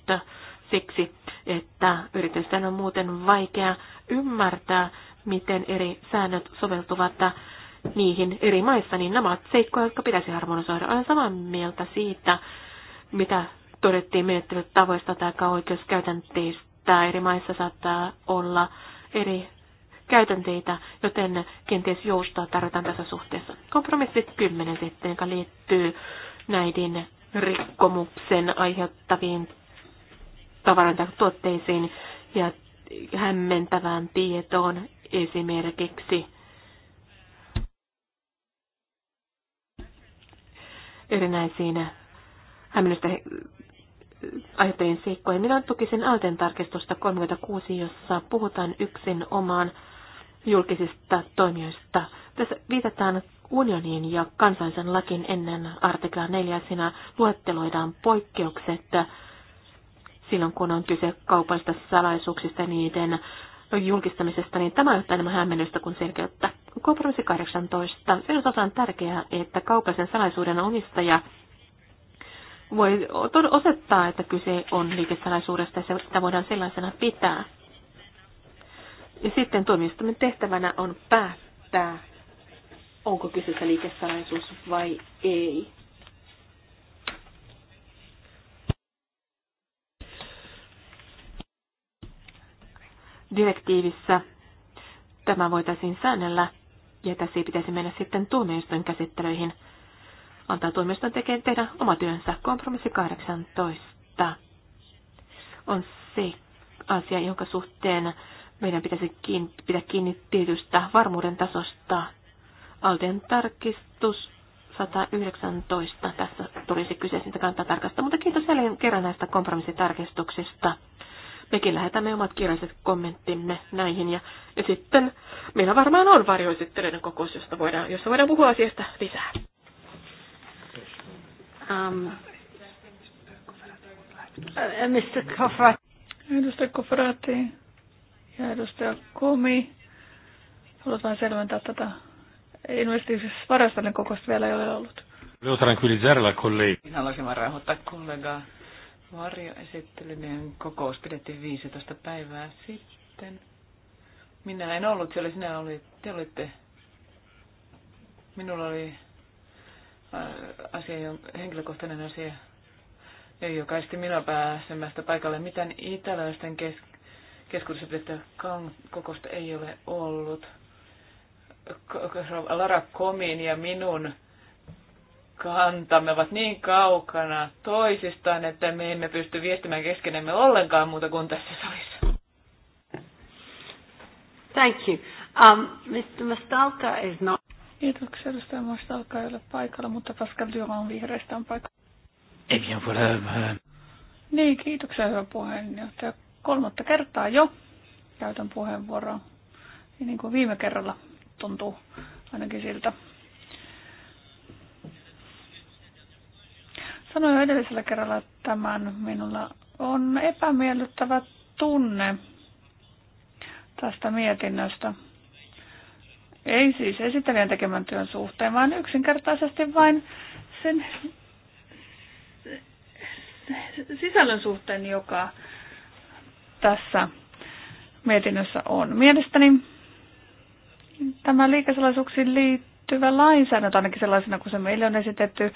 siksi, että yritysten on muuten vaikea ymmärtää, miten eri säännöt soveltuvat niihin eri maissa, niin nämä ovat seikkoja, jotka pitäisi harmonisoida. Olen samaa mieltä siitä, mitä todettiin menettelytavoista tai oikeuskäytänteistä että eri maissa saattaa olla eri käytänteitä, joten kenties joustaa tarvitaan tässä suhteessa. Kompromissi 10 sitten, joka liittyy näiden rikkomuksen aiheuttaviin tavaran tai tuotteisiin ja hämmentävään tietoon esimerkiksi. erinäisiin hämmennystä aiheuttajien seikkoja. Minä tukisin Alten tarkistusta 36, jossa puhutaan yksin omaan julkisista toimijoista. Tässä viitataan unionin ja kansallisen lakin ennen artiklaa 4 Siinä luetteloidaan poikkeukset silloin, kun on kyse kaupallisista salaisuuksista ja niiden julkistamisesta, niin tämä johtaa enemmän hämmennystä kuin selkeyttä. Kompromissi 18. Sen osalta on tärkeää, että kaupallisen salaisuuden omistaja voi osoittaa, että kyse on liikesalaisuudesta ja sitä voidaan sellaisena pitää. Ja sitten tuomioistuimen tehtävänä on päättää, onko kyseessä liikesalaisuus vai ei. Direktiivissä tämä voitaisiin säännellä ja tässä ei pitäisi mennä sitten tuomioistuin käsittelyihin – antaa tuomioistuin tekeen tehdä oma työnsä. Kompromissi 18 on se asia, jonka suhteen meidän pitäisi kiin, pitää kiinni tietystä varmuuden tasosta. Alten tarkistus 119. Tässä tulisi kyse, siitä kannattaa tarkastaa. Mutta kiitos jälleen kerran näistä kompromissitarkistuksista. Mekin lähetämme omat kirjalliset kommenttimme näihin. Ja, ja sitten meillä varmaan on varjoesittelyiden kokous, josta voidaan, jossa voidaan puhua asiasta lisää. Um, uh, Mr. Kofrati. Edustaja Kofrati ja edustaja Komi. Haluat vain selventää tätä Investiivisessa varastollinen niin kokousta vielä ei ole ollut. Volevo tranquillizzare la Minä haluaisin vain rauhoittaa kollegaa. Varjoesittelyiden kokous pidettiin 15 päivää sitten. Minä en ollut siellä, sinä olit, te olitte. Minulla oli asia, henkilökohtainen asia, joka esti minua pääsemästä paikalle. Mitään italaisten kes- keskuudessa pidettävää kokousta ei ole ollut. Lara Komin ja minun kantamme ovat niin kaukana toisistaan, että me emme pysty viestimään keskenemme ollenkaan muuta kuin tässä salissa. Thank you. Um, Mr. Mastalka is not... Kiitoksia edustaja Moista, alkaa olla paikalla, mutta Pascal on vihreistä on paikalla. Eh bien, voilà. Euh. Niin, kiitoksia hyvä puheenjohtaja. Kolmatta kertaa jo käytän puheenvuoroa. Ja niin kuin viime kerralla tuntuu ainakin siltä. Sanoin jo edellisellä kerralla tämän. Minulla on epämiellyttävä tunne tästä mietinnöstä. Ei siis esittelijän tekemän työn suhteen, vaan yksinkertaisesti vain sen sisällön suhteen, joka tässä mietinnössä on. Mielestäni tämä liikesalaisuuksiin liittyvä lainsäädäntö, ainakin sellaisena kuin se meille on esitetty,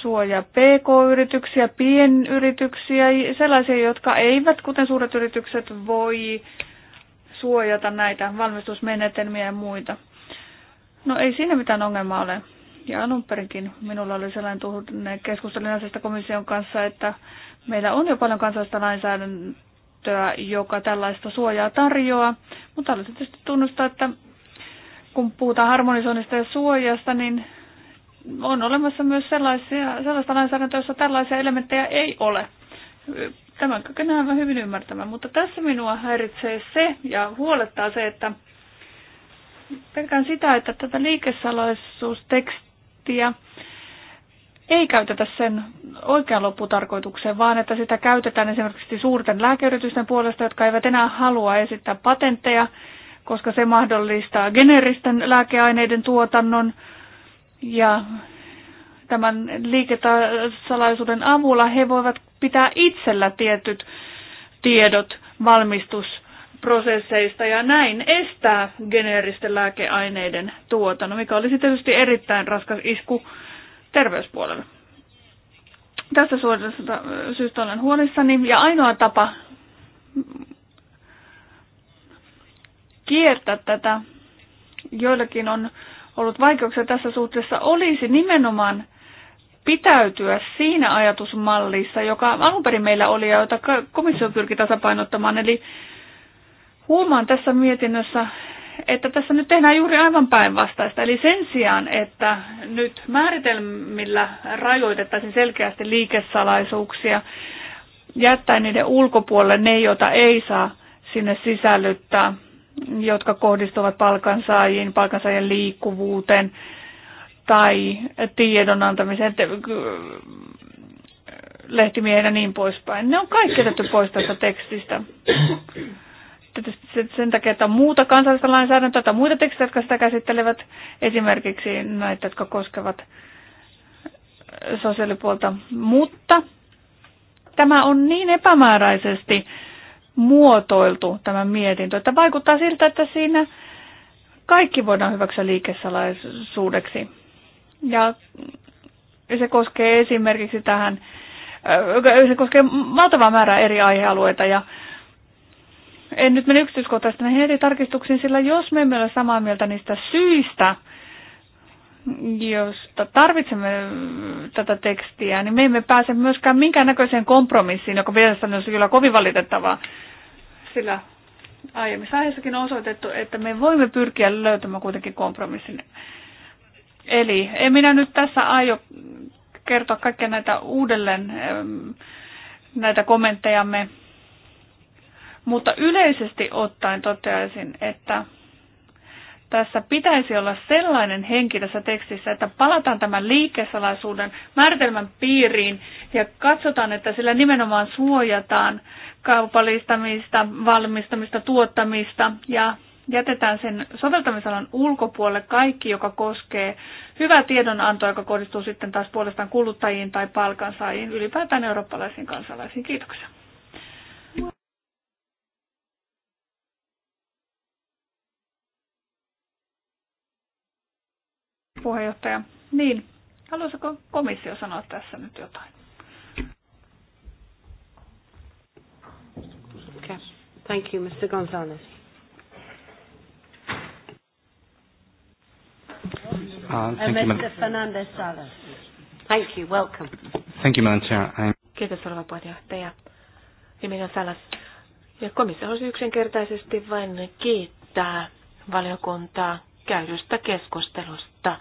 suojaa pk-yrityksiä, pienyrityksiä, sellaisia, jotka eivät, kuten suuret yritykset, voi suojata näitä valmistusmenetelmiä ja muita. No ei siinä mitään ongelmaa ole. Ja alun perinkin minulla oli sellainen tunne, keskustelin asiasta komission kanssa, että meillä on jo paljon kansallista lainsäädäntöä, joka tällaista suojaa tarjoaa, mutta haluaisin tietysti tunnustaa, että kun puhutaan harmonisoinnista ja suojasta, niin on olemassa myös sellaisia, sellaista lainsäädäntöä, jossa tällaisia elementtejä ei ole. Tämän kaiken aivan hyvin ymmärtämään, mutta tässä minua häiritsee se ja huolettaa se, että pelkään sitä, että tätä liikesalaisuustekstiä ei käytetä sen oikean lopputarkoitukseen, vaan että sitä käytetään esimerkiksi suurten lääkeyritysten puolesta, jotka eivät enää halua esittää patentteja, koska se mahdollistaa generisten lääkeaineiden tuotannon ja tämän liiketasalaisuuden avulla he voivat pitää itsellä tietyt tiedot valmistusprosesseista ja näin estää geneeristen lääkeaineiden tuotannon, mikä olisi tietysti erittäin raskas isku terveyspuolelle. Tästä syystä olen huolissani ja ainoa tapa kiertää tätä, joillakin on ollut vaikeuksia tässä suhteessa, olisi nimenomaan pitäytyä siinä ajatusmallissa, joka alun perin meillä oli ja jota komissio pyrki tasapainottamaan. Eli huomaan tässä mietinnössä, että tässä nyt tehdään juuri aivan päinvastaista. Eli sen sijaan, että nyt määritelmillä rajoitettaisiin selkeästi liikesalaisuuksia, jättäen niiden ulkopuolelle ne, joita ei saa sinne sisällyttää, jotka kohdistuvat palkansaajiin, palkansaajien liikkuvuuteen, tai tiedon antamiseen äh, lehtimiehenä niin poispäin. Ne on kaikki jätetty pois tästä tekstistä. sen takia, että on muuta kansallista lainsäädäntöä tai muita tekstejä, jotka sitä käsittelevät, esimerkiksi näitä, jotka koskevat äh, sosiaalipuolta. Mutta tämä on niin epämääräisesti muotoiltu tämä mietintö, että vaikuttaa siltä, että siinä kaikki voidaan hyväksyä liikesalaisuudeksi. Ja se koskee esimerkiksi tähän, äh, se koskee valtavaa määrää eri aihealueita ja en nyt mene yksityiskohtaisesti näihin eri tarkistuksiin, sillä jos me emme ole samaa mieltä niistä syistä, jos tarvitsemme tätä tekstiä, niin me emme pääse myöskään minkäännäköiseen kompromissiin, joka mielestäni on kyllä kovin valitettavaa. Sillä aiemmissa aiheissakin on osoitettu, että me voimme pyrkiä löytämään kuitenkin kompromissin Eli en minä nyt tässä aio kertoa kaikkia näitä uudelleen näitä kommenttejamme, mutta yleisesti ottaen toteaisin, että tässä pitäisi olla sellainen henki tässä tekstissä, että palataan tämän liikesalaisuuden määritelmän piiriin ja katsotaan, että sillä nimenomaan suojataan kaupallistamista, valmistamista, tuottamista ja jätetään sen soveltamisalan ulkopuolelle kaikki, joka koskee hyvää tiedonantoa, joka kohdistuu sitten taas puolestaan kuluttajiin tai palkansaajiin, ylipäätään eurooppalaisiin kansalaisiin. Kiitoksia. Puheenjohtaja, niin, haluaisiko komissio sanoa tässä nyt jotain? Okay. Thank you, Mr. Gonzalez. Uh, thank you, Fernandez Salas. Welcome. Thank you, Madam Chair. I'm... Kiitos, rouva puheenjohtaja. Nimeni on Salas. Ja komissio olisi yksinkertaisesti vain kiittää valiokuntaa käydystä keskustelusta.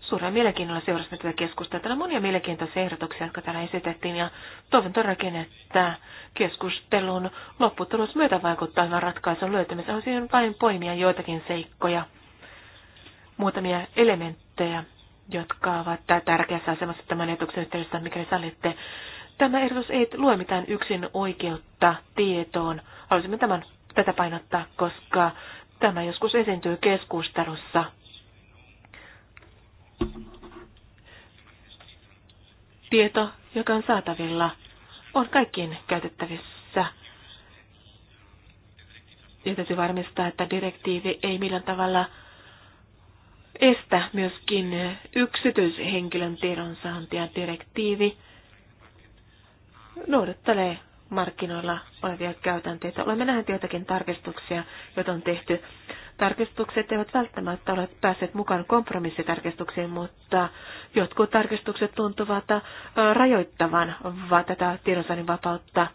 Suurella mielenkiinnolla seurasta tätä keskustelua. Täällä on monia mielenkiintoisia ehdotuksia, jotka täällä esitettiin, ja toivon todellakin, että keskustelun lopputulos myötä vaikuttaa hyvän ratkaisun löytämiseen. Haluaisin vain poimia joitakin seikkoja muutamia elementtejä, jotka ovat tärkeässä asemassa tämän etuksen yhteydessä, mikäli sallitte. Tämä ehdotus ei lue mitään yksin oikeutta tietoon. Haluaisimme tämän, tätä painottaa, koska tämä joskus esiintyy keskustelussa. Tieto, joka on saatavilla, on kaikkien käytettävissä. Ja täytyy varmistaa, että direktiivi ei millään tavalla estä myöskin yksityishenkilön tiedonsaantia direktiivi noudattelee markkinoilla olevia käytänteitä. Olemme nähneet joitakin tarkistuksia, joita on tehty. Tarkistukset eivät välttämättä ole päässeet mukaan kompromissitarkistuksiin, mutta jotkut tarkistukset tuntuvat äh, rajoittavan vaan tätä tiedonsaannin vapautta.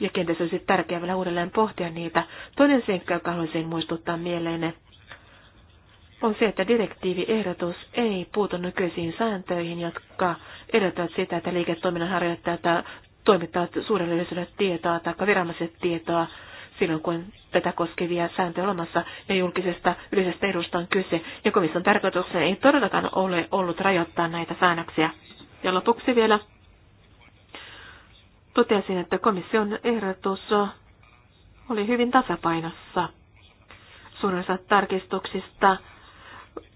Ja kenties olisi tärkeää vielä uudelleen pohtia niitä. Toinen seikka, joka haluaisin muistuttaa mieleen, on se, että direktiiviehdotus ei puutu nykyisiin sääntöihin, jotka edellyttävät sitä, että liiketoiminnan harjoittajat toimittavat suurelle yleisölle tietoa tai viranomaiset tietoa silloin, kun tätä koskevia sääntöjä olemassa ja julkisesta yleisestä edusta on kyse. Ja komission tarkoituksena ei todellakaan ole ollut rajoittaa näitä säännöksiä. Ja lopuksi vielä totesin, että komission ehdotus oli hyvin tasapainossa. Suurin osa tarkistuksista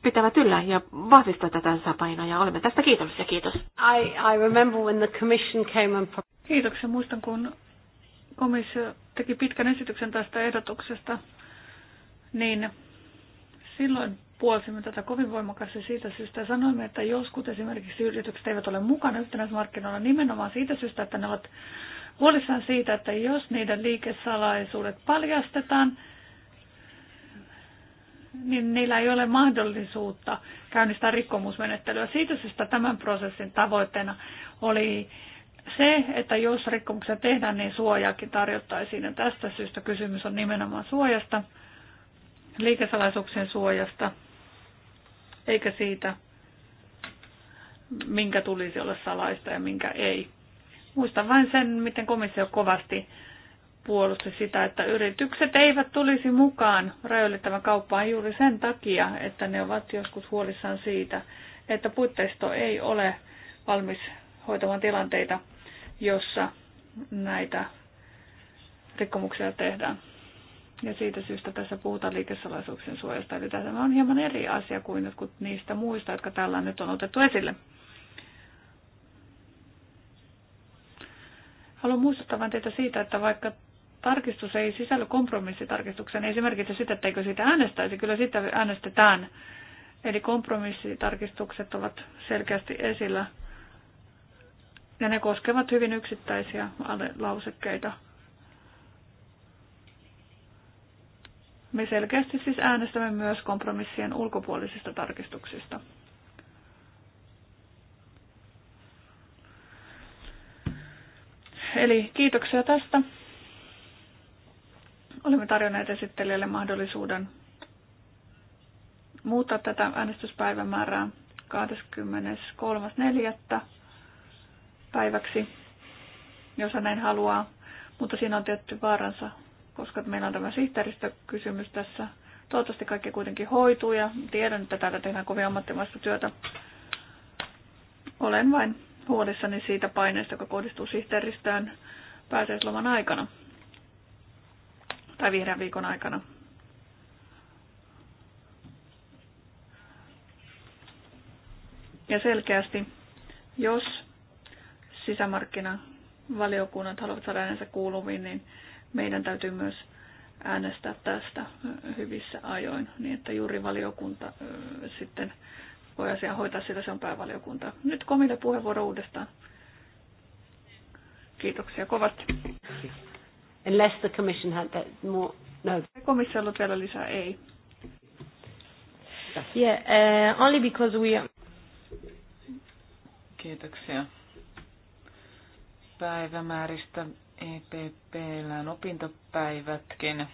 pitävät yllä ja vahvistavat tätä tasapainoa ja olemme tästä kiitollisia. Kiitos. I, I remember when the commission came and... Kiitoksia. Muistan, kun komissio teki pitkän esityksen tästä ehdotuksesta, niin silloin puolsimme tätä kovin voimakkaasti siitä syystä ja sanoimme, että joskus esimerkiksi yritykset eivät ole mukana yhtenäismarkkinoilla nimenomaan siitä syystä, että ne ovat huolissaan siitä, että jos niiden liikesalaisuudet paljastetaan, niin niillä ei ole mahdollisuutta käynnistää rikkomusmenettelyä. Siitä syystä tämän prosessin tavoitteena oli se, että jos rikkomuksia tehdään, niin suojaakin tarjottaisiin. Ja tästä syystä kysymys on nimenomaan suojasta, liikesalaisuuksien suojasta, eikä siitä, minkä tulisi olla salaista ja minkä ei. Muistan vain sen, miten komissio kovasti puolusti sitä, että yritykset eivät tulisi mukaan rajoittavan kauppaan juuri sen takia, että ne ovat joskus huolissaan siitä, että puitteisto ei ole valmis hoitamaan tilanteita, jossa näitä rikkomuksia tehdään. Ja siitä syystä tässä puhutaan liikesalaisuuksien suojasta. Eli tämä on hieman eri asia kuin jotkut niistä muista, jotka tällä nyt on otettu esille. Haluan muistuttaa vain teitä siitä, että vaikka tarkistus ei sisällä kompromissitarkistuksen, ei se merkitse sitä, etteikö siitä äänestäisi. Kyllä sitä äänestetään. Eli kompromissitarkistukset ovat selkeästi esillä. Ja ne koskevat hyvin yksittäisiä lausekkeita. Me selkeästi siis äänestämme myös kompromissien ulkopuolisista tarkistuksista. Eli kiitoksia tästä. Olemme tarjonneet esittelijälle mahdollisuuden muuttaa tätä äänestyspäivämäärää 23.4. päiväksi, jos hän näin haluaa. Mutta siinä on tietty vaaransa, koska meillä on tämä sihteeristökysymys tässä. Toivottavasti kaikki kuitenkin hoituu ja tiedän, että täällä tehdään kovin ammattimaista työtä. Olen vain huolissani siitä paineesta, joka kohdistuu sihteeristöön pääsiäisloman aikana tai vihreän viikon aikana. Ja selkeästi, jos sisämarkkinavaliokunnat haluavat saada äänensä kuuluviin, niin meidän täytyy myös äänestää tästä hyvissä ajoin, niin että juuri valiokunta sitten voi asiaa hoitaa, sillä se on päävaliokunta. Nyt komille puheenvuoro uudestaan. Kiitoksia kovasti. Unless the commission had that more... No. Komissio ollut vielä lisää, ei. Yeah, uh, only because we are... Kiitoksia. Päivämääristä EPPllä on opintopäivätkin.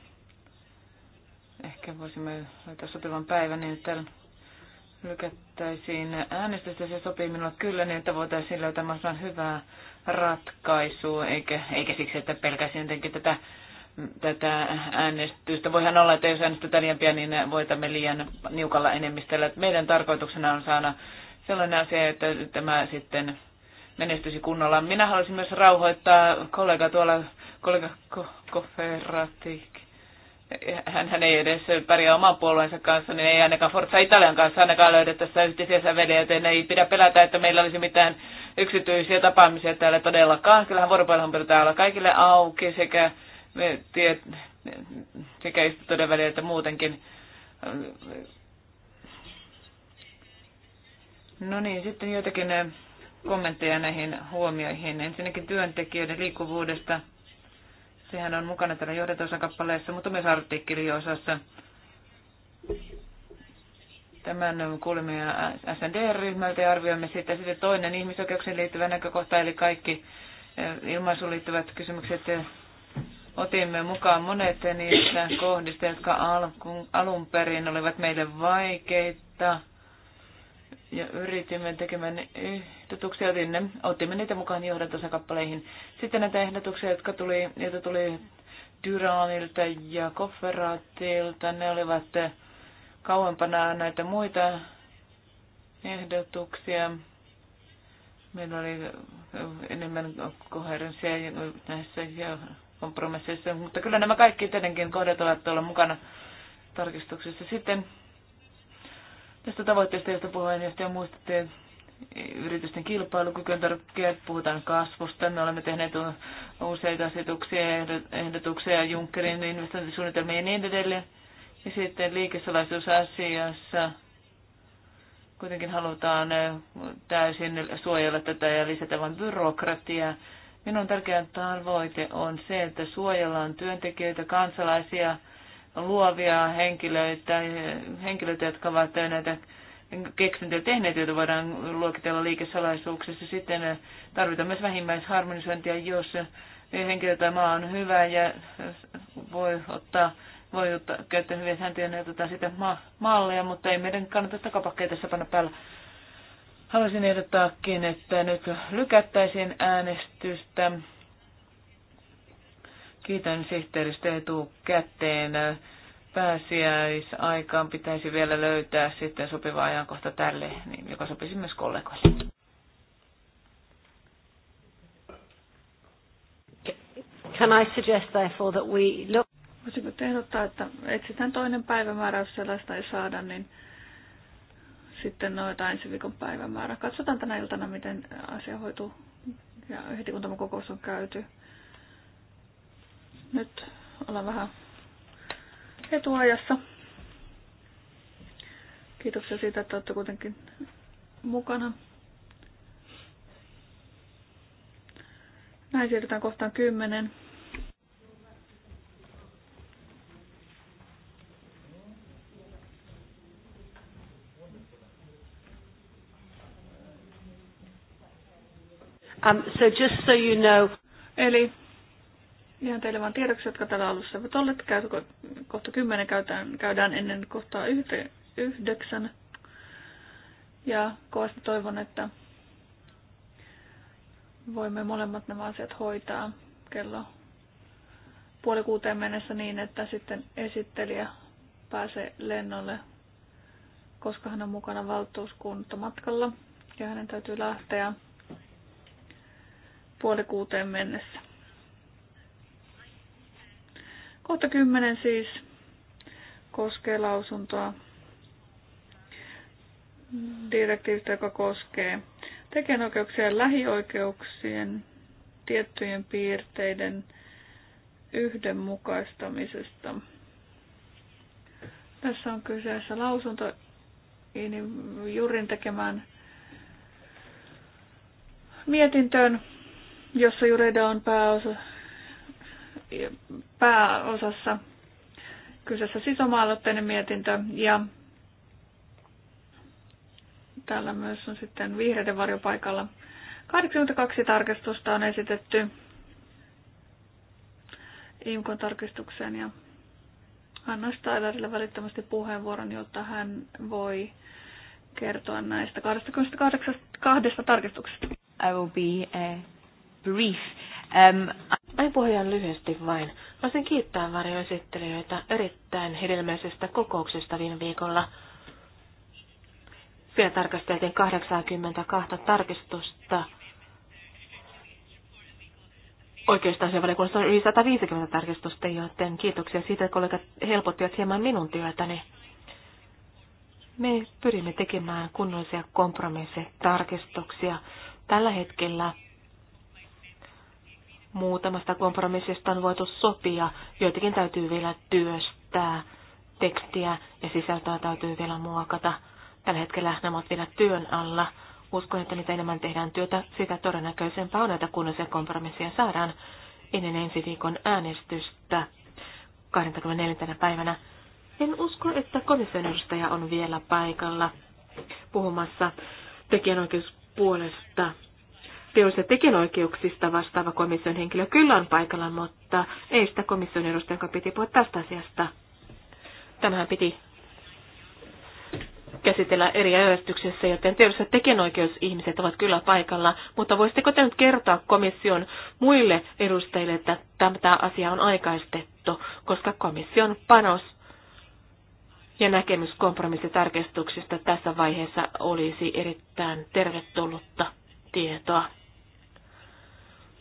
Ehkä voisimme löytää sopivan päivän, niin että lykättäisiin äänestystä. Se sopii minulle kyllä, niin että voitaisiin löytää mahdollisimman hyvää ratkaisu, eikä, eikä siksi, että pelkäsin jotenkin tätä, tätä äänestystä. Voihan olla, että jos äänestetään liian pian, niin voitamme liian niukalla enemmistöllä. Meidän tarkoituksena on saada sellainen asia, että tämä sitten menestyisi kunnolla. Minä haluaisin myös rauhoittaa kollega tuolla, kollega Ko- Koferati hän, hän ei edes pärjää oman puolueensa kanssa, niin ei ainakaan Forza Italian kanssa ainakaan löydä tässä yhteisiä sävelejä, joten ei pidä pelätä, että meillä olisi mitään yksityisiä tapaamisia täällä todellakaan. Kyllähän vuoropuolehan pitää olla kaikille auki sekä, tiet, sekä istutuuden väliä että muutenkin. No niin, sitten joitakin kommentteja näihin huomioihin. Ensinnäkin työntekijöiden liikkuvuudesta – Sehän on mukana täällä johdantosan kappaleessa, mutta myös artikkeliosassa. Tämän kuulemme SND-ryhmältä ja arvioimme sitä. sitten toinen ihmisoikeuksiin liittyvä näkökohta, eli kaikki eh, ilmaisuun liittyvät kysymykset eh, otimme mukaan monet niistä kohdista, jotka alun, alun perin olivat meille vaikeita. Ja yritimme tekemään ehdotuksia sinne. otimme niitä mukaan johdantosakappaleihin. Sitten näitä ehdotuksia, jotka tuli, joita tuli Dyranilta ja Kofferatilta, ne olivat kauempana näitä muita ehdotuksia. Meillä oli enemmän koherenssia näissä ja kompromisseissa, mutta kyllä nämä kaikki tietenkin kohdat ovat tuolla mukana tarkistuksessa. Sitten tästä tavoitteesta, josta puheenjohtaja muistettiin, yritysten kilpailukyky on tärkeä, puhutaan kasvusta. Me olemme tehneet useita asetuksia ja ehdotuksia Junckerin investointisuunnitelmia ja niin edelleen. Ja sitten liikesalaisuusasiassa kuitenkin halutaan täysin suojella tätä ja lisätä vain byrokratiaa. Minun tärkeä tavoite on se, että suojellaan työntekijöitä, kansalaisia, luovia henkilöitä, henkilöitä jotka ovat näitä keksintöjä tehneet, joita voidaan luokitella liikesalaisuuksissa. Sitten eh, tarvitaan myös vähimmäisharmonisointia, jos eh, henkilö tai maa on hyvä ja eh, voi ottaa voi ottaa, käyttää hyviä sääntöjä ja otetaan sitä ma- malleja, mutta ei meidän kannata takapakkeja tässä panna päällä. Haluaisin ehdottaakin, että nyt lykättäisiin äänestystä. Kiitän sihteeristä etukäteen pääsiäisaikaan pitäisi vielä löytää sitten sopiva ajankohta tälle, niin joka sopisi myös kollegoille. Can I suggest therefore that we look... Voisiko ehdottaa, että etsitään toinen päivämäärä, jos sellaista ei saada, niin sitten noita ensi viikon päivämäärä. Katsotaan tänä iltana, miten asia hoituu ja heti kun tämä kokous on käyty. Nyt ollaan vähän etuajassa. Kiitoksia siitä, että olette kuitenkin mukana. Näin siirrytään kohtaan kymmenen. Um, so just so you know. Eli Ihan teille vain tiedoksi, jotka täällä alussa ovat olleet. Kohta kymmenen käydään, käydään ennen kohtaa yhdeksän. Ja kovasti toivon, että voimme molemmat nämä asiat hoitaa kello puoli kuuteen mennessä niin, että sitten esittelijä pääsee lennolle, koska hän on mukana valtuuskuntamatkalla ja hänen täytyy lähteä puoli kuuteen mennessä. Kohta kymmenen siis koskee lausuntoa direktiivistä, joka koskee tekijänoikeuksien lähioikeuksien tiettyjen piirteiden yhdenmukaistamisesta. Tässä on kyseessä lausunto Jurin tekemään mietintöön, jossa Jureda on pääosa pääosassa. Kyseessä siis oma mietintö ja täällä myös on sitten vihreiden varjopaikalla. 82 tarkistusta on esitetty IMKon tarkistukseen ja anna Stylerille välittömästi puheenvuoron, jotta hän voi kertoa näistä 28 tarkistuksesta. I will be uh, brief. Um, Ai puhujan lyhyesti vain. Voisin kiittää varjoesittelijöitä erittäin hedelmäisestä kokouksesta viime viikolla. Siellä tarkasteltiin 82 tarkistusta. Oikeastaan se valiokunnassa on yli 150 tarkistusta, joten kiitoksia siitä, että kollegat helpottivat hieman minun työtäni. Me pyrimme tekemään kunnollisia kompromisseja, tarkistuksia. Tällä hetkellä Muutamasta kompromissista on voitu sopia, joitakin täytyy vielä työstää, tekstiä ja sisältöä täytyy vielä muokata. Tällä hetkellä nämä ovat vielä työn alla. Uskon, että mitä enemmän tehdään työtä, sitä todennäköisempää on, että se kompromissia saadaan ennen ensi viikon äänestystä 24. päivänä. En usko, että komission edustaja on vielä paikalla puhumassa tekijänoikeuspuolesta ja tekijänoikeuksista vastaava komission henkilö kyllä on paikalla, mutta ei sitä komission edustaja, joka piti puhua tästä asiasta. Tämähän piti käsitellä eri järjestyksessä, joten ja tekijänoikeusihmiset ovat kyllä paikalla, mutta voisitteko te nyt kertoa komission muille edustajille, että tämä asia on aikaistettu, koska komission panos ja näkemys kompromissitarkistuksista tässä vaiheessa olisi erittäin tervetullutta tietoa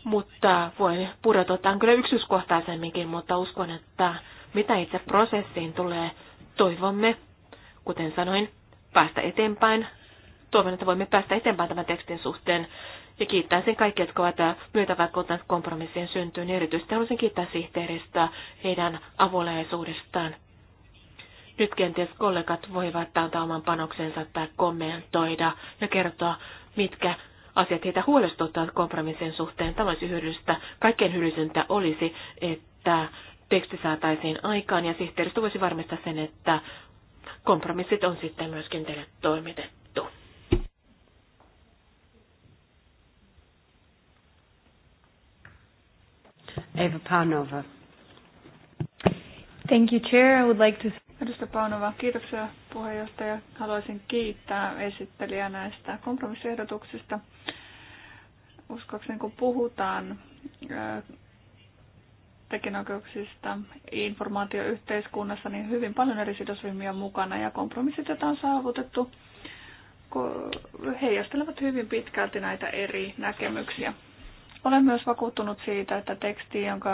mutta voin pudotetaan kyllä yksityiskohtaisemminkin, mutta uskon, että mitä itse prosessiin tulee, toivomme, kuten sanoin, päästä eteenpäin. Toivon, että voimme päästä eteenpäin tämän tekstin suhteen. Ja kiittää sen kaikki, jotka ovat kuten kompromissien syntyyn. Erityisesti haluaisin kiittää sihteeristä heidän avulaisuudestaan. Nyt kenties kollegat voivat antaa oman panoksensa tai kommentoida ja kertoa, mitkä asiat heitä huolestuttavat kompromissin suhteen. Tämä olisi hyödyllistä. Kaikkein hyödyllisintä olisi, että teksti saataisiin aikaan ja sihteeristö voisi varmistaa sen, että kompromissit on sitten myöskin teille toimitettu. Eva Panova. Thank you, Chair. I would like to Edustaja Paunova, kiitoksia puheenjohtaja. Haluaisin kiittää esittelijää näistä kompromissiehdotuksista. Uskoakseni kun puhutaan tekijänoikeuksista informaatioyhteiskunnassa, niin hyvin paljon eri sidosryhmiä mukana ja kompromissit, joita on saavutettu, heijastelevat hyvin pitkälti näitä eri näkemyksiä. Olen myös vakuuttunut siitä, että teksti, jonka,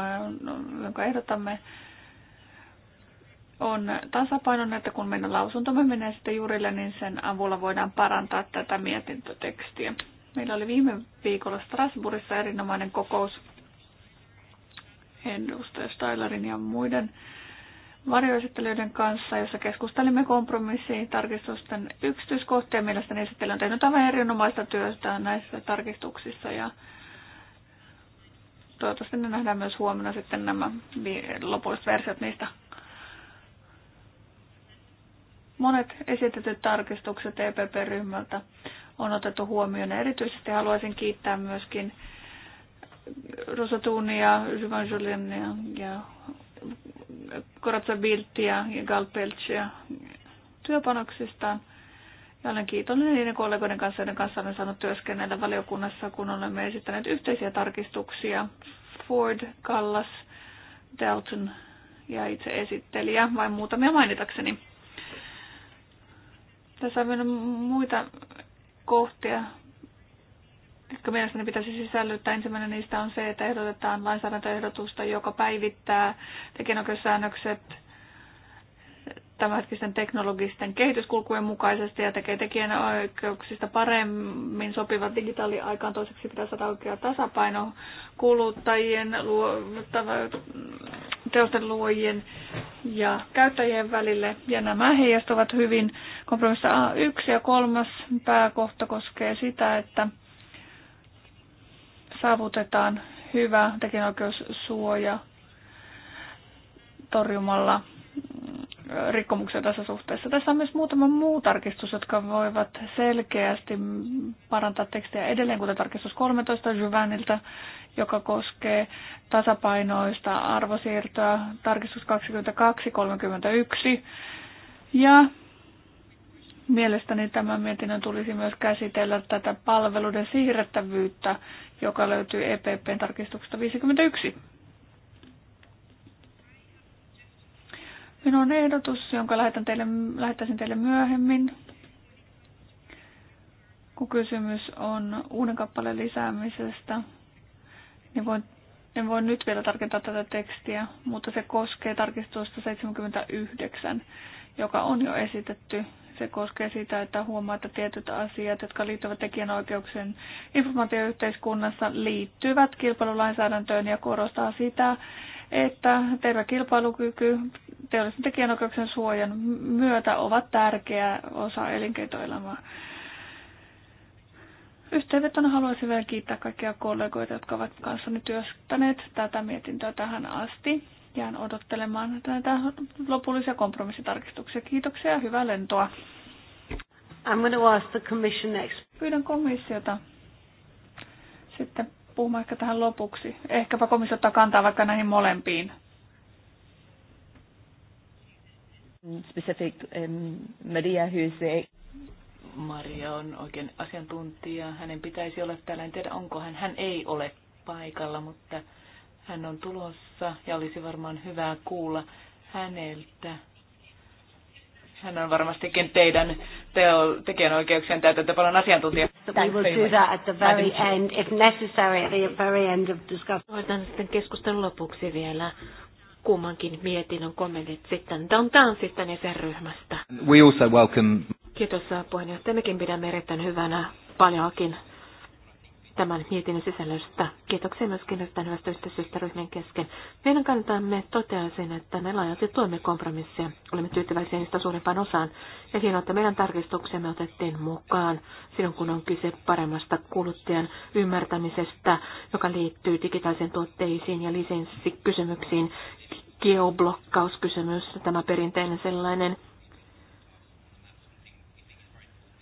jonka ehdotamme, on tasapainon, että kun meidän lausuntomme menee sitten juurille, niin sen avulla voidaan parantaa tätä mietintötekstiä. Meillä oli viime viikolla Strasbourgissa erinomainen kokous edustaja Steilerin ja muiden varjoesittelijöiden kanssa, jossa keskustelimme kompromissiin tarkistusten yksityiskohtia. Mielestäni esittely on tehnyt aivan erinomaista työtä näissä tarkistuksissa ja toivottavasti ne nähdään myös huomenna sitten nämä lopulliset versiot niistä. Monet esitetyt tarkistukset EPP-ryhmältä on otettu huomioon. Erityisesti haluaisin kiittää myöskin Rosatuunia, Juvan Juliania ja Koratsa Viltia ja Galpeltsia työpanoksistaan. Ja olen kiitollinen niiden kollegoiden kanssa, joiden kanssa olen saanut työskennellä valiokunnassa, kun olemme esittäneet yhteisiä tarkistuksia. Ford, Kallas, Dalton ja itse esittelijä, vain muutamia mainitakseni. Tässä on vielä muita kohtia, jotka mielestäni pitäisi sisällyttää. Ensimmäinen niistä on se, että ehdotetaan lainsäädäntöehdotusta, joka päivittää tekijänoikeussäännökset tämänhetkisten teknologisten kehityskulkujen mukaisesti ja tekee tekijänoikeuksista paremmin sopivat digitaaliaikaan. Toiseksi pitää saada oikea tasapaino kuluttajien, luo, teosten luojien ja käyttäjien välille. Ja nämä heijastuvat hyvin kompromissa A1 ja kolmas pääkohta koskee sitä, että saavutetaan hyvä tekijänoikeussuoja torjumalla mm, rikkomuksia tässä suhteessa. Tässä on myös muutama muu tarkistus, jotka voivat selkeästi parantaa tekstiä edelleen, kuten tarkistus 13 Jyväniltä, joka koskee tasapainoista arvosiirtoa, tarkistus 22.31 ja Mielestäni tämän mietinnön tulisi myös käsitellä tätä palveluiden siirrettävyyttä, joka löytyy EPPn tarkistuksesta 51. Minun ehdotus, jonka lähetän teille, lähettäisin teille myöhemmin, kun kysymys on uuden kappaleen lisäämisestä, niin voin, en voi nyt vielä tarkentaa tätä tekstiä, mutta se koskee tarkistusta 79, joka on jo esitetty se koskee sitä, että huomaa, että tietyt asiat, jotka liittyvät tekijänoikeuksien informaatioyhteiskunnassa, liittyvät kilpailulainsäädäntöön ja korostaa sitä, että terve kilpailukyky teollisen tekijänoikeuksien suojan myötä ovat tärkeä osa elinkeinoelämää. Yhteenvetona haluaisin vielä kiittää kaikkia kollegoita, jotka ovat kanssani työstäneet tätä mietintöä tähän asti jään odottelemaan näitä lopullisia kompromissitarkistuksia. Kiitoksia ja hyvää lentoa. I'm going to ask the commission next. Pyydän komissiota sitten puhumaan ehkä tähän lopuksi. Ehkäpä komissio ottaa kantaa vaikka näihin molempiin. Specific um, Maria Maria on oikein asiantuntija. Hänen pitäisi olla täällä. En tiedä, onko hän. Hän ei ole paikalla, mutta hän on tulossa ja olisi varmaan hyvää kuulla häneltä. Hän on varmastikin teidän teo, tekijänoikeuksien täytäntö paljon asiantuntija. Voitan sitten keskustelun lopuksi vielä kummankin mietinnön kommentit sitten Downtown ja sen ryhmästä. We also welcome... Kiitos puheenjohtaja. Mekin pidämme erittäin hyvänä paljonkin tämän mietinnön sisällöstä. Kiitoksia myöskin erittäin hyvästä yhteistyöstä ryhmien kesken. Meidän kannatamme toteaa sen, että me laajalti tuemme kompromissia. Olemme tyytyväisiä niistä suurimpaan osaan. Ja hienoa, että meidän tarkistuksemme otettiin mukaan silloin, kun on kyse paremmasta kuluttajan ymmärtämisestä, joka liittyy digitaalisiin tuotteisiin ja lisenssikysymyksiin. Geoblokkauskysymys, tämä perinteinen sellainen –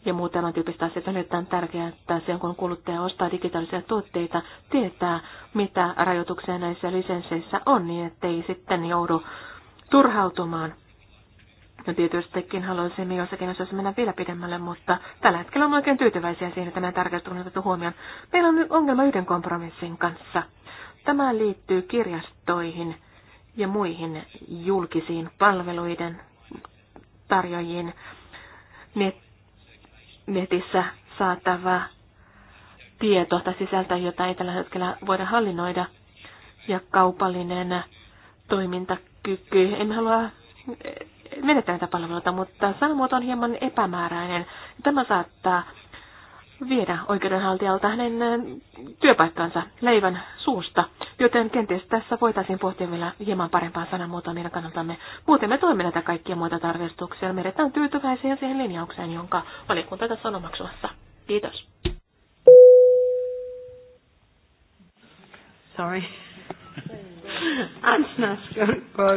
ja muut tämän tyyppistä asiat on erittäin tärkeää, että sen kun kuluttaja ostaa digitaalisia tuotteita, tietää, mitä rajoituksia näissä lisensseissä on, niin ettei sitten joudu turhautumaan. No tietystikin haluaisimme jossakin asioissa mennä vielä pidemmälle, mutta tällä hetkellä olemme oikein tyytyväisiä siihen, että nämä tärkeät on otettu huomioon. Meillä on nyt ongelma yhden kompromissin kanssa. Tämä liittyy kirjastoihin ja muihin julkisiin palveluiden tarjoajiin. Net- netissä saatava tieto tai sisältö, jota ei tällä hetkellä voida hallinnoida, ja kaupallinen toimintakyky. en halua eh, menettää näitä palveluita, mutta sanamuoto on hieman epämääräinen. Tämä saattaa viedä oikeudenhaltijalta hänen työpaikkansa leivän suusta, joten kenties tässä voitaisiin pohtia vielä hieman parempaa sanamuotoa meidän kannaltamme. Muuten me toimme näitä kaikkia muita tarkistuksia. Me edetään tyytyväisiä siihen linjaukseen, jonka valiokunta tässä on omaksumassa. Kiitos. Sorry.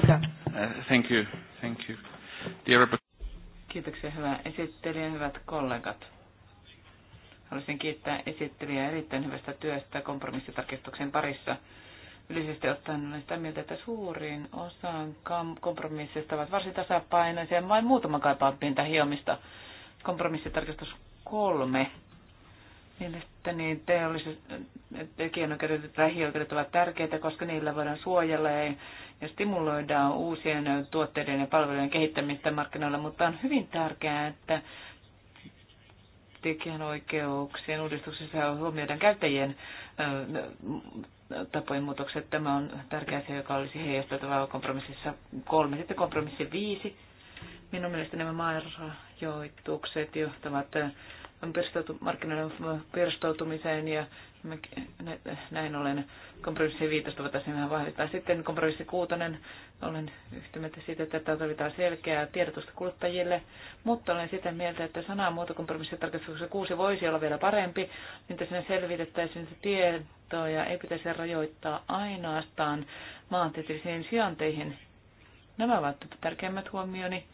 Uh, thank you, thank you. Kiitoksia, hyvä esittelijä, hyvät kollegat Haluaisin kiittää esittelijää erittäin hyvästä työstä kompromissitarkistuksen parissa. Yleisesti ottaen olen sitä mieltä, että suurin osa kompromissista ovat varsin tasapainoisia. Vain muutama kaipaa pientä hiomista. Kompromissitarkistus kolme. Mielestäni teolliset tekijänoikeudet ja lähioikeudet ovat tärkeitä, koska niillä voidaan suojella ja, ja uusien tuotteiden ja palvelujen kehittämistä markkinoilla, mutta on hyvin tärkeää, että tekijänoikeuksien uudistuksessa huomioidaan käyttäjien tapojen muutokset. Tämä on tärkeä asia, joka olisi heijasteltava kompromississa kolme. Sitten kompromissi viisi. Minun mielestäni nämä maarajoitukset johtavat perustautumiseen ja näin ollen kompromissi 15 vuotta vähän vahvistaa. Sitten kompromissi 6, olen yhtymättä siitä, että tarvitaan selkeää tiedotusta kuluttajille, mutta olen sitä mieltä, että sana muuta kompromissi tarkastuksessa 6 voisi olla vielä parempi, niin sinne selvitettäisiin että tietoja ei pitäisi rajoittaa ainoastaan maantieteellisiin sijainteihin. Nämä ovat tärkeimmät huomioni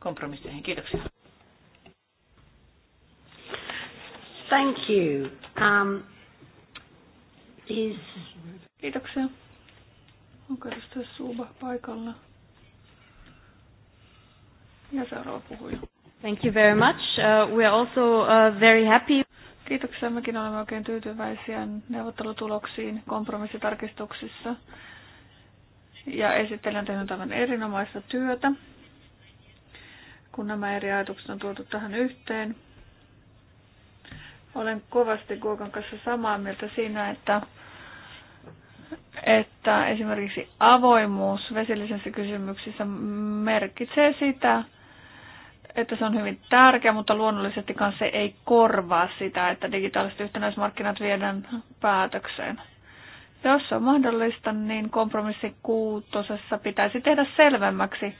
kompromisseihin. Kiitoksia. Thank you. Um, Kiitoksia. Onko edustaja Suuba paikalla? Ja seuraava puhuja. Thank you very much. Uh, we are also uh, very happy. Kiitoksia. Mekin olemme oikein tyytyväisiä neuvottelutuloksiin kompromissitarkistuksissa. Ja esittelen tehnyt aivan erinomaista työtä, kun nämä eri ajatukset on tuotu tähän yhteen. Olen kovasti Guokan kanssa samaa mieltä siinä, että että esimerkiksi avoimuus vesillisissä kysymyksissä merkitsee sitä, että se on hyvin tärkeä, mutta luonnollisesti se ei korvaa sitä, että digitaaliset yhtenäismarkkinat viedään päätökseen. Jos on mahdollista, niin kompromissi kuutosessa pitäisi tehdä selvemmäksi,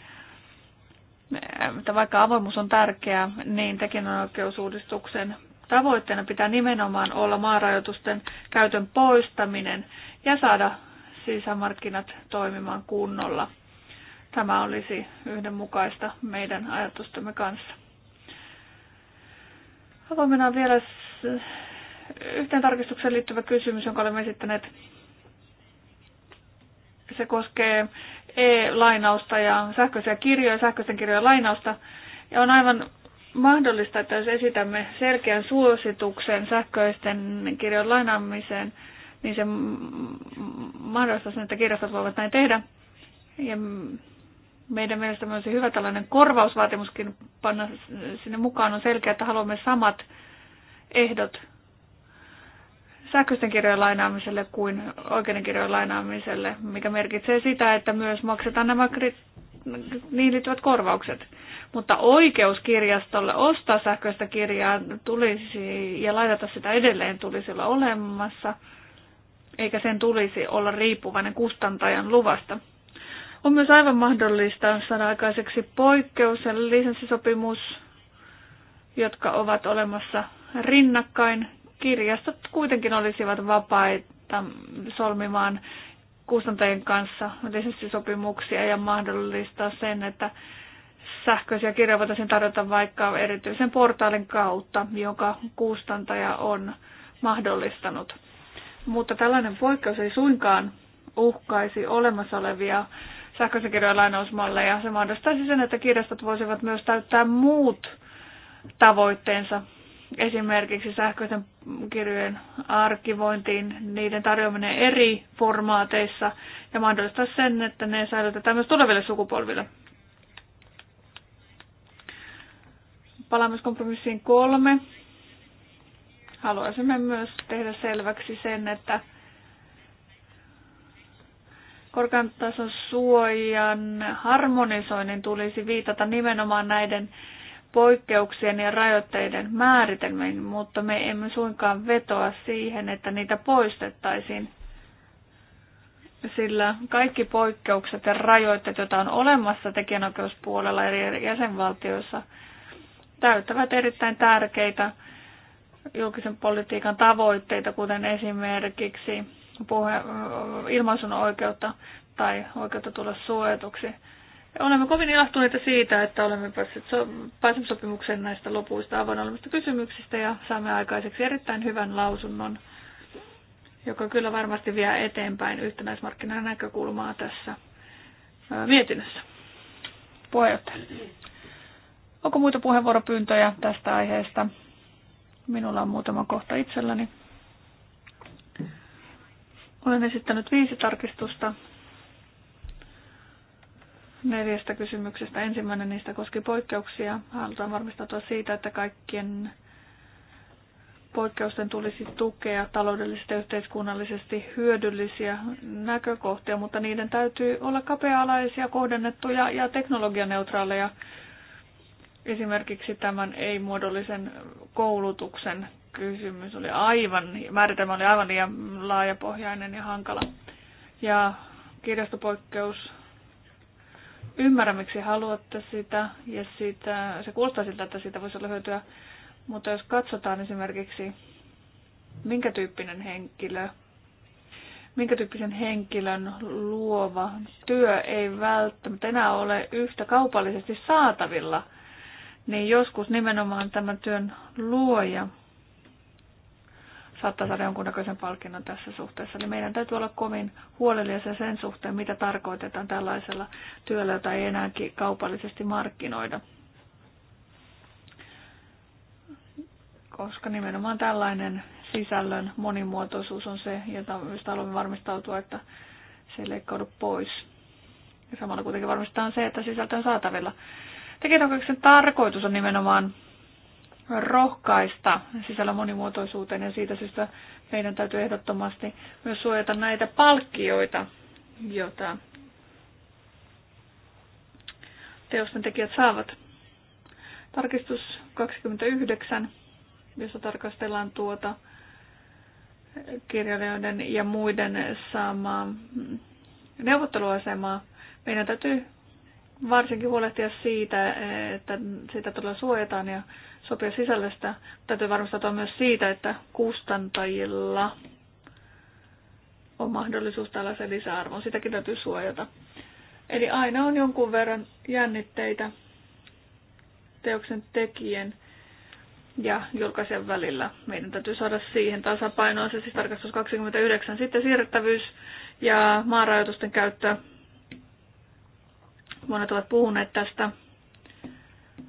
että vaikka avoimuus on tärkeää, niin tekijänoikeusuudistuksen tavoitteena pitää nimenomaan olla maarajoitusten käytön poistaminen ja saada sisämarkkinat toimimaan kunnolla. Tämä olisi yhdenmukaista meidän ajatustamme kanssa. Avoimena vielä yhteen tarkistukseen liittyvä kysymys, jonka olemme esittäneet. Se koskee e-lainausta ja sähköisiä kirjoja, sähköisten kirjojen lainausta. Ja on aivan mahdollista, että jos esitämme selkeän suosituksen sähköisten kirjojen lainaamiseen, niin se mahdollistaa sen, että kirjastot voivat näin tehdä. Ja meidän mielestä myös hyvä tällainen korvausvaatimuskin panna sinne mukaan. On selkeä, että haluamme samat ehdot sähköisten kirjojen lainaamiselle kuin oikeiden kirjojen lainaamiselle, mikä merkitsee sitä, että myös maksetaan nämä niin liittyvät korvaukset. Mutta oikeus kirjastolle ostaa sähköistä kirjaa tulisi ja laitata sitä edelleen tulisi olla olemassa – eikä sen tulisi olla riippuvainen kustantajan luvasta. On myös aivan mahdollista saada aikaiseksi poikkeus ja lisenssisopimus, jotka ovat olemassa rinnakkain. Kirjastot kuitenkin olisivat vapaita solmimaan kustantajien kanssa lisenssisopimuksia ja mahdollistaa sen, että sähköisiä kirjoja voitaisiin tarjota vaikka erityisen portaalin kautta, joka kustantaja on mahdollistanut mutta tällainen poikkeus ei suinkaan uhkaisi olemassa olevia sähköisen kirjojen lainausmalleja. Se mahdollistaisi sen, että kirjastot voisivat myös täyttää muut tavoitteensa, esimerkiksi sähköisen kirjojen arkivointiin, niiden tarjoaminen eri formaateissa ja mahdollistaa sen, että ne säilytetään myös tuleville sukupolville. Palaamiskompromissiin kolme. Haluaisimme myös tehdä selväksi sen, että korkean tason suojan harmonisoinnin tulisi viitata nimenomaan näiden poikkeuksien ja rajoitteiden määritelmiin, mutta me emme suinkaan vetoa siihen, että niitä poistettaisiin. Sillä kaikki poikkeukset ja rajoitteet, joita on olemassa tekijänoikeuspuolella eri jäsenvaltioissa, täyttävät erittäin tärkeitä julkisen politiikan tavoitteita, kuten esimerkiksi puhe, ilmaisun oikeutta tai oikeutta tulla suojatuksi. Olemme kovin ilahtuneita siitä, että olemme päässeet so- sopimukseen näistä lopuista avoin olemista kysymyksistä ja saamme aikaiseksi erittäin hyvän lausunnon, joka kyllä varmasti vie eteenpäin yhtenäismarkkinan näkökulmaa tässä mietinnössä. Puheenjohtaja. Onko muita puheenvuoropyyntöjä tästä aiheesta? Minulla on muutama kohta itselläni. Olen esittänyt viisi tarkistusta neljästä kysymyksestä. Ensimmäinen niistä koski poikkeuksia. Halutaan varmistautua siitä, että kaikkien poikkeusten tulisi tukea taloudellisesti ja yhteiskunnallisesti hyödyllisiä näkökohtia, mutta niiden täytyy olla kapea-alaisia, kohdennettuja ja teknologianeutraaleja Esimerkiksi tämän ei-muodollisen koulutuksen kysymys oli aivan, määritelmä oli aivan liian laajapohjainen ja hankala. Ja kirjastopoikkeus, ymmärrä miksi haluatte sitä ja siitä, se kuulostaa siltä, että siitä voisi olla hyötyä, mutta jos katsotaan esimerkiksi, minkä tyyppinen henkilö, minkä tyyppisen henkilön luova työ ei välttämättä enää ole yhtä kaupallisesti saatavilla niin joskus nimenomaan tämän työn luoja saattaa saada jonkunnäköisen palkinnon tässä suhteessa. Eli meidän täytyy olla kovin huolellisia sen suhteen, mitä tarkoitetaan tällaisella työllä, jota ei enää kaupallisesti markkinoida. Koska nimenomaan tällainen sisällön monimuotoisuus on se, jota mistä haluamme varmistautua, että se ei leikkaudu pois. Ja samalla kuitenkin varmistetaan se, että sisältö on saatavilla. Tekijänoikeuksien tarkoitus on nimenomaan rohkaista sisällä monimuotoisuuteen ja siitä syystä meidän täytyy ehdottomasti myös suojata näitä palkkioita, joita teosten tekijät saavat. Tarkistus 29, jossa tarkastellaan tuota kirjailijoiden ja muiden saamaa neuvotteluasemaa. Meidän täytyy varsinkin huolehtia siitä, että sitä todella suojataan ja sopia sisällöstä. Täytyy varmistaa myös siitä, että kustantajilla on mahdollisuus tällaisen lisäarvon. Sitäkin täytyy suojata. Eli aina on jonkun verran jännitteitä teoksen tekijän ja julkaisijan välillä. Meidän täytyy saada siihen tasapainoon se siis tarkastus 29. Sitten siirrettävyys ja maanrajoitusten käyttö Monet ovat puhuneet tästä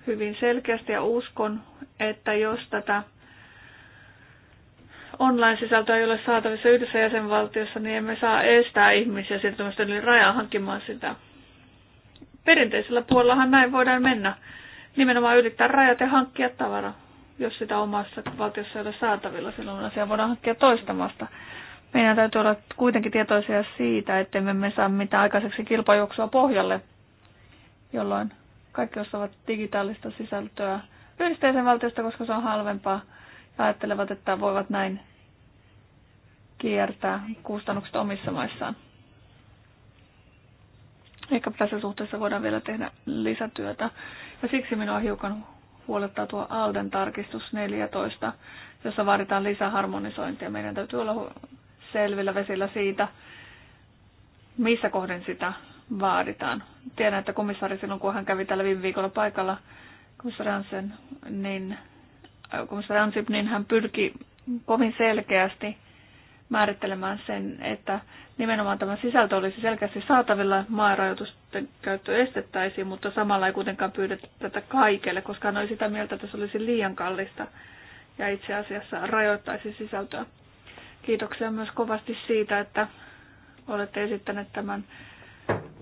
hyvin selkeästi ja uskon, että jos tätä online-sisältöä ei ole saatavissa yhdessä jäsenvaltiossa, niin emme saa estää ihmisiä siirtymästä yli rajaa hankkimaan sitä. Perinteisellä puolellahan näin voidaan mennä. Nimenomaan ylittää rajat ja hankkia tavara. Jos sitä omassa valtiossa ei ole saatavilla, silloin asia voidaan hankkia toistamasta. Meidän täytyy olla kuitenkin tietoisia siitä, että me saa mitään aikaiseksi kilpajuoksua pohjalle jolloin kaikki ostavat digitaalista sisältöä yhdisteisen valtiosta, koska se on halvempaa ja ajattelevat, että voivat näin kiertää kustannukset omissa maissaan. Ehkä tässä suhteessa voidaan vielä tehdä lisätyötä. Ja siksi minua hiukan huolettaa tuo Alden tarkistus 14, jossa vaaditaan lisäharmonisointia. Meidän täytyy olla selvillä vesillä siitä, missä kohden sitä vaaditaan. Tiedän, että komissaari silloin, kun hän kävi tällä viime viikolla paikalla, komissaari Ansen, niin, äh, komissaari Ansip, niin hän pyrki kovin selkeästi määrittelemään sen, että nimenomaan tämä sisältö olisi selkeästi saatavilla, maarajoitusten käyttö estettäisiin, mutta samalla ei kuitenkaan pyydetä tätä kaikelle, koska hän oli sitä mieltä, että se olisi liian kallista ja itse asiassa rajoittaisi sisältöä. Kiitoksia myös kovasti siitä, että olette esittäneet tämän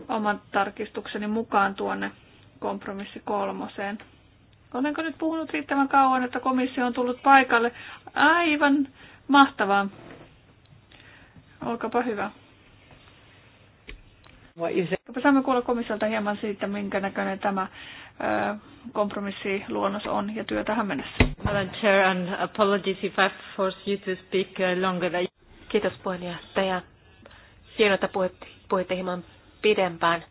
oman tarkistukseni mukaan tuonne kompromissi kolmoseen. Olenko nyt puhunut riittävän kauan, että komissio on tullut paikalle? Aivan mahtavaa. Olkapa hyvä. saamme kuulla komissiolta hieman siitä, minkä näköinen tämä ö, kompromissiluonnos on ja työ tähän mennessä. Chair, and apologies if I force you to speak uh, longer. Kiitos puheenjohtaja. Hienoa, että puhuitte hieman pidempään.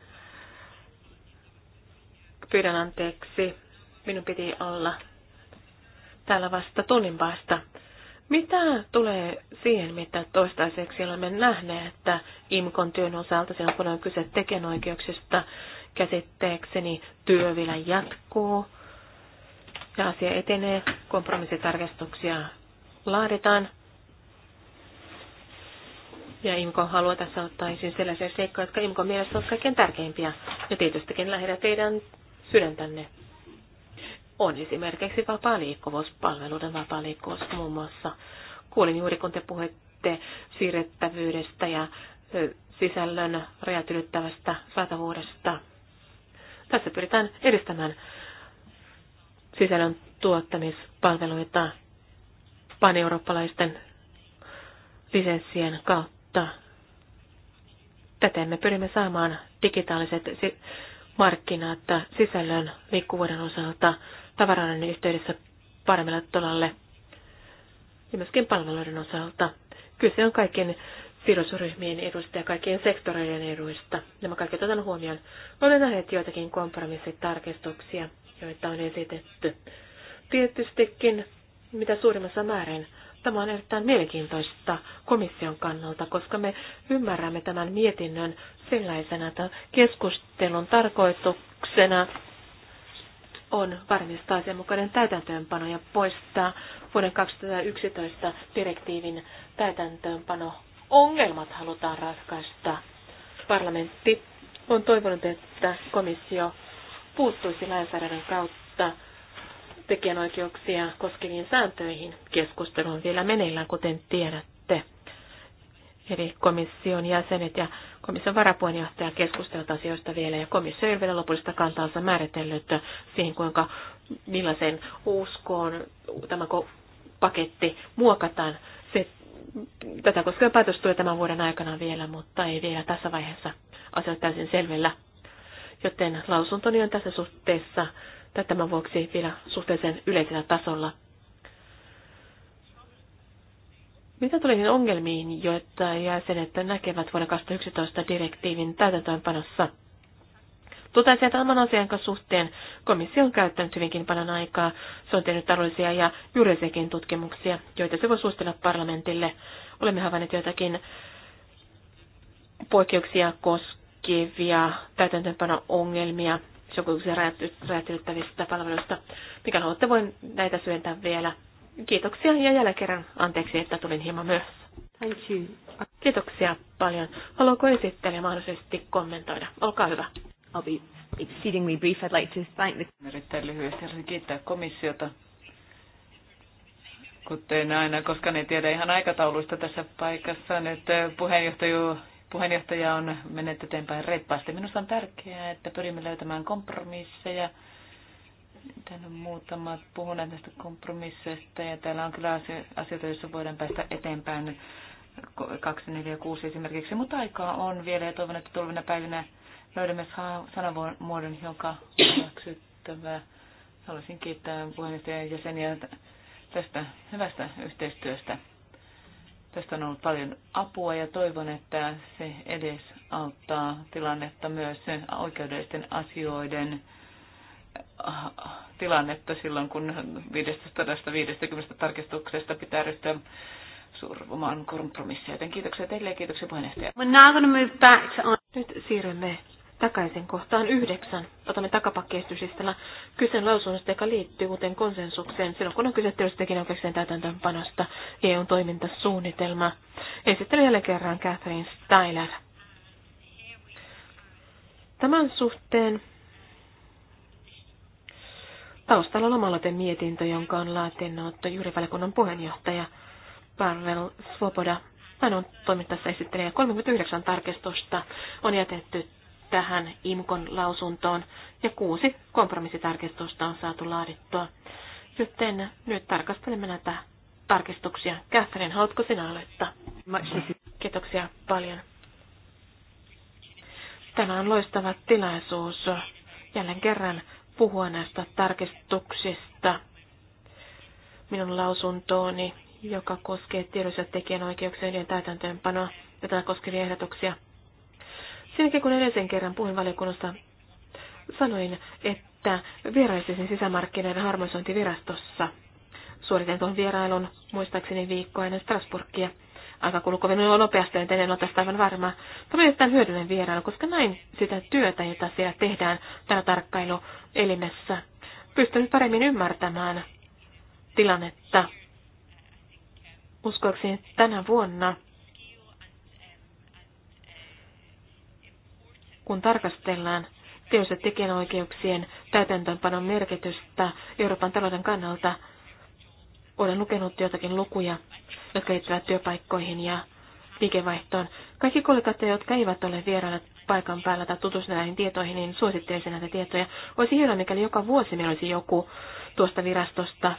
Pyydän anteeksi. Minun piti olla täällä vasta tunnin päästä. Mitä tulee siihen, mitä toistaiseksi olemme nähneet, että IMKon työn osalta, silloin kun on kyse tekijänoikeuksista, käsitteekseni työ vielä jatkuu ja asia etenee, kompromissitarkastuksia laaditaan. Ja IMKO haluaa tässä ottaa esiin sellaisia seikkoja, jotka IMKO mielessä ovat kaikkein tärkeimpiä. Ja tietystikin lähinnä teidän sydäntänne on esimerkiksi vapaa liikkuvuus, palveluiden vapaa liikkuvuus muun muassa. Kuulin juuri, kun te puhuitte siirrettävyydestä ja sisällön rajat ylittävästä saatavuudesta. Tässä pyritään edistämään sisällön tuottamispalveluita paneurooppalaisten lisenssien kautta mutta täten me pyrimme saamaan digitaaliset markkinat sisällön liikkuvuuden osalta tavaroiden yhteydessä paremmalle tolalle ja myöskin palveluiden osalta. Kyse on kaikkien sidosryhmien eduista ja kaikkien sektoreiden eduista. Nämä kaikki otetaan huomioon. Olen nähnyt joitakin kompromissitarkistuksia, joita on esitetty. Tietystikin mitä suurimmassa määrin Tämä on erittäin mielenkiintoista komission kannalta, koska me ymmärrämme tämän mietinnön sellaisena, että keskustelun tarkoituksena on varmistaa sen mukainen täytäntöönpano ja poistaa vuoden 2011 direktiivin täytäntöönpano ongelmat halutaan ratkaista. Parlamentti on toivonut, että komissio puuttuisi lainsäädännön kautta tekijänoikeuksia koskeviin sääntöihin. Keskustelu on vielä meneillään, kuten tiedätte. Eli komission jäsenet ja komission varapuheenjohtaja keskustelut asioista vielä ja komissio ei vielä lopullista kantaansa määritellyt siihen, kuinka millaisen uskoon tämä paketti muokataan. Se, tätä koskeva päätös tulee tämän vuoden aikana vielä, mutta ei vielä tässä vaiheessa asioita täysin selvillä. Joten lausuntoni on tässä suhteessa tai tämän vuoksi vielä suhteellisen yleisellä tasolla. Mitä tuli niihin ongelmiin, joita jäsenet näkevät vuonna 2011 direktiivin täytäntöönpanossa? Totesin oman asian suhteen komissio on käyttänyt hyvinkin paljon aikaa. Se on tehnyt taloudellisia ja juridisiakin tutkimuksia, joita se voi suostella parlamentille. Olemme havainneet joitakin poikkeuksia koskevia täytäntöönpano-ongelmia sopimuksia räätyyttävistä palveluista. Mikä haluatte, voin näitä syöntää vielä. Kiitoksia ja jälleen kerran anteeksi, että tulin hieman myöhässä. Thank you. Kiitoksia paljon. Haluanko esittelijä mahdollisesti kommentoida? Olkaa hyvä. I'll be exceedingly brief. I'd like to thank the... Erittäin lyhyesti haluaisin kiittää komissiota. Kuten aina, koska ne tiedä ihan aikatauluista tässä paikassa, nyt eh, puheenjohtajuus puheenjohtaja on mennyt eteenpäin reippaasti. Minusta on tärkeää, että pyrimme löytämään kompromisseja. Täällä on muutamat puhuneet näistä kompromisseista ja täällä on kyllä asioita, joissa voidaan päästä eteenpäin 246 esimerkiksi, mutta aikaa on vielä ja toivon, että tulevina päivinä löydämme sanamuodon, joka on hyväksyttävä. Haluaisin kiittää puheenjohtajan jäseniä tästä hyvästä yhteistyöstä. Tästä on ollut paljon apua ja toivon, että se edes auttaa tilannetta myös oikeudellisten asioiden äh, tilannetta silloin, kun 550 tarkistuksesta pitää ryhtyä survomaan kompromisseja. Joten kiitoksia teille ja kiitoksia puheenjohtaja. Nyt siirrymme takaisin kohtaan yhdeksän. Otamme takapakkiestysistellä kyseen lausunnosta, joka liittyy uuteen konsensukseen silloin, kun on kyse työllisyystekin oikeuksien täytäntöönpanosta eu toimintasuunnitelma. Esittelen jälleen kerran Catherine Styler. Tämän suhteen taustalla on omalaten mietintö, jonka on laatinut Välikunnan puheenjohtaja Pavel Svoboda. Hän on toimittaessa esittelijä 39 tarkistusta on jätetty tähän IMKON lausuntoon ja kuusi kompromissitarkistusta on saatu laadittua. Joten nyt tarkastelemme näitä tarkistuksia. Catherine, haluatko sinä aloittaa? Kiitoksia paljon. Tämä on loistava tilaisuus jälleen kerran puhua näistä tarkistuksista minun lausuntooni, joka koskee tiedos- ja tekijänoikeuksien täytäntöönpanoa ja tätä koskevia ehdotuksia. Sen jälkeen kun edellisen kerran puhuin valiokunnasta, sanoin, että vieraisisin sisämarkkinoiden harmonisointivirastossa. Suoritin tuon vierailun muistaakseni viikkoa ennen Strasburgia. Aika kuluu kovin nopeasti, en ole tästä aivan varma. Tämä oli erittäin hyödyllinen vierailu, koska näin sitä työtä, jota siellä tehdään täällä tarkkailuelimessä. Pystyn paremmin ymmärtämään tilannetta. Uskoakseni tänä vuonna kun tarkastellaan teos- ja tekijänoikeuksien täytäntöönpanon merkitystä Euroopan talouden kannalta, olen lukenut jotakin lukuja, jotka liittyvät työpaikkoihin ja liikevaihtoon. Kaikki kollegat, jotka eivät ole vierailleet paikan päällä tai tutustuneet näihin tietoihin, niin suosittelisin näitä tietoja. Olisi hienoa, mikäli joka vuosi meillä olisi joku tuosta virastosta,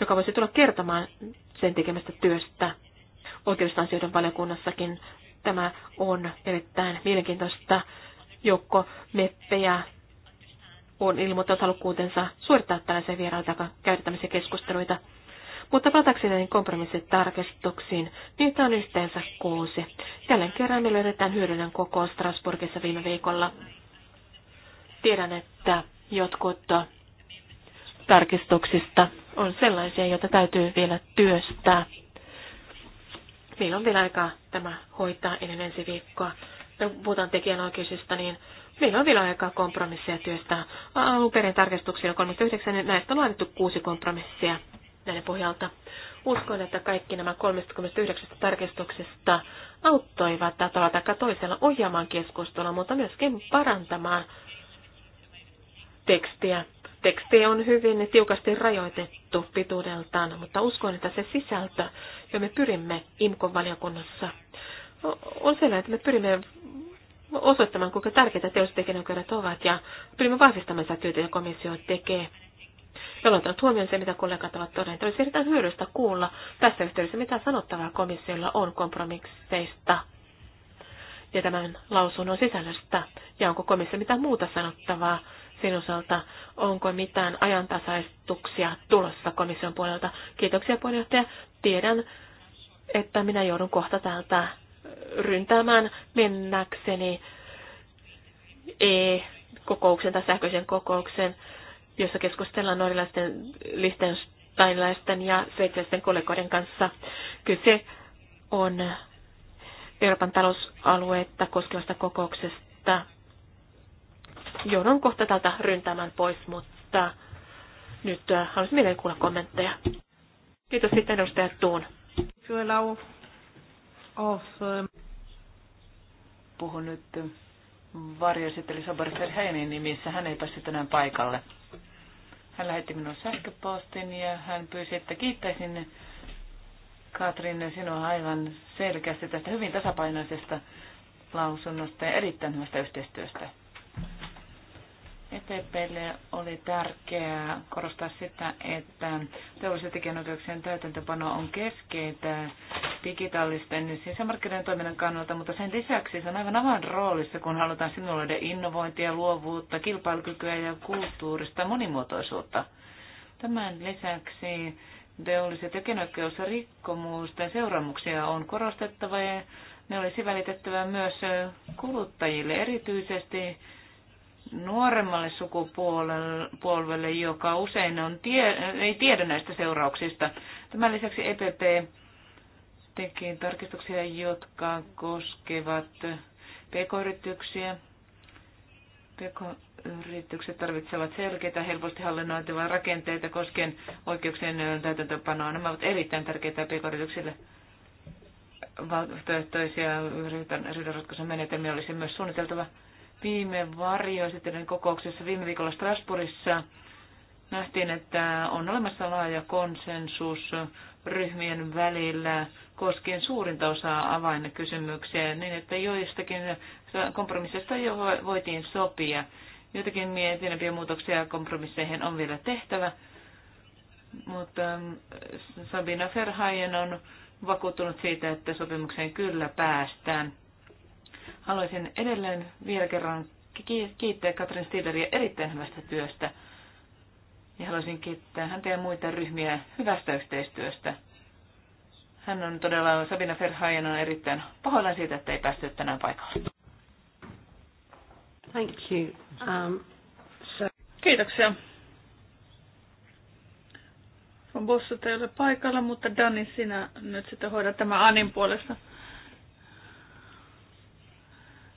joka voisi tulla kertomaan sen tekemästä työstä. Oikeusasioiden valiokunnassakin tämä on erittäin mielenkiintoista joukko meppejä on ilmoittanut halukkuutensa suorittaa tällaisia vierailta käytettämisiä keskusteluita. Mutta palatakseni näihin kompromissitarkistuksiin, niitä on yhteensä kuusi. Jälleen kerran me löydetään hyödynnän koko Strasbourgissa viime viikolla. Tiedän, että jotkut tarkistuksista on sellaisia, joita täytyy vielä työstää. Meillä on vielä aikaa tämä hoitaa ennen ensi viikkoa puhutaan tekijänoikeuksista, niin meillä on vielä aikaa kompromisseja työstää. Alun perin tarkastuksia on 39, niin näistä on laadittu kuusi kompromissia näiden pohjalta. Uskon, että kaikki nämä 39 tarkistuksesta auttoivat tavalla tai toisella ohjaamaan keskustelua, mutta myöskin parantamaan tekstiä. Teksti on hyvin tiukasti rajoitettu pituudeltaan, mutta uskon, että se sisältö, jo me pyrimme IMKOn valiokunnassa on sellainen, että me pyrimme osoittamaan, kuinka tärkeitä teostekijänoikeudet ovat ja pyrimme vahvistamaan sitä työtä, jota komissio tekee. Ja olen ottanut huomioon se, mitä kollegat ovat todenneet. Olisi erittäin hyödyllistä kuulla tässä yhteydessä, mitä sanottavaa komissiolla on kompromisseista ja tämän lausunnon sisällöstä. Ja onko komissio mitään muuta sanottavaa sen osalta? Onko mitään ajantasaistuksia tulossa komission puolelta? Kiitoksia puheenjohtaja. Tiedän, että minä joudun kohta täältä ryntäämään mennäkseni e-kokouksen tai sähköisen kokouksen, jossa keskustellaan norjalaisten listensteinilaisten ja sveitsiläisten kollegoiden kanssa. Kyse on Euroopan talousalueetta koskevasta kokouksesta. Joudun kohta tältä ryntäämään pois, mutta nyt äh, haluaisin mielelläni kuulla kommentteja. Kiitos sitten edustaja Tuun. Kyllä, of... Ähm, puhun nyt varjoesitteli Sabari Ferheinin nimissä. Hän ei päässyt tänään paikalle. Hän lähetti minun sähköpostin ja hän pyysi, että kiittäisin Katrin sinua aivan selkeästi tästä hyvin tasapainoisesta lausunnosta ja erittäin hyvästä yhteistyöstä ETPlle oli tärkeää korostaa sitä, että teollisen tekijänoikeuksien täytäntöpano on keskeitä digitaalisten sisämarkkinoiden toiminnan kannalta, mutta sen lisäksi se on aivan roolissa, kun halutaan simuloida innovointia, luovuutta, kilpailukykyä ja kulttuurista monimuotoisuutta. Tämän lisäksi teolliset tekijänoikeusrikkomuusten seuraamuksia on korostettava ja ne olisi välitettävä myös kuluttajille, erityisesti nuoremmalle sukupolvelle, joka usein on tie, ei tiedä näistä seurauksista. Tämän lisäksi EPP teki tarkistuksia, jotka koskevat pk-yrityksiä. PK-yritykset tarvitsevat selkeitä, helposti hallinnoitavia rakenteita koskien oikeuksien täytäntöpanoa. Nämä ovat erittäin tärkeitä PK-yrityksille. Vaihtoehtoisia riidanratkaisun menetelmiä olisi myös suunniteltava Viime varjoesittelyn kokouksessa viime viikolla Strasbourgissa nähtiin, että on olemassa laaja konsensus ryhmien välillä koskien suurinta osaa avainkysymyksiä, niin että joistakin kompromisseista jo voitiin sopia. Joitakin pienempiä muutoksia kompromisseihin on vielä tehtävä, mutta ähm, Sabina Ferhajen on vakuuttunut siitä, että sopimukseen kyllä päästään. Haluaisin edelleen vielä kerran kiittää Katrin Stilleria erittäin hyvästä työstä. Ja haluaisin kiittää häntä ja muita ryhmiä hyvästä yhteistyöstä. Hän on todella, Sabina Verhaajan on erittäin pahoilla siitä, että ei päästy tänään paikalle. Thank you. Um, so... Kiitoksia. Von Bossut paikalla, mutta Dani, sinä nyt sitten hoidat tämän Anin puolesta.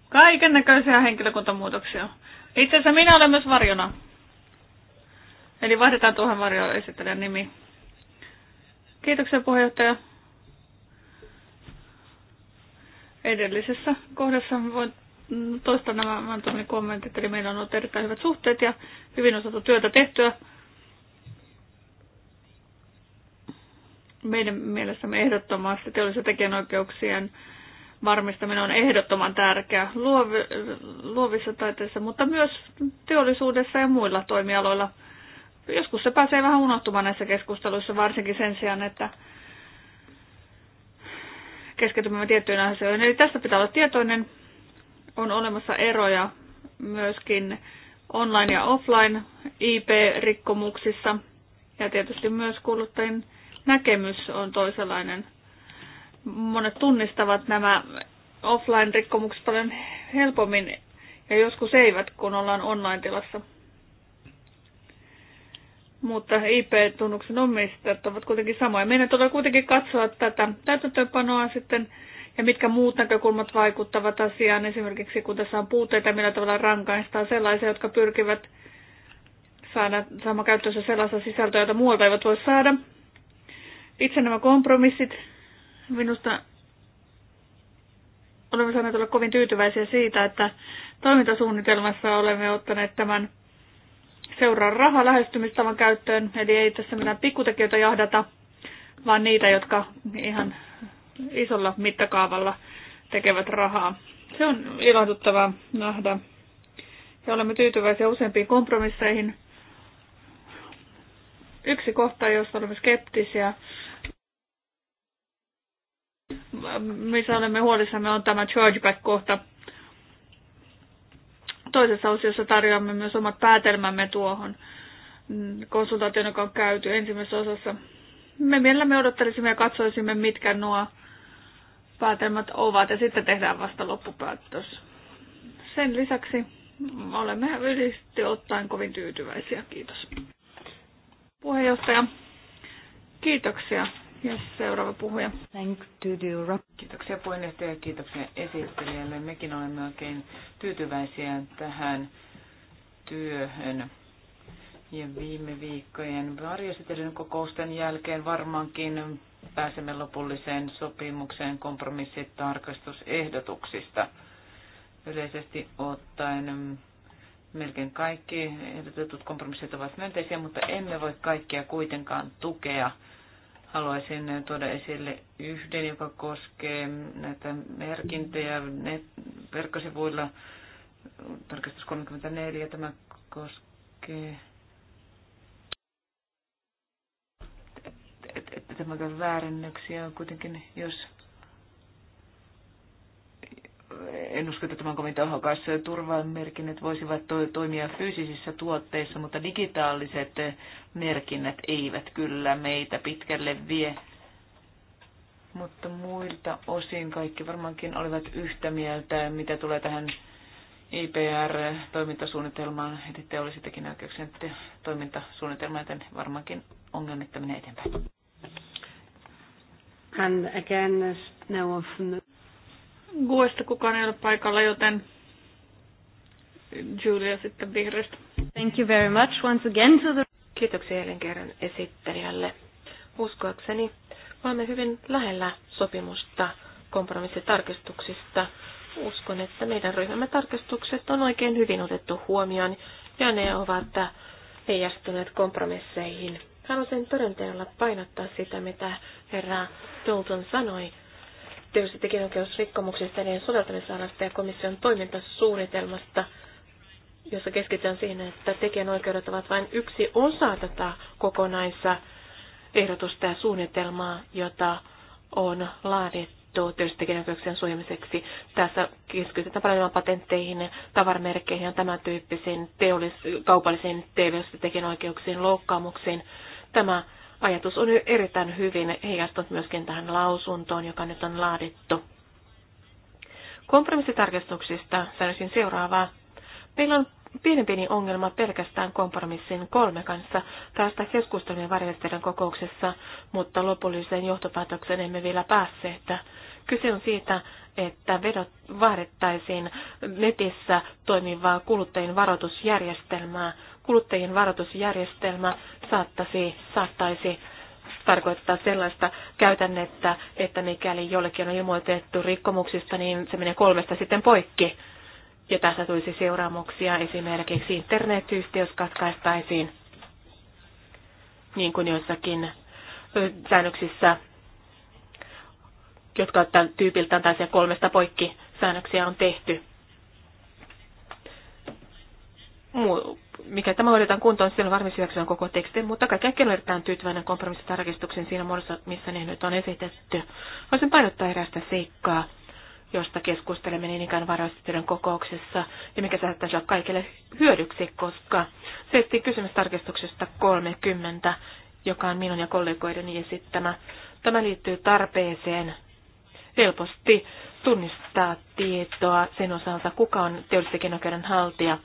Kaiken näköisiä henkilökuntamuutoksia. Itse asiassa minä olen myös varjona. Eli vaihdetaan tuohon varjoon esittelijän nimi. Kiitoksia puheenjohtaja. Edellisessä kohdassa voin toistaa nämä Antonin kommentit, eli meillä on ollut erittäin hyvät suhteet ja hyvin on saatu työtä tehtyä. Meidän mielestämme ehdottomasti teollisen tekijänoikeuksien varmistaminen on ehdottoman tärkeä luovi, luovissa taiteissa, mutta myös teollisuudessa ja muilla toimialoilla. Joskus se pääsee vähän unohtumaan näissä keskusteluissa, varsinkin sen sijaan, että keskitymme tiettyyn asioihin. Eli tästä pitää olla tietoinen. On olemassa eroja myöskin online ja offline IP-rikkomuksissa. Ja tietysti myös kuluttajien näkemys on toisenlainen monet tunnistavat nämä offline-rikkomukset paljon helpommin ja joskus eivät, kun ollaan online-tilassa. Mutta IP-tunnuksen omistajat ovat kuitenkin samoja. Meidän tulee kuitenkin katsoa tätä täytäntöönpanoa sitten ja mitkä muut näkökulmat vaikuttavat asiaan. Esimerkiksi kun tässä on puutteita, millä tavalla rankaistaan sellaisia, jotka pyrkivät saada sama käyttöönsä sellaista sisältöä, jota muualta eivät voi saada. Itse nämä kompromissit Minusta olemme saaneet olla kovin tyytyväisiä siitä, että toimintasuunnitelmassa olemme ottaneet tämän seuraan rahaa lähestymistavan käyttöön, eli ei tässä mitään pikkutekijöitä jahdata, vaan niitä, jotka ihan isolla mittakaavalla tekevät rahaa. Se on ilahduttavaa nähdä. Ja olemme tyytyväisiä useampiin kompromisseihin. Yksi kohta, jossa olemme skeptisiä, missä olemme huolissamme, on tämä chargeback-kohta. Toisessa osiossa tarjoamme myös omat päätelmämme tuohon konsultaation, joka on käyty ensimmäisessä osassa. Me mielellämme odottelisimme ja katsoisimme, mitkä nuo päätelmät ovat, ja sitten tehdään vasta loppupäätös. Sen lisäksi olemme yleisesti ottaen kovin tyytyväisiä. Kiitos. Puheenjohtaja, kiitoksia yes, seuraava puhuja. Thank to the Kiitoksia puheenjohtaja ja kiitoksia esittelijälle. Mekin olemme oikein tyytyväisiä tähän työhön. Ja viime viikkojen varjositellinen kokousten jälkeen varmaankin pääsemme lopulliseen sopimukseen kompromissitarkastusehdotuksista. Yleisesti ottaen melkein kaikki ehdotetut kompromissit ovat myönteisiä, mutta emme voi kaikkia kuitenkaan tukea – Haluaisin tuoda esille yhden, joka koskee näitä merkintöjä verkkosivuilla. Tarkastus 34 tämä koskee tämä on on kuitenkin, jos en usko, että tämän turvamerkinnät voisivat toimia fyysisissä tuotteissa, mutta digitaaliset merkinnät eivät kyllä meitä pitkälle vie. Mutta muilta osin kaikki varmaankin olivat yhtä mieltä, mitä tulee tähän IPR-toimintasuunnitelmaan, eli olisittekin oikeuksien toimintasuunnitelmaan, joten varmaankin ongelmittaminen eteenpäin. And again, now often Guesta kukaan ei ole paikalla, joten Julia sitten vihreistä. Thank you very much once again to the... Kiitoksia jälleen kerran esittelijälle. Uskoakseni olemme hyvin lähellä sopimusta kompromissitarkistuksista. Uskon, että meidän ryhmämme tarkistukset on oikein hyvin otettu huomioon ja ne ovat heijastuneet kompromisseihin. Haluaisin todenteella painottaa sitä, mitä herra Dalton sanoi tietysti tekijänoikeusrikkomuksista ja soveltamisalasta ja komission toimintasuunnitelmasta, jossa keskitytään siihen, että tekijänoikeudet ovat vain yksi osa tätä kokonaista ehdotusta ja suunnitelmaa, jota on laadittu tietysti tekijänoikeuksien suojamiseksi Tässä keskitytään paljon patentteihin, tavaramerkkeihin ja tämän tyyppisiin teollis- kaupallisiin tv tekijänoikeuksiin, loukkaamuksiin. Tämä ajatus on erittäin hyvin heijastunut myöskin tähän lausuntoon, joka nyt on laadittu. Kompromissitarkistuksista sanoisin seuraavaa. Meillä on pienen pieni ongelma pelkästään kompromissin kolme kanssa tästä keskustelun varjastelun kokouksessa, mutta lopulliseen johtopäätökseen emme vielä päässeet. Kyse on siitä, että vedot, vaadittaisiin netissä toimivaa kuluttajien varoitusjärjestelmää. Kuluttajien varoitusjärjestelmä saattaisi, saattaisi tarkoittaa sellaista käytännettä, että mikäli jollekin on ilmoitettu rikkomuksista, niin se menee kolmesta sitten poikki. Ja tässä tulisi seuraamuksia esimerkiksi jos katkaistaisiin, niin kuin joissakin säännöksissä jotka tämän tyypiltään tällaisia kolmesta poikkisäännöksiä on tehty. Muu, mikä tämä hoidetaan kuntoon, siellä varmasti hyväksyä koko tekstin, mutta kaikki kello erittäin tyytyväinen kompromissitarkistuksen siinä muodossa, missä ne nyt on esitetty. Voisin painottaa erästä seikkaa, josta keskustelemme niin ikään varaustyön kokouksessa, ja mikä saattaisi olla kaikille hyödyksi, koska se kysymys tarkistuksesta 30, joka on minun ja kollegoideni esittämä. Tämä liittyy tarpeeseen helposti tunnistaa tietoa sen osalta, kuka on teollistekijänoikeuden haltija.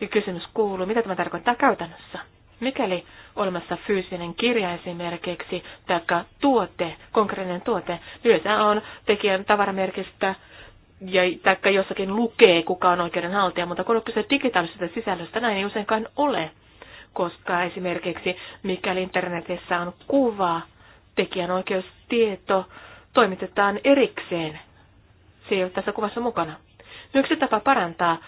Ja kysymys kuuluu, mitä tämä tarkoittaa käytännössä? Mikäli olemassa fyysinen kirja esimerkiksi, tai tuote, konkreettinen tuote, niin yleensä on tekijän tavaramerkistä, ja, tai jossakin lukee, kuka on oikeudenhaltija, mutta kun on kyse digitaalisesta sisällöstä, näin ei useinkaan ole, koska esimerkiksi mikäli internetissä on kuva, tekijänoikeustieto, toimitetaan erikseen. Se ei ole tässä kuvassa mukana. Yksi tapa parantaa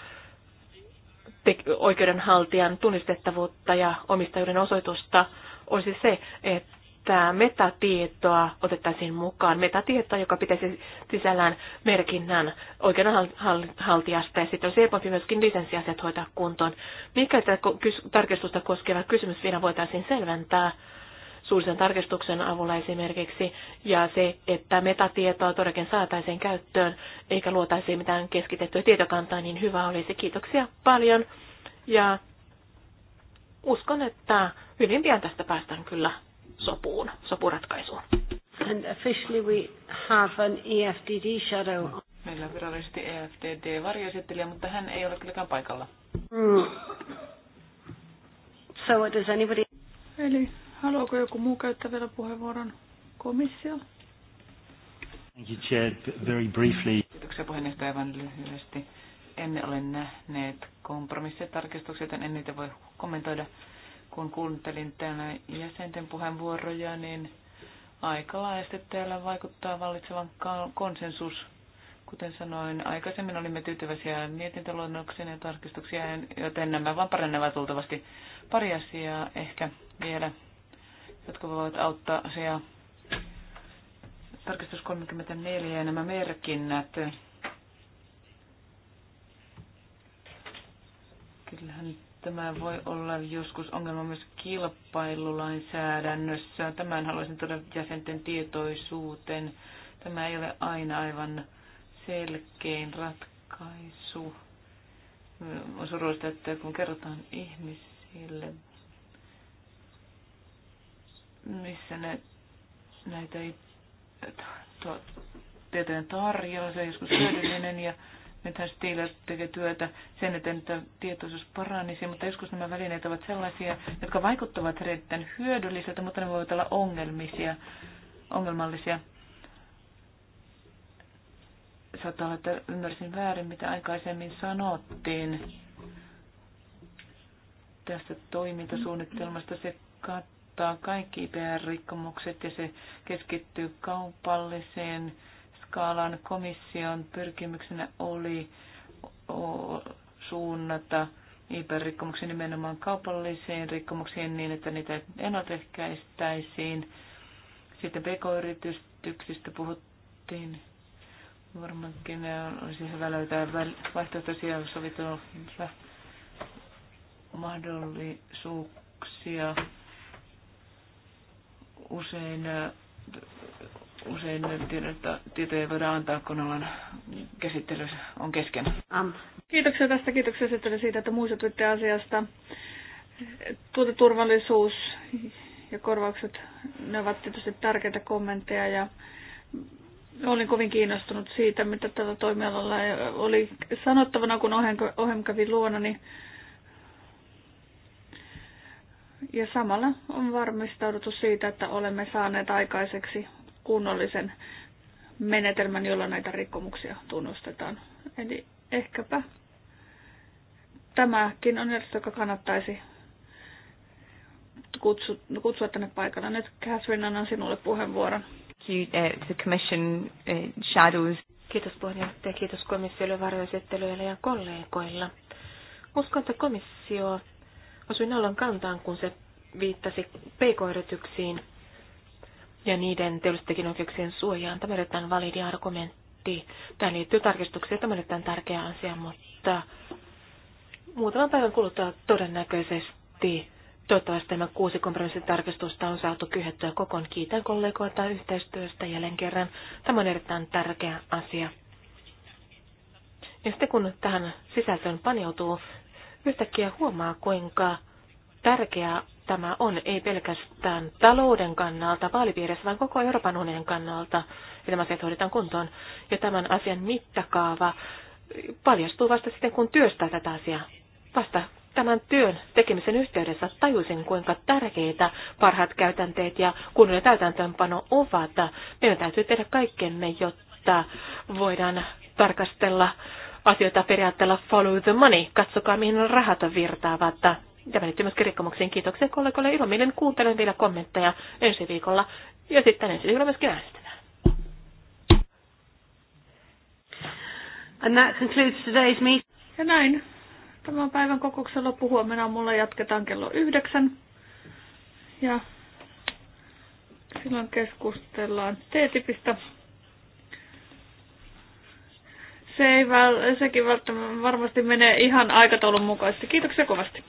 oikeudenhaltijan tunnistettavuutta ja omistajuuden osoitusta olisi se, että metatietoa otettaisiin mukaan. Metatietoa, joka pitäisi sisällään merkinnän oikeudenhaltijasta ja sitten se helpompi myöskin lisenssiasiat hoitaa kuntoon. Mikä tätä tarkistusta koskeva kysymys vielä voitaisiin selventää? suullisen tarkistuksen avulla esimerkiksi, ja se, että metatietoa todellakin saataisiin käyttöön, eikä luotaisi mitään keskitettyä tietokantaa, niin hyvä olisi. Kiitoksia paljon, ja uskon, että hyvin pian tästä päästään kyllä sopuun, sopuratkaisuun. And officially we have an EFDD shadow. Meillä on virallisesti EFDD-varjoesittelijä, mutta hän ei ole kylläkään paikalla. Mm. So does anybody... Eli Haluaako joku muu käyttää vielä puheenvuoron? Komissio? Thank you, Chair. Very briefly. Kiitoksia puheenjohtaja aivan lyhyesti. Emme ole nähneet kompromissitarkistuksia, joten en niitä voi kommentoida. Kun kuuntelin täällä jäsenten puheenvuoroja, niin aika laajasti täällä vaikuttaa vallitsevan konsensus. Kuten sanoin, aikaisemmin olimme tyytyväisiä mietintöluonnoksiin ja tarkistuksia, joten nämä vaan parannevat luultavasti pari asiaa ehkä vielä jotka voivat auttaa asiaa. Tarkistus 34 ja nämä merkinnät. Kyllähän tämä voi olla joskus ongelma myös kilpailulainsäädännössä. Tämän haluaisin tuoda jäsenten tietoisuuteen. Tämä ei ole aina aivan selkein ratkaisu. On surullista, että kun kerrotaan ihmisille missä ne, näitä ei to, tietojen tarjolla, se on joskus hyödyllinen ja nythän Stiiler tekee työtä sen eteen, että tietoisuus paranisi, mutta joskus nämä välineet ovat sellaisia, jotka vaikuttavat erittäin hyödyllisiltä, mutta ne voivat olla ongelmisia, ongelmallisia. Saattaa olla, että ymmärsin väärin, mitä aikaisemmin sanottiin tästä toimintasuunnitelmasta. Se kat- ottaa kaikki IPR-rikkomukset ja se keskittyy kaupalliseen skaalan. Komission pyrkimyksenä oli suunnata IPR-rikkomuksia nimenomaan kaupallisiin rikkomuksiin niin, että niitä ennaltaehkäistäisiin. Sitten pk-yrityksistä puhuttiin varmaankin olisi hyvä löytää vaihtoehtoisia sovitella mahdollisuuksia usein usein tietoja voidaan antaa, kun ollaan käsittely on kesken. Kiitoksia tästä, kiitoksia sitten siitä, että muistutitte asiasta. Tuoteturvallisuus ja korvaukset, ne ovat tietysti tärkeitä kommentteja ja olin kovin kiinnostunut siitä, mitä tällä toimialalla oli sanottavana, kun Ohen kävi luona, niin ja samalla on varmistauduttu siitä, että olemme saaneet aikaiseksi kunnollisen menetelmän, jolla näitä rikkomuksia tunnustetaan. Eli ehkäpä tämäkin on järjestö, joka kannattaisi kutsua, kutsua tänne paikalle. Nyt Catherine, annan sinulle puheenvuoron. Uh, the commission uh, shadows. Kiitos puheenjohtaja, kiitos komissiolle, varjoesittelyille ja kollegoilla. Uskon, että komissio osuin Allan kantaan, kun se viittasi pk-yrityksiin ja niiden teollistenkin oikeuksien suojaan. Tämä on erittäin validi argumentti. Tämä liittyy tarkistuksiin, tämä on erittäin tärkeä asia, mutta muutaman päivän kuluttua todennäköisesti Toivottavasti tämä kuusi tarkistusta on saatu kyhettyä kokoon. Kiitän kollegoita yhteistyöstä jälleen kerran. Tämä on erittäin tärkeä asia. Ja sitten kun tähän sisältöön paneutuu, yhtäkkiä huomaa, kuinka tärkeää tämä on ei pelkästään talouden kannalta vaalipiirissä, vaan koko Euroopan unionin kannalta, että nämä asiat hoidetaan kuntoon. Ja tämän asian mittakaava paljastuu vasta sitten, kun työstää tätä asiaa. Vasta tämän työn tekemisen yhteydessä tajusin, kuinka tärkeitä parhaat käytänteet ja kunnon täytäntöönpano ovat. Meidän täytyy tehdä kaikkemme, jotta voidaan tarkastella asioita periaatteella follow the money, katsokaa mihin rahat virtaavat. Ja me nyt myös rikkomuksiin. Kiitoksia kollegoille. Ilomielen kuuntelen vielä kommentteja ensi viikolla ja sitten ensi viikolla myöskin äänestetään. And that concludes today's meeting. Ja näin. Tämän päivän kokouksen loppu huomenna mulla jatketaan kello yhdeksän. Ja silloin keskustellaan T-tipistä. Se ei, väl, sekin varmasti menee ihan aikataulun mukaisesti. Kiitoksia kovasti.